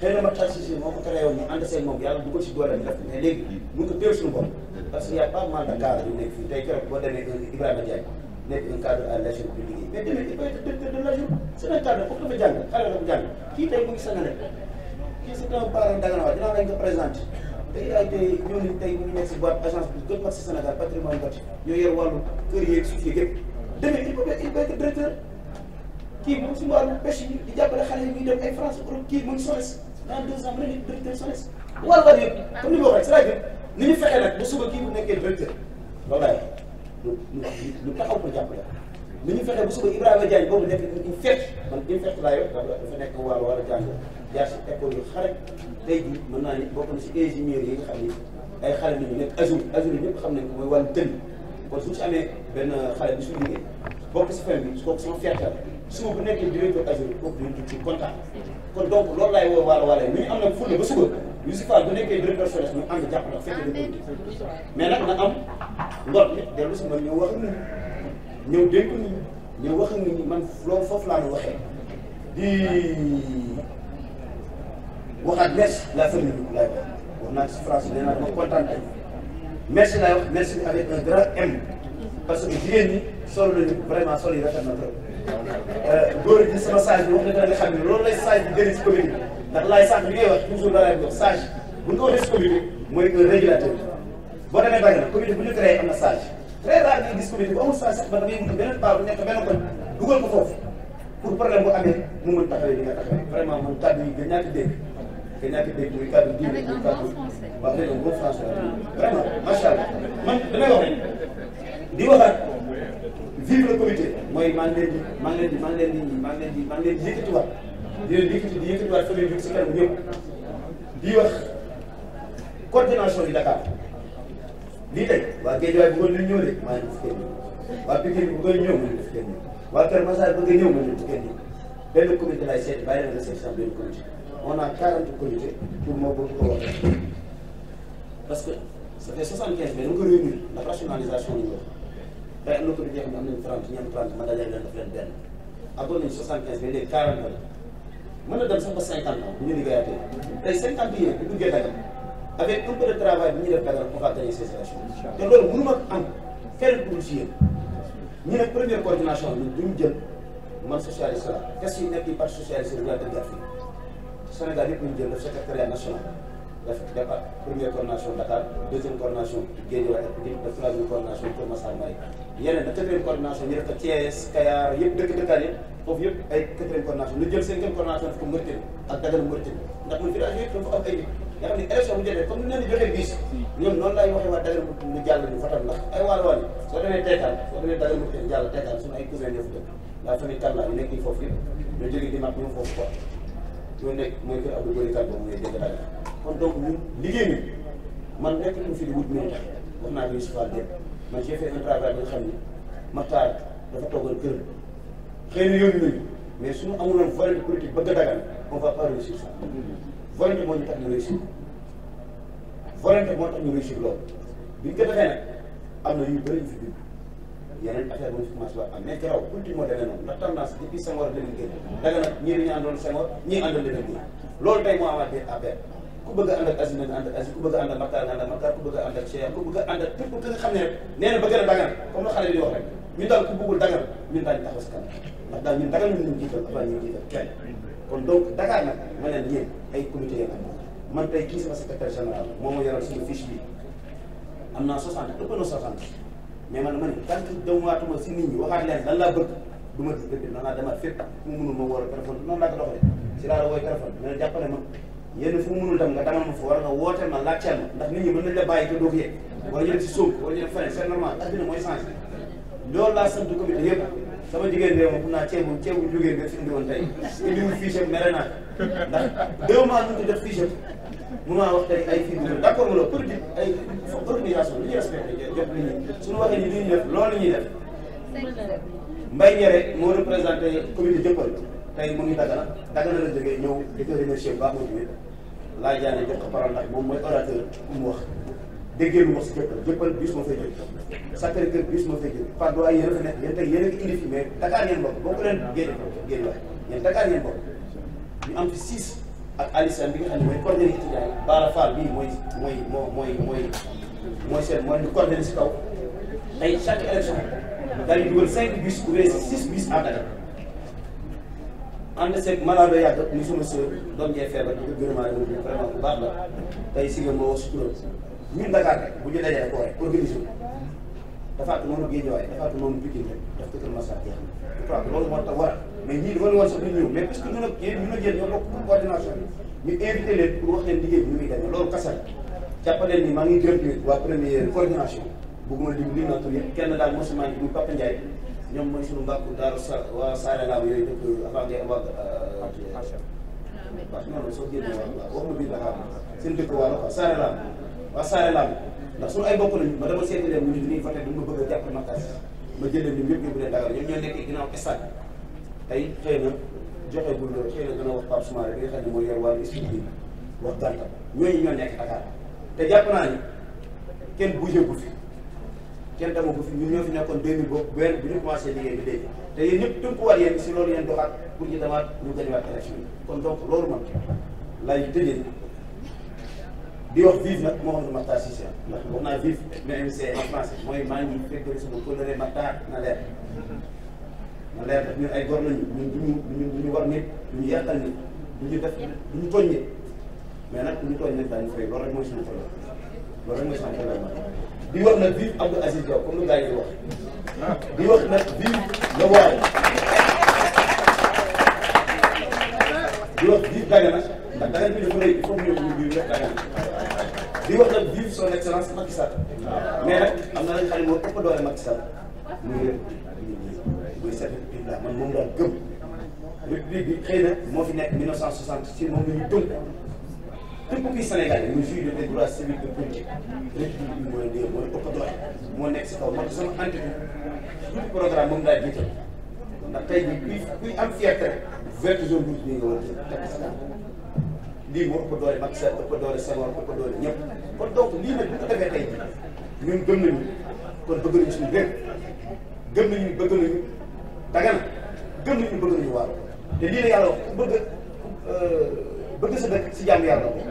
xëy ma transition moo ko créé woon ñu ànd seen moom yàlla du ko ci doole ñu def mais léegi mun ko téel suñu bopp parce que y' a pas mal de cadre yu nekk fii tey keroog boo demee Ibrahima nekk un cadre à l' échelle du liggéey mais demee il peut être directeur de la jour c' est mu ngi nga nekk kii c' est un parent na wax dinaa lañ ko présenté tey ay tey ñooñu tey mu ngi nekk si boîte agence bi gën mag demee il peut il peut être directeur kii moom suñu wàllu pêche yi di jàppale xale yi ñuy dem ay France Europe kii mooy SONES dans deux ans mu nekk directeur SONES. wala wala yëpp comme ni ma ko waxee c'est-à-dire ni ñu fexe nag ba suba kii bu nekkee directeur loolaay lu lu taxaw ko jàppale ni ñu fexe ba suba Ibrahima Diagne boobu nekk nañu fekk man bi ñu fekk laa yor dafa nekk wàllu wàllu jàng jaar si école yu xare tey jii mën naa ne bokk na si ingénieurs yi nga xam ni ay xale nañu nekk azur azur yi ñëpp xam nañ ko mooy wàllu dënn kon su si amee benn xale bi su liggéey bokk si famille bi kooku sama fierté la su bu nekkee directeur Azur kooku dañu dugg ci kontaan kon donc loolu laay woo waala waala ñu am na fulla ba suba Youssouf Fall bu nekkee directeur SONES ñu ànd jàpp nag fekkee dëgg mais nag na am ngor nit dellu si man ñëw ñi ñëw wax ak nit man loolu foofu laa ñu waxee di waxaat merci la famille bi laay wax wax naa ci France nee naa dama kontaan merci laay wax merci bi avec un parce que jigéen ñi sol nañu vraiment sol yi rafet na trop euh, góor gi sama sage bi wax na nga xam ne loolu lay sage bi jëriñ si commune bi ndax laay sage bi ngay wax toujours dalaay bi wax sage bu ñu ko waxee si commune bi mooy un régulateur boo demee bàyyi na commune bu ñu créé am na sage très rare ngay gis commune ba damay mën beneen paa bu nekk benn koñ dugal ko foofu pour problème bu amee mu mën taxawee li nga taxawee vraiment moom kàddu yi gën ñaata nga ñàkk a dégg muy kàddu diine muy kàddu waaw léegi bon français vraiment macha allah man damay wax ne di waxaat vive le comité mooy maa ngi leen di maa ngi leen di maa ngi leen di maa ngi leen di maa ngi leen di yëkkatiwaat di leen yëkkati di yëkkatiwaat famille bi si kanam ñëpp di wax coordination di Dakar lii tey waa Guédiawaye bëggoon nañ ñëw de maa ngi fi kenn waa Pikine bi bëggoon ñëw mën na fi kenn waa Kër Massar bëgg a ñëw mën na fi kenn benn comité laay seet bàyyi na nga seet sax benn comité on a 40 comités pour moo bëgg ko waxee parce que ça fait 75 mais dañ ko réunir ndax rationalisation la ñu wax tey am na comité yoo xam ne am nañu 30 ñoom 30 ma dajale leen def leen benn amoon nañu 75 mais léegi 40 la mën na dem sax ba 50 ans bu ñu liggéeyaatee tey 50 yi bu duggee Dakar avec un peu de travail bi ñuy def Dakar on va gagner ces élections te loolu mënu ma am kenn ku dul ci yéen ñu ne première coordination bi duñ jël man socialiste la question yi nekk yi parti socialiste bi laa dëgg Sénégal yëpp ñu jël def secrétariat national def départ première coordination Dakar deuxième coordination Guédiawaye ak Pikine def troisième coordination Kër Massar Mbaye yeneen nag quatrième coordination ñu def ko Thiès Kayar yëpp dëkk dëkkaan yëpp foofu yëpp ay quatrième coordination ñu jël cinquième coordination def ko Mauritanie ak Dagana Mauritanie ndax man village yëpp dafa am ay nit nga xam ne ni leen di joxee bis ñoom noonu laay waxee waa Dagana mu jàll ñu votal ndax ay waalo ay cousin ñoo fa dëkk waa famille Kalla yi nekk foofu yëpp ñu jógee dimanche ñoom foofu ñoo nekk mooy kër Abdou Bari Kane boobu ngay dégg daal kon donc ñun liggéey nañ man nekk nañu fi di wut minute wax naa Youssou Fall dégg man j'ai fait un travail bi nga xam ne Makhtar dafa toogal kër xëy na yónni nañu mais suñu amuloon volonté politique bëgg a dagal on va pas réussir ça volonté moo tax ñu réussir volonté moo tax ñu réussir bi ñu ko am na yu bëri yu fi dugg yeneen affaire bu ñu commencé wax am mais garaaw politique moo demee noonu ndax tendance depuis Senghor ak Lamine Gueye da nga nag ñii dañu àndoon Senghor ñii àndoon Lamine Gueye loolu tey moo amaat biir affaire ku bëgg a ànd ak Aziz nañu ànd ak Aziz ku bëgg a ànd ak Makhtar nga ànd ak Makhtar ku bëgg a ànd ak Cheikh ku bëgg a ànd ak képp ku nga xam ne rek nee na bëgg na dagan comme la xale bi mais man ma ne tant que dawmaatuma si nit ñi waxaat leen lan laa bëgg du ma gis dëgg danaa demaat fépp fu mu mënul ma woo téléphone noonu laa ko doxalee si laa la wooy téléphone ma ne jàppale ma yénn fu mu mënul tam nga demal ma fa war nga wooteel ma laajteel ma ndax nit ñi mën nañ la bàyyi te doo ko yëg wala ñu dem si sóob wala ñu dem feneen c'est normal addina mooy changé loolu laa sant comité yëpp sama jigéen de moom mun naa ceebu ceebu jógee nga fi indi woon tey indiwu fiche mere naa ndax deux mois ñu ko jot fiche mënoo wax tey ay fii d' o nga loolu politique ay organisation lu ñu respecté jot nit ñi suñu waxee ni li ñuy def loolu la ñuy def Mbaye Ndiaye moo représenté comité jëppal tey mu ngi Dagana Dagana la jógee ñëw déggee monsieur Ba moo jógee laaj jaane jox ko parole ndax moom mooy orateur mu wax déggee lu wax si jëppal jëppal bis ma fay jóg Sacré Cœur bis ma par do ay yéen a fa nekk yéen tey yéen a ngi indi fi mais Dakar ngeen bokk boo ko leen génne génn wax yéen Dakar ngeen bokk ñu am fi ak Alisane bi nga xam ne mooy coordonné étudiant yi Bara Fall bii mooy mooy moo mooy mooy mooy seen mooy coordonné si kaw tey chaque élection dañuy dugal cinq bus ou bien six bus à Dakar ànd seeg malade yàgg ñu sama sœur doom jee feebar di ko gërëmaale moom vraiment bu baax la tey si nga moo wax si turam ñun Dakar bu ñu dajee koore organisé dafa at noonu Guédiawaye dafa at noonu Pikine rek daf ko Kër Massar jeex na je crois que loolu moo tax waral mais ñii dafa ne woon sax duñ ñëw mais parce que ñun ak yéen ñun ak yéen ñoo bokk coordination bi ñu invité leen pour wax leen liggéey bi ñu ngi demee loolu kasal jàppaleen ni maa ngi gërëm tamit waa première coordination bëgguma lim li naa tur yëpp kenn daal moo sama muy Papa Ndiaye ñoom mooy suñu mbàkku daal sa waa Saare Laam yooyu dëkk avant ngay avant euh, waaw non non soo génnee waaw waxuma biir Dakar seen dëkk waa la quoi Saare Laam waa Saare Laam ndax suñu ay bokk lañu ma dama seeti leen mu ni nii fa tey du ma bëgg a jàpp ma tas ma jëlee ñun ñëpp yóbbu leen Dakar ñoom ñoo nekk ginnaaw stade tey xëy na joxe guñ la xëy na dana wax Pape Soumaré bi nga xam ne mooy yor wàllu istik bi wax gàncax ñooñu ñoo nekk Dakar te jàpp naa ni kenn bougé gu fi kenn dama gu fi ñun ñoo fi nekkoon 2000 boobu weer bi ñu commencé liggéey bi dégg te yéen ñëpp tënkuwaat yéen si loolu yéen doxaat pour ñu demaat ñu gañewaat élection yi kon donc loolu man lay tëjee di wax vive nag Mouhamadou Makhtar Cissé ndax wax naa vive mais MC en français mooy maa ngi fekk sama na leer ma leer daf ñun ay góor lañu ñun du ñu du ñu du war nit du ñu yàqal nit du ñu def du ñu tooñ nit mais nag du ñu tooñ nag daañu fay loolu rek mooy suñu problème loolu rek mooy suñu problème di wax nag vive Abdou Aziz Diop comme lu gars yi di wax di wax nag vive le Waalo di wax vive Dagana ndax Dagana bi dafa rëy il faut que ñu ñu vive Dagana di wax nag vive son excellence Macky Sall mais nag am na lañ xam ne moo ëpp doole Macky Sall muy muy alhamdulilah man moom laa gëm république bi xëy na moo fi nekk 1960 ci moom la ñu tënk tënk kii Sénégal yi muy juge des droits civiques et politiques république bi mooy néew mooy ëpp doole moo nekk si kaw man sama entité tout programme moom laa jiital ndax tey jii kuy kuy am fierté rek vert jaune rouge bi nga war a teg sa lii moo ëpp doole Macky Sall ëpp doole Senghor ëpp doole ñëpp kon donc lii nag bu ko defee tey ñun gëm nañu kon bëgg nañu suñu réew gëm nañu dagan gëm nañu bëgg nañu waar te lii la yàlla wax bëgg euh, bëgg sa dëkk si jàmm yàlla bokk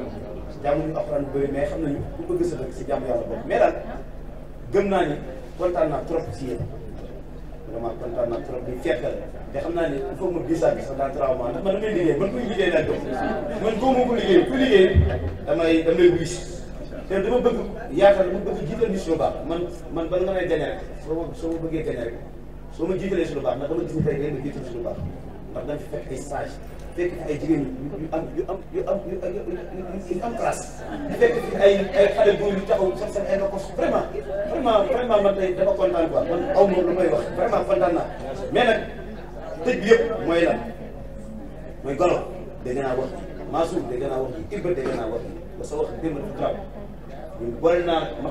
jàmm ñu alxuraan bu bëri mais xam nañu ku bëgg sa dëkk si jàmm yàlla bokk mais daal gëm naa ni kontaan naa trop si yéen vraiment kontaan naa trop di fekkal te xam naa ni il faut ma gisaat sax dans ma ndax man damay liggéey man kuy liggéey laa doon man koo ma ko liggéey ku liggéey damay damay wis te dama bëgg yaatal dama bëgg jiital mission baax man man bala nga may gañe rek soo ma jiitalee suñu baax ndax dama gis ne tey léegi nga jiital suñu baax ndax da yu am yu am yu am yu am place fekk fi yu taxaw sax seen ay nokos vraiment vraiment vraiment man tey dafa kontaan quoi man aw ma lu may wax vraiment kontaan naa mais nag bi yëpp mooy lan mooy golo dégg naa wax Mansour dégg naa wax Ibba dégg naa wax ba sa wax démb dafa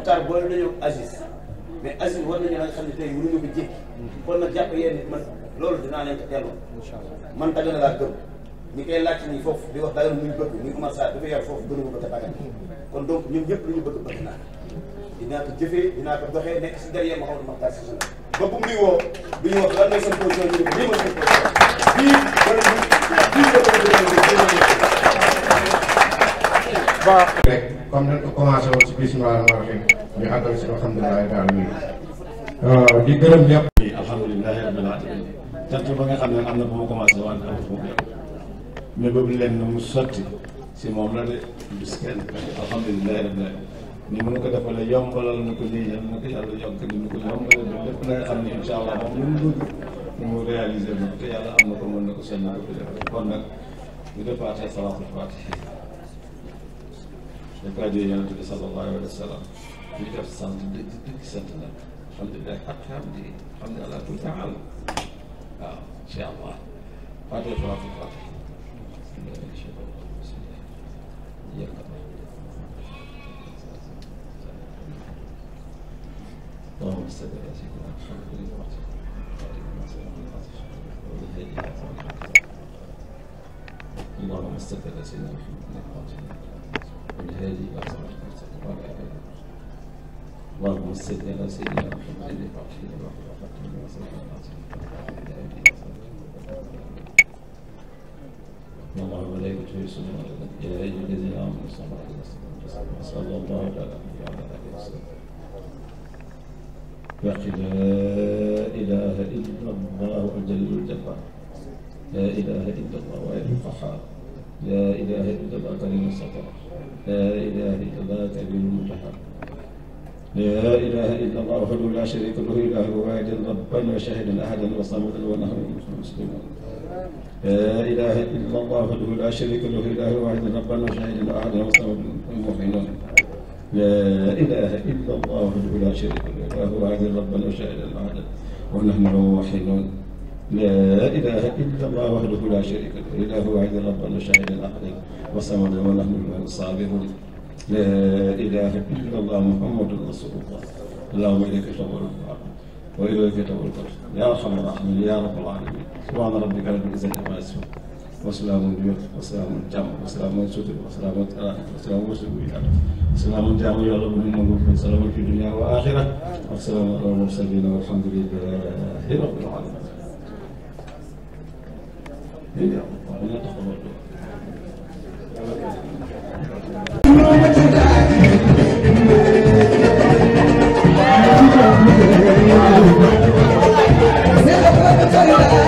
traw mais asile war nañu nag xam ne tey mënuñu ko jékki kon nag jàpp yéen nit man loolu dinaa leen ko delloo man dagana laa gëm ñi koy laaj nii foofu di wax dagana muñ bëgg ñu Omar Sarr dafa yar foofu gënuma ko te dagana kon donc ñun ñëpp lu bëgg bëgg naa dinaa ko jëfee dinaa ko doxee nekk si derrière ma xaw ma tax si suñu ba bu muy ne ko ko rek comme dañ ko commencé woon si bismillah ñu àndal ci alhamdulilahi taala euh, di gërëm ñëpp alhamdulilahi rabbil alamin tant ba xam ne am na bu ma commencé wante am fu mu mais boobu leen na mu sotti si moom la de bis kenn alhamdulilahi rabbil alamin ni mu ko defalee yombalal na ko lii yal na ko yàlla yokk ni mu ko yombalal ba lépp la nga xam ne incha allah moom lu mu bëgg mu te yàlla am na ko mën na ko sañ na ko def kon nag ñu defaatee salaatul faatiha ñu def sant dëgg dëgg sant nag alhamdulilah ak hamdi xam ne ala kulli taal waaw incha allah fàtte fàtte fàtte اللهم صل على سيدنا محمد اللهم صل على سيدنا محمد والهادي الى صراطك المستقيم وعلى اله اللهم صل على سيدنا محمد اللهم عليك يسلم يا ايها الذين امنوا صلوا عليه وسلموا صلى الله عليه وعلى اله وسلم باقي لا اله الا الله جل الجبار لا اله الا الله وهي القحار لا اله الا الله كريم السطر لا اله الا الله كريم المنتهى لا إله إلا الله وحده لا شريك له إله واحد ربا وشاهدا أحدا وصمدا ونحو مسلمون لا إله إلا الله وحده لا شريك له إله واحد ربا وشاهدا أحدا وصمدا مؤمنا لا إله إلا الله وحده لا شريك له إله واحد ربا وشاهدا أحدا ونحن موحدون لا إله إلا الله وحده لا شريك له إله واحد ربا وشاهدا أحدا وصمدا ونحن الصابرون لا إله إلا الله محمد رسول الله اللهم إليك توكل وإليك توكل يا أرحم الراحمين يا رب العالمين سبحان ربك رب العزة عما يصفون وسلام اليوم وسلام الجمع وسلام السجود وسلام الكراهة وسلام السجود وسلام الجامع يا رب المؤمنين وسلام في الدنيا والآخرة والسلام على المرسلين والحمد لله رب العالمين. يا رب العالمين تقبل Thank you.